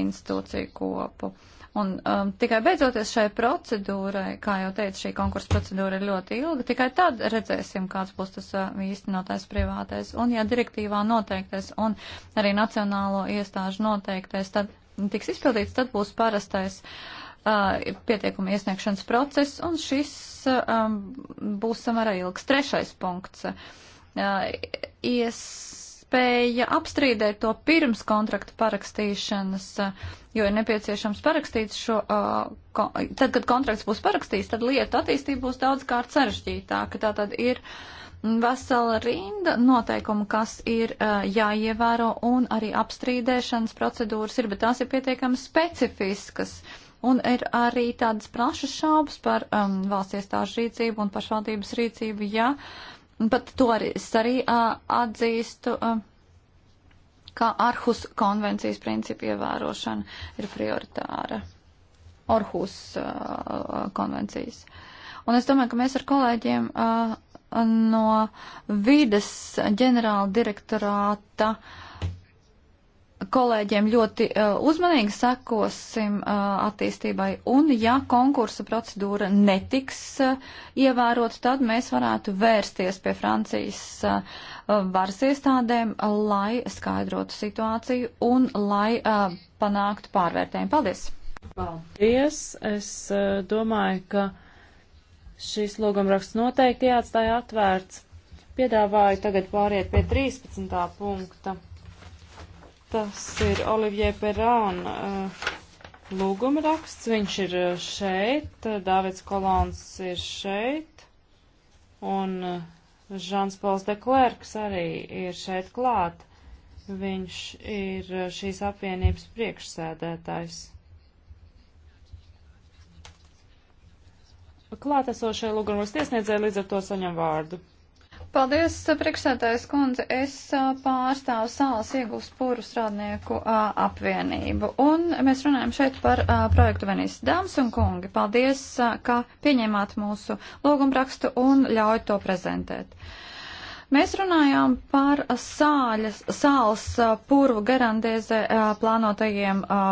institūciju kopu. Un um, tikai beidzoties šai procedūrai, kā jau teicu, šī konkursa procedūra ir ļoti ilga, tikai tad redzēsim, kāds būs tas uh, īstenotais privātais. Un ja direktīvā noteiktais un arī nacionālo iestāžu noteiktais, tad tiks izpildīts, tad būs parastais uh, pieteikuma iesniegšanas process, un šis uh, um, būs samērā ilgs. Trešais punkts. Uh, iespēja apstrīdēt to pirms kontrakta parakstīšanas, uh, jo ir nepieciešams parakstīt šo, uh, kon, tad, kad kontrakts būs parakstīts, tad lieta attīstība būs daudz kārt sarežģītāka. Tātad ir uh, vesela rinda noteikumu, kas ir uh, jāievēro, un arī apstrīdēšanas procedūras ir, bet tās ir pietiekami specifiskas. Un ir arī tādas plašas šaubas par um, valsts iestāžu rīcību un pašvaldības rīcību, ja, pat to arī, es arī uh, atzīstu, uh, ka Arhus konvencijas principu ievērošana ir prioritāra. Orhus uh, konvencijas. Un es domāju, ka mēs ar kolēģiem uh, no vides ģenerāla direktorāta kolēģiem ļoti uh, uzmanīgi sekosim uh, attīstībai, un ja konkursa procedūra netiks uh, eh, ievērot, tad mēs varētu vērsties pie Francijas uh, varas iestādēm, lai skaidrotu situāciju un lai uh, panāktu pārvērtējumu. Paldies! Paldies! Es uh, domāju, ka Šis lūgumraksts noteikti jāatstāja atvērts. Piedāvāju tagad pāriet pie 13. punkta. Tas ir Olivier Perron uh, eh, lūgumraksts. Viņš ir eh, šeit, Dāvids Kolons ir šeit, un Žans eh, Pols de Klerks arī ir šeit klāt. Viņš ir šīs apvienības priekšsēdētājs. klātesošai Lugurmas tiesniedzēji līdz ar to saņem vārdu. Paldies, priekšsētājs kundze. Es pārstāvu salas ieguvas pūru strādnieku apvienību. Un mēs runājam šeit par a, projektu Venīs. Dāmas un kungi, paldies, a, ka pieņēmāt mūsu lūgumrakstu un ļauj to prezentēt. Mēs runājām par sāļas, sāls purvu garantēzē plānotajiem a,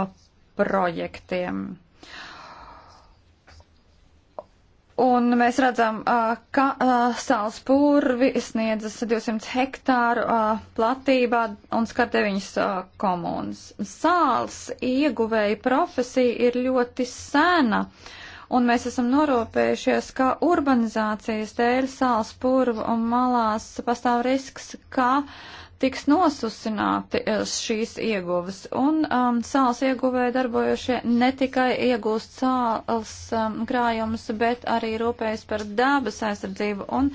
projektiem. Un mēs redzam, ka sāls purvi sniedzas 200 hektāru platībā un skar 9 komunas. Sāls ieguvēja profesija ir ļoti sena, un mēs esam norūpējušies, ka urbanizācijas dēļ sāls purvu un malās pastāv risks, ka uh, tiks nosusināti eh, šīs ieguvas, un um, sāls ieguvēja darbojošie ne tikai iegūst sāls um, krājumus, bet arī rūpējas par dabas aizsardzību, un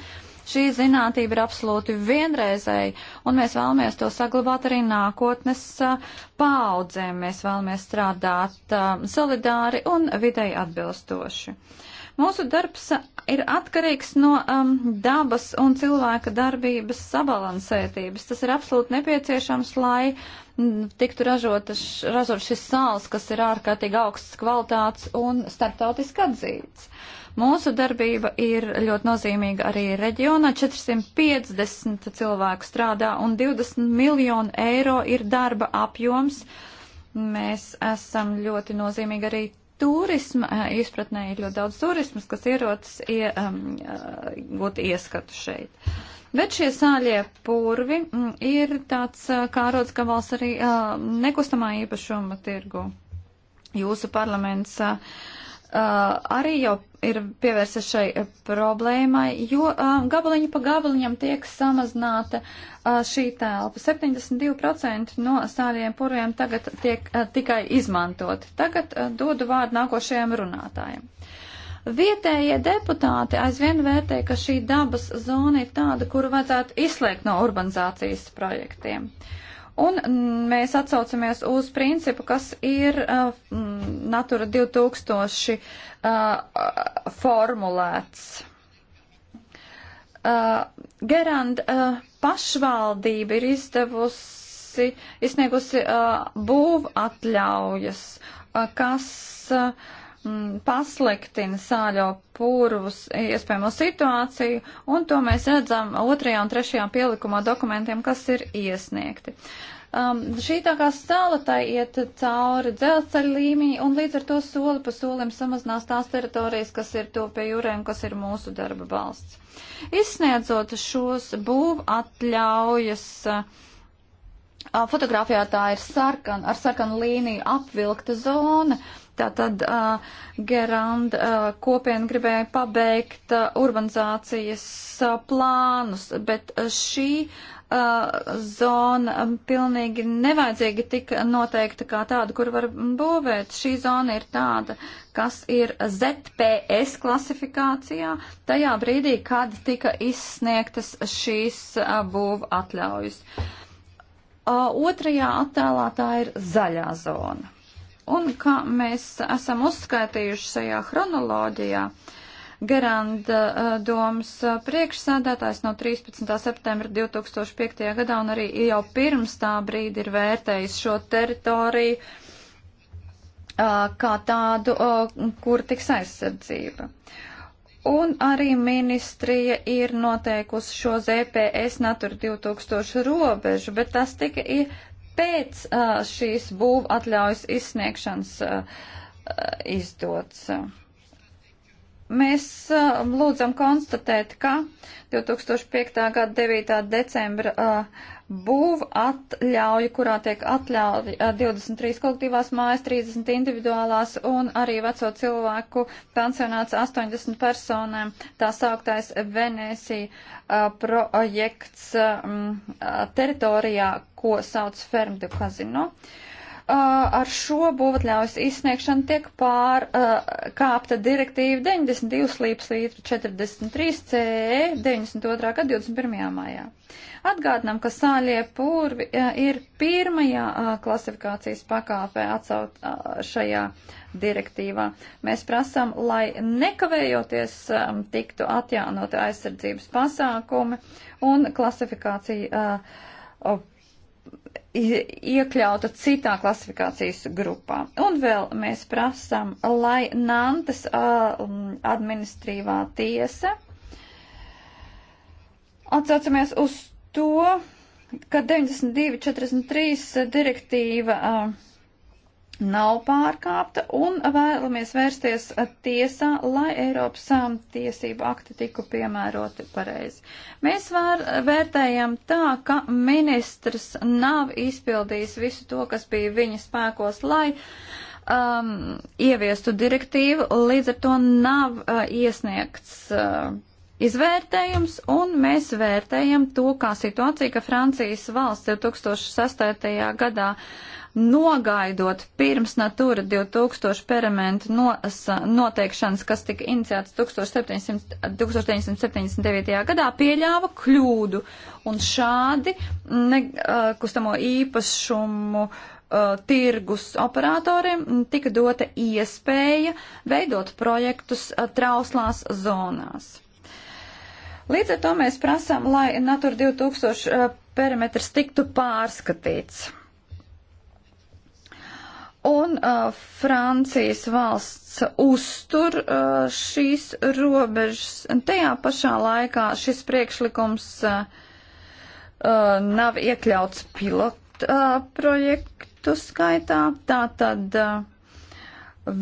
šī zinātība ir absolūti vienreizēja, un mēs vēlamies to saglabāt arī nākotnes uh, paaudzēm. Mēs vēlamies strādāt uh, solidāri un videi atbilstoši. Uh, Mūsu darbs ir atkarīgs no um, dabas un cilvēka darbības sabalansētības. Tas ir absolūti nepieciešams, lai tiktu ražotas, ražot šis sāls, kas ir ārkārtīgi augsts kvalitāts un starptautiski atzīts. Mūsu darbība ir ļoti nozīmīga arī reģionā. 450 cilvēku strādā un 20 miljonu eiro ir darba apjoms. Mēs esam ļoti nozīmīgi arī turisma eh, izpratnē ir ļoti daudz turismas, kas ierodas iegūt um, eh, ieskatu šeit. Bet šie sāļie purvi mm, ir tāds eh, kā rodas gabals arī uh, nekustamā īpašuma tirgu. Jūsu parlaments uh, Uh, arī jau ir pievērsies šai uh, problēmai, jo um, uh, gabaliņu pa gabaliņam tiek samazināta uh, šī telpa. 72% no stāriem purviem tagad tiek uh, tikai izmantoti. Tagad uh, dodu vārdu nākošajam runātājam. Vietējie deputāti aizvien vērtē, ka šī dabas zona ir tāda, kuru vajadzētu izslēgt no urbanizācijas projektiem. Uh, Un mēs atsaucamies uz principu, kas ir uh, Natura 2000 uh, formulēts. Uh, Gerand uh, pašvaldība ir izdevusi, izsniegusi uh, būv atļaujas, uh, kas uh, pasliktina sāļo pūrvus iespējamo situāciju, un to mēs redzam otrajā un trešajā pielikumā dokumentiem, kas ir iesniegti. Uh, Um, šī tā kā sala tai iet cauri dzelzceļa līmenī un līdz ar to soli pa solim samazinās tās teritorijas, kas ir to pie jūrēm, kas ir mūsu darba balsts. Izsniedzot šos būv atļaujas. Uh, uh Fotogrāfijā tā ir sarkana, ar sarkanu līniju apvilkta zona. Tātad uh, Geranda uh, kopiena gribēja pabeigt uh, urbanizācijas uh, plānus, bet uh, šī uh, zona um, pilnīgi nevajadzīgi tika noteikta kā tāda, kur var būvēt. Šī zona ir tāda, kas ir ZPS klasifikācijā tajā brīdī, kad tika izsniegtas šīs uh, būvu atļaujas. Uh, otrajā attēlā tā ir zaļā zona. Un kā mēs esam uzskaitījuši šajā chronoloģijā, uh, Garanda eh, domas eh, priekšsēdētājs no 13. septembra 2005. gadā un arī jau pirms tā brīdi ir vērtējis šo teritoriju eh, kā tādu, kur tiks aizsardzība. Un arī ministrija ir noteikusi šo ZPS Natura 2000 robežu, bet tas tika pēc šīs būvu atļaujas izsniegšanas izdots. Mēs uh, lūdzam konstatēt, ka 2005. gada 9. decembra uh, būv atļauja, kurā tiek atļauja uh, 23 kolektīvās mājas, 30 individuālās un arī veco cilvēku pensionāts 80 personēm, tā sauktais Venēsija projekts um, teritorijā, ko sauc Fermdu kazino. Uh, Uh, ar šo būvatļaujas izsniegšanu tiek pārkāpta uh, direktīva 92 līdz 43 CE 92. gada 21. maijā. Atgādinām, ka sāļie purvi uh, ir pirmajā klasifikācijas pakāpē atsaut šajā direktīvā. Mēs prasam, lai nekavējoties um, tiktu atjaunot aizsardzības pasākumi un klasifikācija iekļauta citā klasifikācijas grupā. Un vēl mēs prasam, lai Nantes uh, administrīvā tiesa atsaucamies uz to, ka 92.43 direktīva uh, nav pārkāpta un vēlamies vērsties tiesā, lai Eiropas um, tiesību akti tiku piemēroti pareizi. Mēs vēr, vērtējam tā, ka ministrs nav izpildījis visu to, kas bija viņa spēkos, lai um, ieviestu direktīvu, līdz ar to nav uh, iesniegts. Uh, izvērtējums, un mēs vērtējam to, kā situācija, ka Francijas valsts 2008. gadā uh, nogaidot pirms Natura 2000 peramentu no, noteikšanas, kas tika iniciēts 1700, 1979. gadā, pieļāva kļūdu. Un šādi ne, kustamo īpašumu uh, tirgus operatoriem tika dota iespēja veidot projektus uh, trauslās zonās. Līdz ar to mēs prasām, lai Natura 2000 uh, perimetrs tiktu pārskatīts. Un uh, Francijas valsts uztur uh, šīs robežas. Tajā pašā laikā šis priekšlikums uh, uh, nav iekļauts pilotu uh, projektu skaitā. Tātad uh,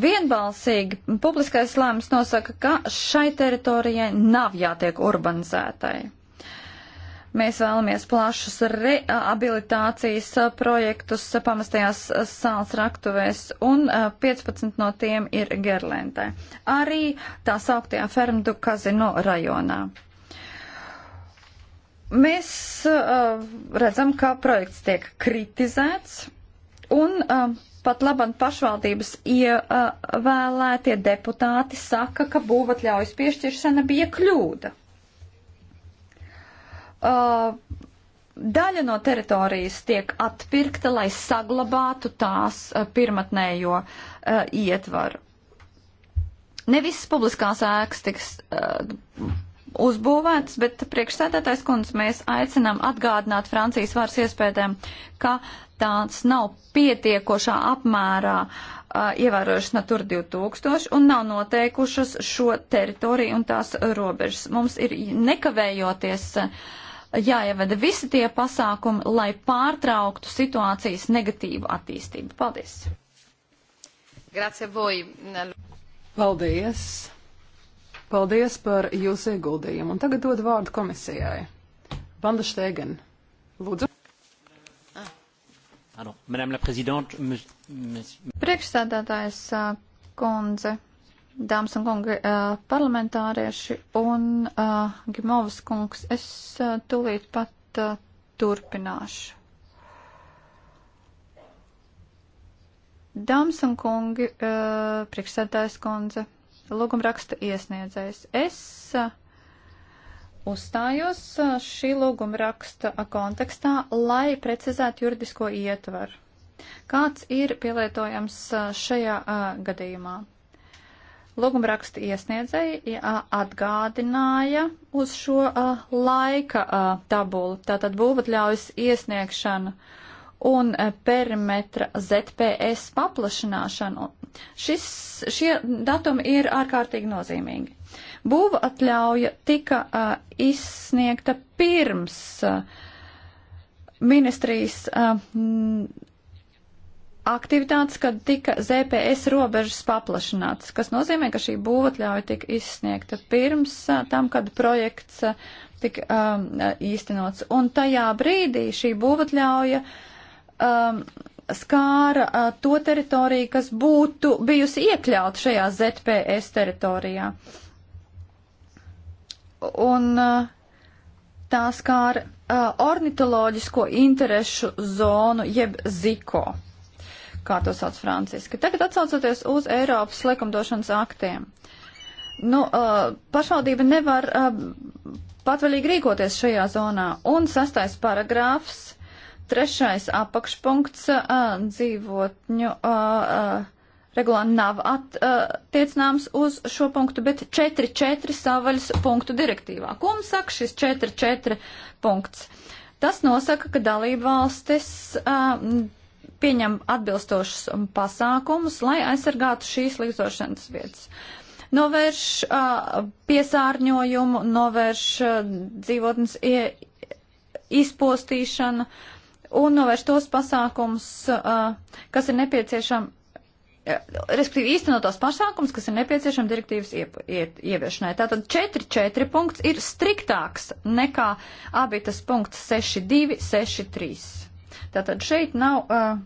vienbalsīgi publiskais lēmums nosaka, ka šai teritorijai nav jātiek urbanizētai. Mēs vēlamies plašus rehabilitācijas projektus pamestajās sāls raktuvēs, un 15 no tiem ir Gerlentē. Arī tā sauktajā Fermdu kazino rajonā. Mēs uh, redzam, ka projekts tiek kritizēts, un uh, pat labam pašvaldības ievēlētie deputāti saka, ka būvatļaujas piešķiršana bija kļūda. Uh, daļa no teritorijas tiek atpirkta, lai saglabātu tās uh, pirmatnējo uh, ietvaru. Ne visas publiskās ēkas tiks uh, uzbūvētas, bet priekšsēdētājs kundze mēs aicinām atgādināt Francijas varas iespējām, ka tāds nav pietiekošā apmērā uh, ievērojušas Natura 2000 un nav noteikušas šo teritoriju un tās robežas. Mums ir nekavējoties. Uh, jāievada visi tie pasākumi, lai pārtrauktu situācijas negatīvu attīstību. Paldies! Paldies! Paldies par jūsu ieguldījumu. Un tagad dod vārdu komisijai. Banda Štēgen, lūdzu. Priekšstādātājs uh, kundze, dāmas un kungi uh, parlamentārieši un uh, Gimovas kungs, es uh, tūlīt pat uh, turpināšu. Dāmas un kungi, uh, priekšsēdājas kundze, lūgumraksta iesniedzējs. Es uh, uzstājos uh, šī lūgumraksta kontekstā, lai precizētu juridisko ietvaru. Kāds ir pielietojams uh, šajā uh, gadījumā? Lūgumraksta iesniedzēji atgādināja uz šo uh, laika uh, tabulu, tātad būvatļaujas iesniegšanu un uh, perimetra ZPS paplašināšanu. Šis, šie datumi ir ārkārtīgi nozīmīgi. Būva atļauja tika uh, izsniegta pirms uh, ministrijas uh, aktivitātes, kad tika ZPS robežas paplašinātas, kas nozīmē, ka šī būvatļauja tika izsniegta pirms tam, kad projekts tika um, īstenots. Un tajā brīdī šī būvatļauja um, skāra uh, to teritoriju, kas būtu bijusi iekļauta šajā ZPS teritorijā. Un uh, tā skāra uh, ornitoloģisko interešu zonu jeb ziko kā to sauc franciski. Tagad atsaucoties uz Eiropas likumdošanas aktiem. Nu, uh, pašvaldība nevar uh, patvaļīgi rīkoties šajā zonā. Un sastais paragrāfs, trešais apakšpunkts uh, dzīvotņu uh, uh, regulā nav attiecināms uh, uz šo punktu, bet 4.4 savaļas punktu direktīvā. Ko mums saka šis 4.4 punkts? Tas nosaka, ka dalība valstis uh, pieņem atbilstošus pasākumus, lai aizsargātu šīs līdzošanas vietas. Novērš uh, piesārņojumu, novērš uh, dzīvotnes ie, izpostīšanu un novērš tos pasākumus, uh, kas ir nepieciešami respektīvi īstenot tos pasākums, kas ir nepieciešami direktīvas ie, ie, ieviešanai. Tātad 4.4 punkts ir striktāks nekā abi tas punkts 6.2, 6.3. Tātad šeit nav uh,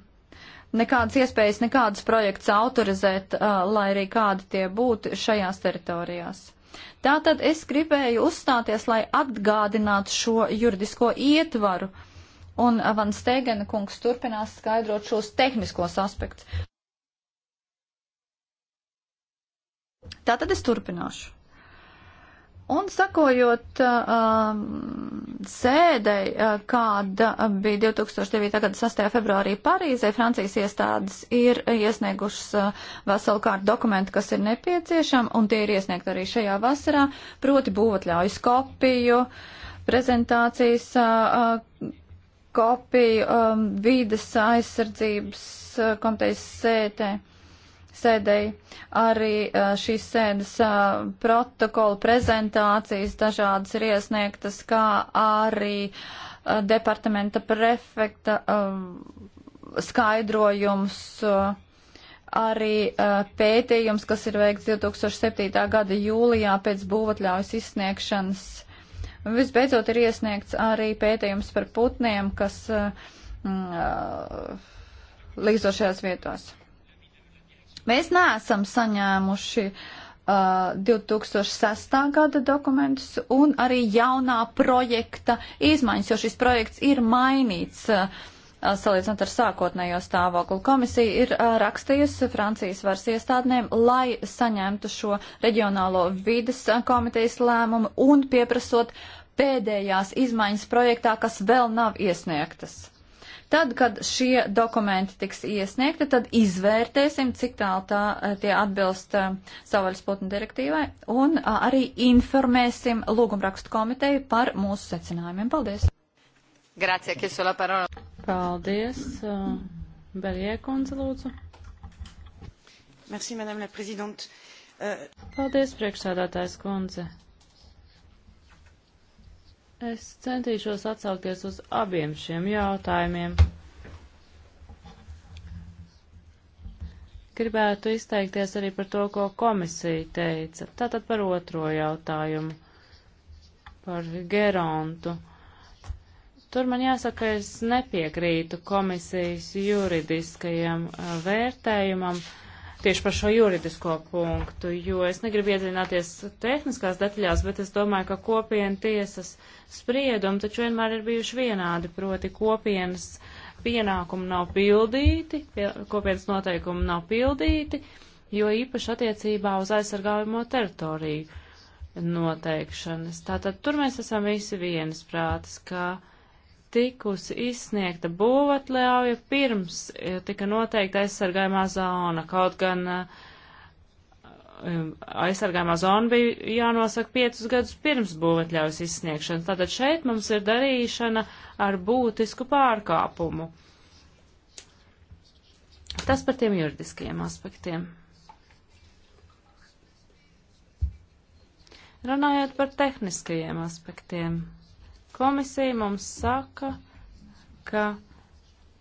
nekādas iespējas, nekādas projekts autorizēt, uh, lai arī kādi tie būtu šajās teritorijās. Tātad es gribēju uzstāties, lai atgādinātu šo juridisko ietvaru, un Van Steigena kungs turpinās skaidrot šos tehniskos aspektus. Tātad es turpināšu. Un sakojot uh, sēdei, uh, kāda bija 2009. gada 6. februārī Parīzē, Francijas iestādes ir iesniegušas uh, veselu kārtu dokumentu, kas ir nepieciešama, un tie ir iesniegti arī šajā vasarā, proti būvatļaujas kopiju, prezentācijas uh, kopiju, um, vīdes aizsardzības uh, komitejas sētē. Uh, sēdēji. Arī šīs sēdes protokola prezentācijas dažādas ir iesniegtas, kā arī departamenta prefekta skaidrojums arī uh, pētījums, kas ir veikts 2007. gada jūlijā pēc būvatļaujas izsniegšanas. Visbeidzot ir iesniegts arī pētījums par putniem, kas uh, līdzošajās vietās. Mēs neesam saņēmuši uh, 2006. gada dokumentus un arī jaunā projekta izmaiņas, jo šis projekts ir mainīts. Uh, salīdzinot ar sākotnējo stāvokli. Komisija ir uh, rakstījusi Francijas varas iestādnēm, lai saņemtu šo reģionālo vides uh, komitejas lēmumu un pieprasot pēdējās izmaiņas projektā, kas vēl nav iesniegtas. Tad, kad šie dokumenti tiks iesniegti, tad izvērtēsim, cik tālu tā, eh, tie atbilst eh, savvaļas putnu direktīvai un eh, arī informēsim lūgumrakstu komiteju par mūsu secinājumiem. Paldies! Grazie, Kisola Parola. Paldies. Belie kundze, lūdzu. Merci, madame la présidente. Euh, Paldies, priekšsādātājs kundze. Es centīšos atsaukties uz abiem šiem jautājumiem. Gribētu izteikties arī par to, ko komisija teica. Tātad par otro jautājumu, par gerontu. Tur man jāsaka, es nepiekrītu komisijas juridiskajam vērtējumam. Uh, tieši par šo juridisko punktu, jo es negribu iedzināties tehniskās detaļās, bet es domāju, ka kopienu tiesas spriedumi taču vienmēr ir bijuši vienādi, proti kopienas pienākumi nav pildīti, kopienas noteikumi nav pildīti, jo īpaši attiecībā uz aizsargājamo teritoriju noteikšanas. Tātad tur mēs esam visi vienas prātas, ka tikusi izsniegta būvatļauja pirms e, tika noteikta aizsargājumā zona, kaut gan e, e, aizsargājumā zona bija jānosaka piecus gadus pirms būvatļaujas izsniegšanas. Tātad šeit mums ir darīšana ar būtisku pārkāpumu. Tas par tiem juridiskajiem aspektiem. Runājot par tehniskajiem aspektiem. Komisija mums saka, ka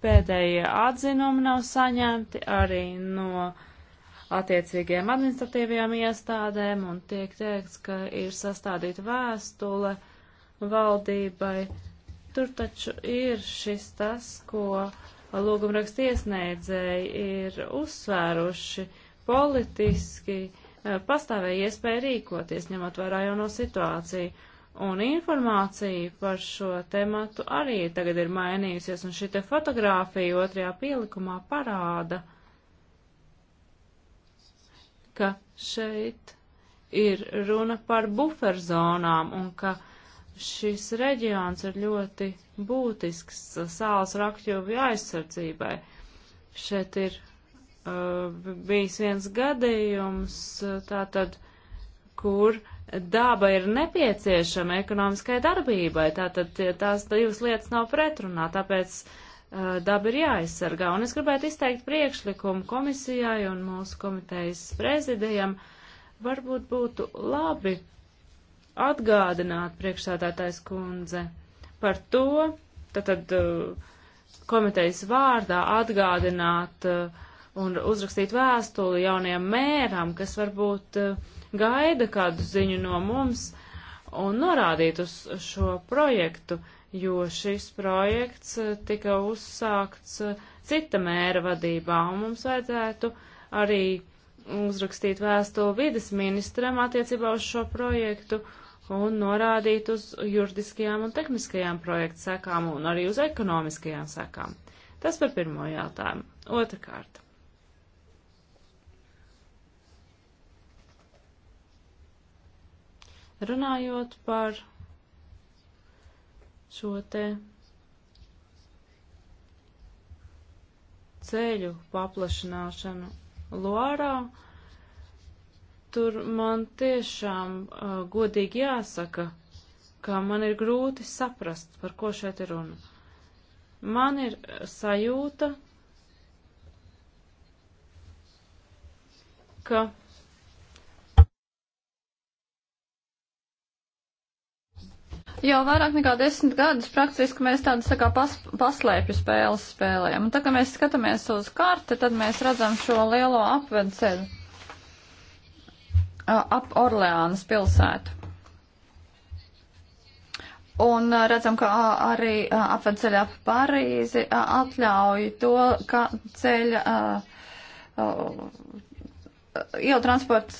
pēdējie atzinumi nav saņemti arī no attiecīgiem administratīvajām iestādēm un tiek teikts, ka ir sastādīta vēstule valdībai. Tur taču ir šis tas, ko lūgumraksta iesniedzēji ir uzsvēruši politiski, eh, pastāvēja iespēja rīkoties, ņemot vērā jauno situāciju. Un informācija par šo tematu arī tagad ir mainījusies, un šī te fotografija otrajā pielikumā parāda, ka šeit ir runa par buferzonām un ka šis reģions ir ļoti būtisks sāls rakķuvju aizsardzībai. Šeit ir uh, bijis viens gadījums, uh, tātad, kur uh, daba ir nepieciešama ekonomiskai darbībai, tātad tās divas lietas nav pretrunā, tāpēc uh, daba ir jāaizsargā. Un es gribētu izteikt priekšlikumu komisijai un mūsu komitejas prezidijam, varbūt būtu labi atgādināt priekšsādātājs kundze par to, tātad uh, komitejas vārdā atgādināt uh, un uzrakstīt vēstuli jaunajam mēram, kas varbūt uh, gaida kādu ziņu no mums un norādīt uz šo projektu, jo šis projekts eh, tika uzsākts eh, cita mēra vadībā, un mums vajadzētu arī uzrakstīt vēstuli vides ministram attiecībā uz šo projektu un norādīt uz juridiskajām un tehniskajām projektu sekām un arī uz ekonomiskajām sekām. Tas par pirmo jautājumu. Otrakārt. Runājot par šo te ceļu paplašināšanu Loārā, tur man tiešām uh, godīgi jāsaka, ka man ir grūti saprast, par ko šeit ir runa. Man ir sajūta, ka Jau vairāk nekā desmit gadus praktiski mēs tādas tā kā pas, paslēpju spēles spēlējam. Un tā kā mēs skatāmies uz karti, tad mēs redzam šo lielo apvedceļu ap Orleānas pilsētu. Un redzam, ka arī apvedceļa ap Parīzi atļauj to, ka ceļa ielu transports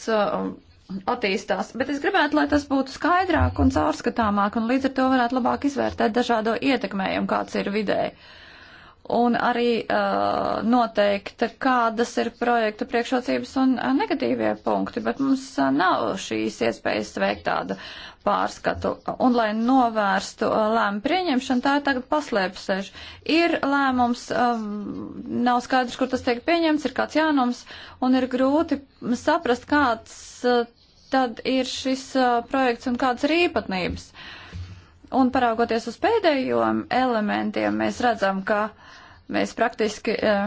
attīstās, bet es gribētu, lai tas būtu skaidrāk un caurskatāmāk, un līdz ar to varētu labāk izvērtēt dažādo ietekmējumu, kāds ir vidēji. Un arī uh, noteikti, kādas ir projekta priekšrocības un uh, negatīvie punkti, bet mums uh, nav šīs iespējas veikt tādu pārskatu. Un, lai novērstu uh, lēmu pieņemšanu, tā ir tagad paslēpsež. Ir lēmums, um, nav skaidrs, kur tas tiek pieņemts, ir kāds jānums, un ir grūti saprast, kāds uh, tad ir šis uh, projekts un kādas ir īpatnības. Un paraugoties uz pēdējo elementiem, mēs redzam, ka mēs praktiski uh,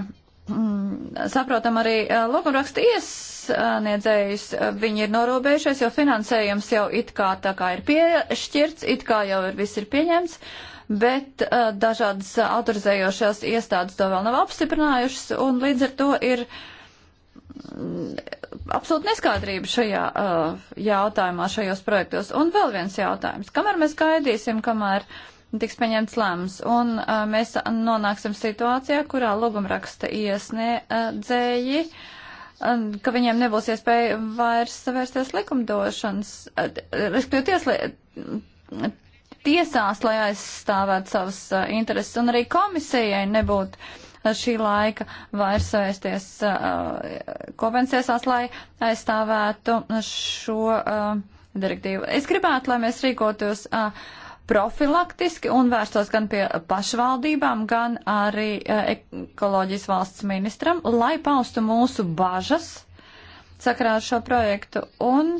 mm, saprotam arī uh, logumraksta iesniedzējus. Uh, viņi ir norūpējušies, jo finansējums jau it kā tā kā ir piešķirts, it kā jau ir viss ir pieņemts, bet uh, dažādas autorizējošās iestādes to vēl nav apstiprinājušas, un līdz ar to ir absolūti neskaidrība šajā uh, jautājumā, šajos projektos. Un vēl viens jautājums. Kamēr mēs gaidīsim, kamēr tiks pieņemts lēmums, un uh, mēs nonāksim situācijā, kurā logumraksta iesniedzēji, uh, ka viņiem nebūs iespēja vairs savērsties likumdošanas, uh, respektīvi tiesli, tiesās, lai aizstāvētu savas uh, intereses, un arī komisijai nebūtu šī laika vairs vēsties uh, konvencijās, lai aizstāvētu šo uh, direktīvu. Es gribētu, lai mēs rīkotos uh, profilaktiski un vērstos gan pie pašvaldībām, gan arī ekoloģijas valsts ministram, lai paustu mūsu bažas sakarā ar šo projektu un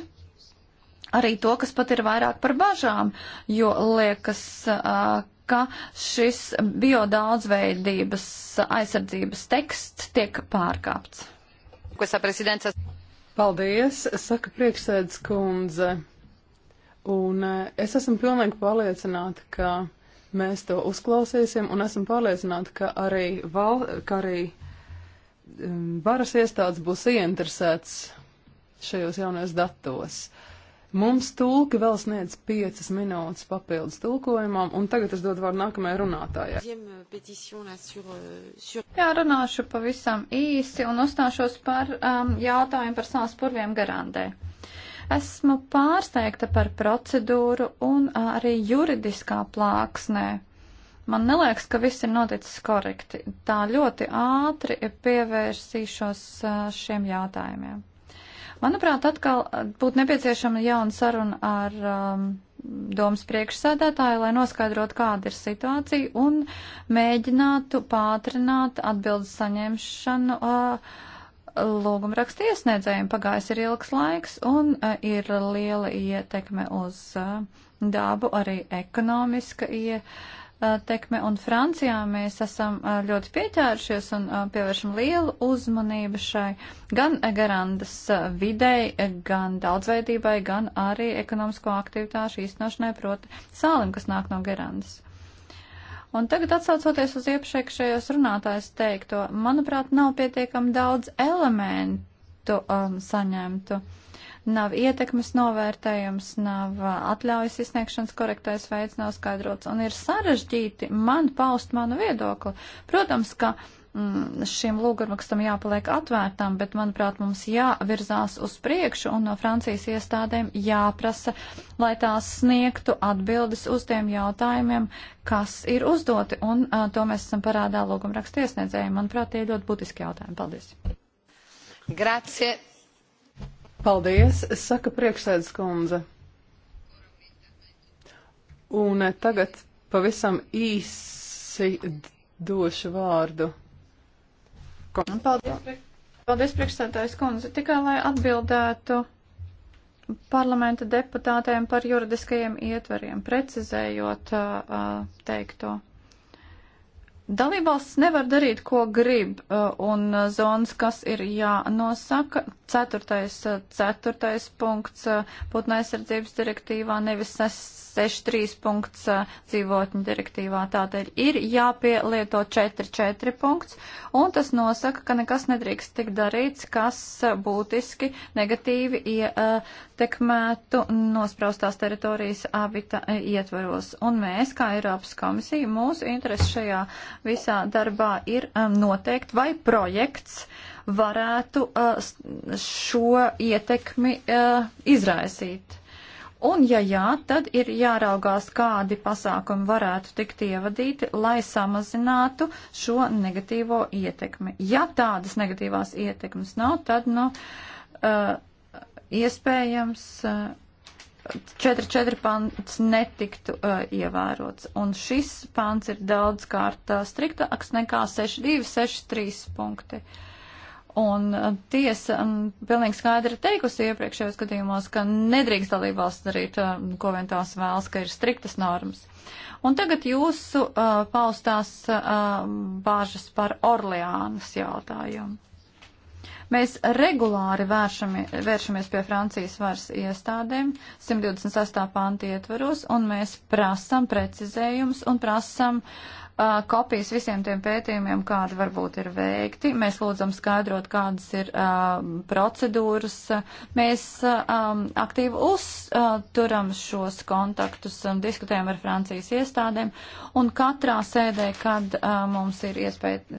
arī to, kas pat ir vairāk par bažām, jo liekas, ka šis biodaudzveidības aizsardzības teksts tiek pārkāpts. Paldies, saka priekšsēdus kundze. Un eh, es esmu pilnīgi pārliecināta, ka mēs to uzklausīsim, un esmu pārliecināta, ka arī, val, ka arī mm, varas iestādes būs ieinteresēts šajos jaunajos datos. Uh, Mums tulki vēl sniedz piecas minūtes papildus tulkojumam, un tagad es dodu vārdu nākamajai runātājai. Jā, runāšu pavisam īsi un uzstāšos par um, jautājumu par savas purviem garantē. Esmu pārsteigta par procedūru un arī juridiskā plāksnē. Man neliekas, ka viss ir noticis korekti. Tā ļoti ātri pievērsīšos šiem jautājumiem. Manuprāt, atkal eh, būtu nepieciešama jauna saruna ar um, domas priekšsēdētāju, lai noskaidrotu, kāda ir situācija un mēģinātu pātrināt atbildes saņemšanu. Uh, Lūgumraksta iesniedzējiem pagājis ir ilgs laiks un uh, ir liela ietekme uz uh, dabu, arī ekonomiska ietekme Eh, tekme, un Francijā mēs esam eh, ļoti pieķērušies un eh, pievēršam lielu uzmanību šai gan garandas videi, gan daudzveidībai, gan arī ekonomisko aktivitāšu īstenošanai, proti sālim, kas nāk no garandas. Un tagad atsaucoties uz iepriekšējos runātājs teikto, manuprāt, nav pietiekami daudz elementu um, saņemtu. Uh, nav ietekmes novērtējums, nav uh, atļaujas izsniegšanas korektais veids, nav skaidrots un ir sarežģīti man paust manu viedokli. Protams, ka mm, šim lūgurmakstam jāpaliek atvērtam, bet, manuprāt, mums jāvirzās uz priekšu un no Francijas iestādēm jāprasa, lai tās sniegtu atbildes uz tiem jautājumiem, kas ir uzdoti, un uh, to mēs esam parādā lūgumrakstu iesniedzējiem. Manuprāt, tie ir ļoti būtiski jautājumi. Paldies! Grazie! Paldies, saka priekšsēdus kundze. Un tagad pavisam īsi došu vārdu. Ko... Paldies, paldies priekšsēdājs kundze. Tikai lai atbildētu parlamenta deputātēm par juridiskajiem ietveriem, precizējot uh, uh teikto. Uh, Dalībvalsts nevar darīt, ko grib, uh, un uh, zonas, kas ir jānosaka, ceturtais, uh, ceturtais punkts putna aizsardzības direktīvā, nevis 63 punkts dzīvotņu direktīvā. Tātad ir jāpielieto 44 punkts, un tas nosaka, ka nekas nedrīkst tik darīts, kas būtiski negatīvi ietekmētu nospraustās teritorijas abita ietvaros. Un mēs, kā Eiropas komisija, mūsu interesi šajā visā darbā ir um, noteikt, vai projekts varētu uh, šo ietekmi uh, izraisīt. Un, ja jā, tad ir jāraugās, kādi pasākumi varētu tikt ievadīti, lai samazinātu šo negatīvo ietekmi. Ja tādas negatīvās ietekmes nav, tad, nu, uh, iespējams, uh, 4.4 pants netiktu uh, ievērots. Un šis pants ir daudz kārt uh, striktāks nekā 6.2, 6.3 punkti. Un uh, tiesa um, pilnīgi skaidri teikusi iepriekšējos gadījumos, ka nedrīkst dalībvalsts darīt, uh, ko vien tās vēlas, ka ir striktas normas. Un tagad jūsu uh, paustās uh, bāžas par Orleānas jautājumu. Mēs regulāri vēršami, vēršamies pie Francijas varas iestādēm 128. panti ietvaros, un mēs prasam precizējumus un prasam uh, kopijas visiem tiem pētījumiem, kādi varbūt ir veikti. Mēs lūdzam skaidrot, kādas ir uh, procedūras. Mēs uh, um, aktīvi uzturam uh, šos kontaktus un diskutējam ar Francijas iestādēm, un katrā sēdē, kad uh, mums ir iespēja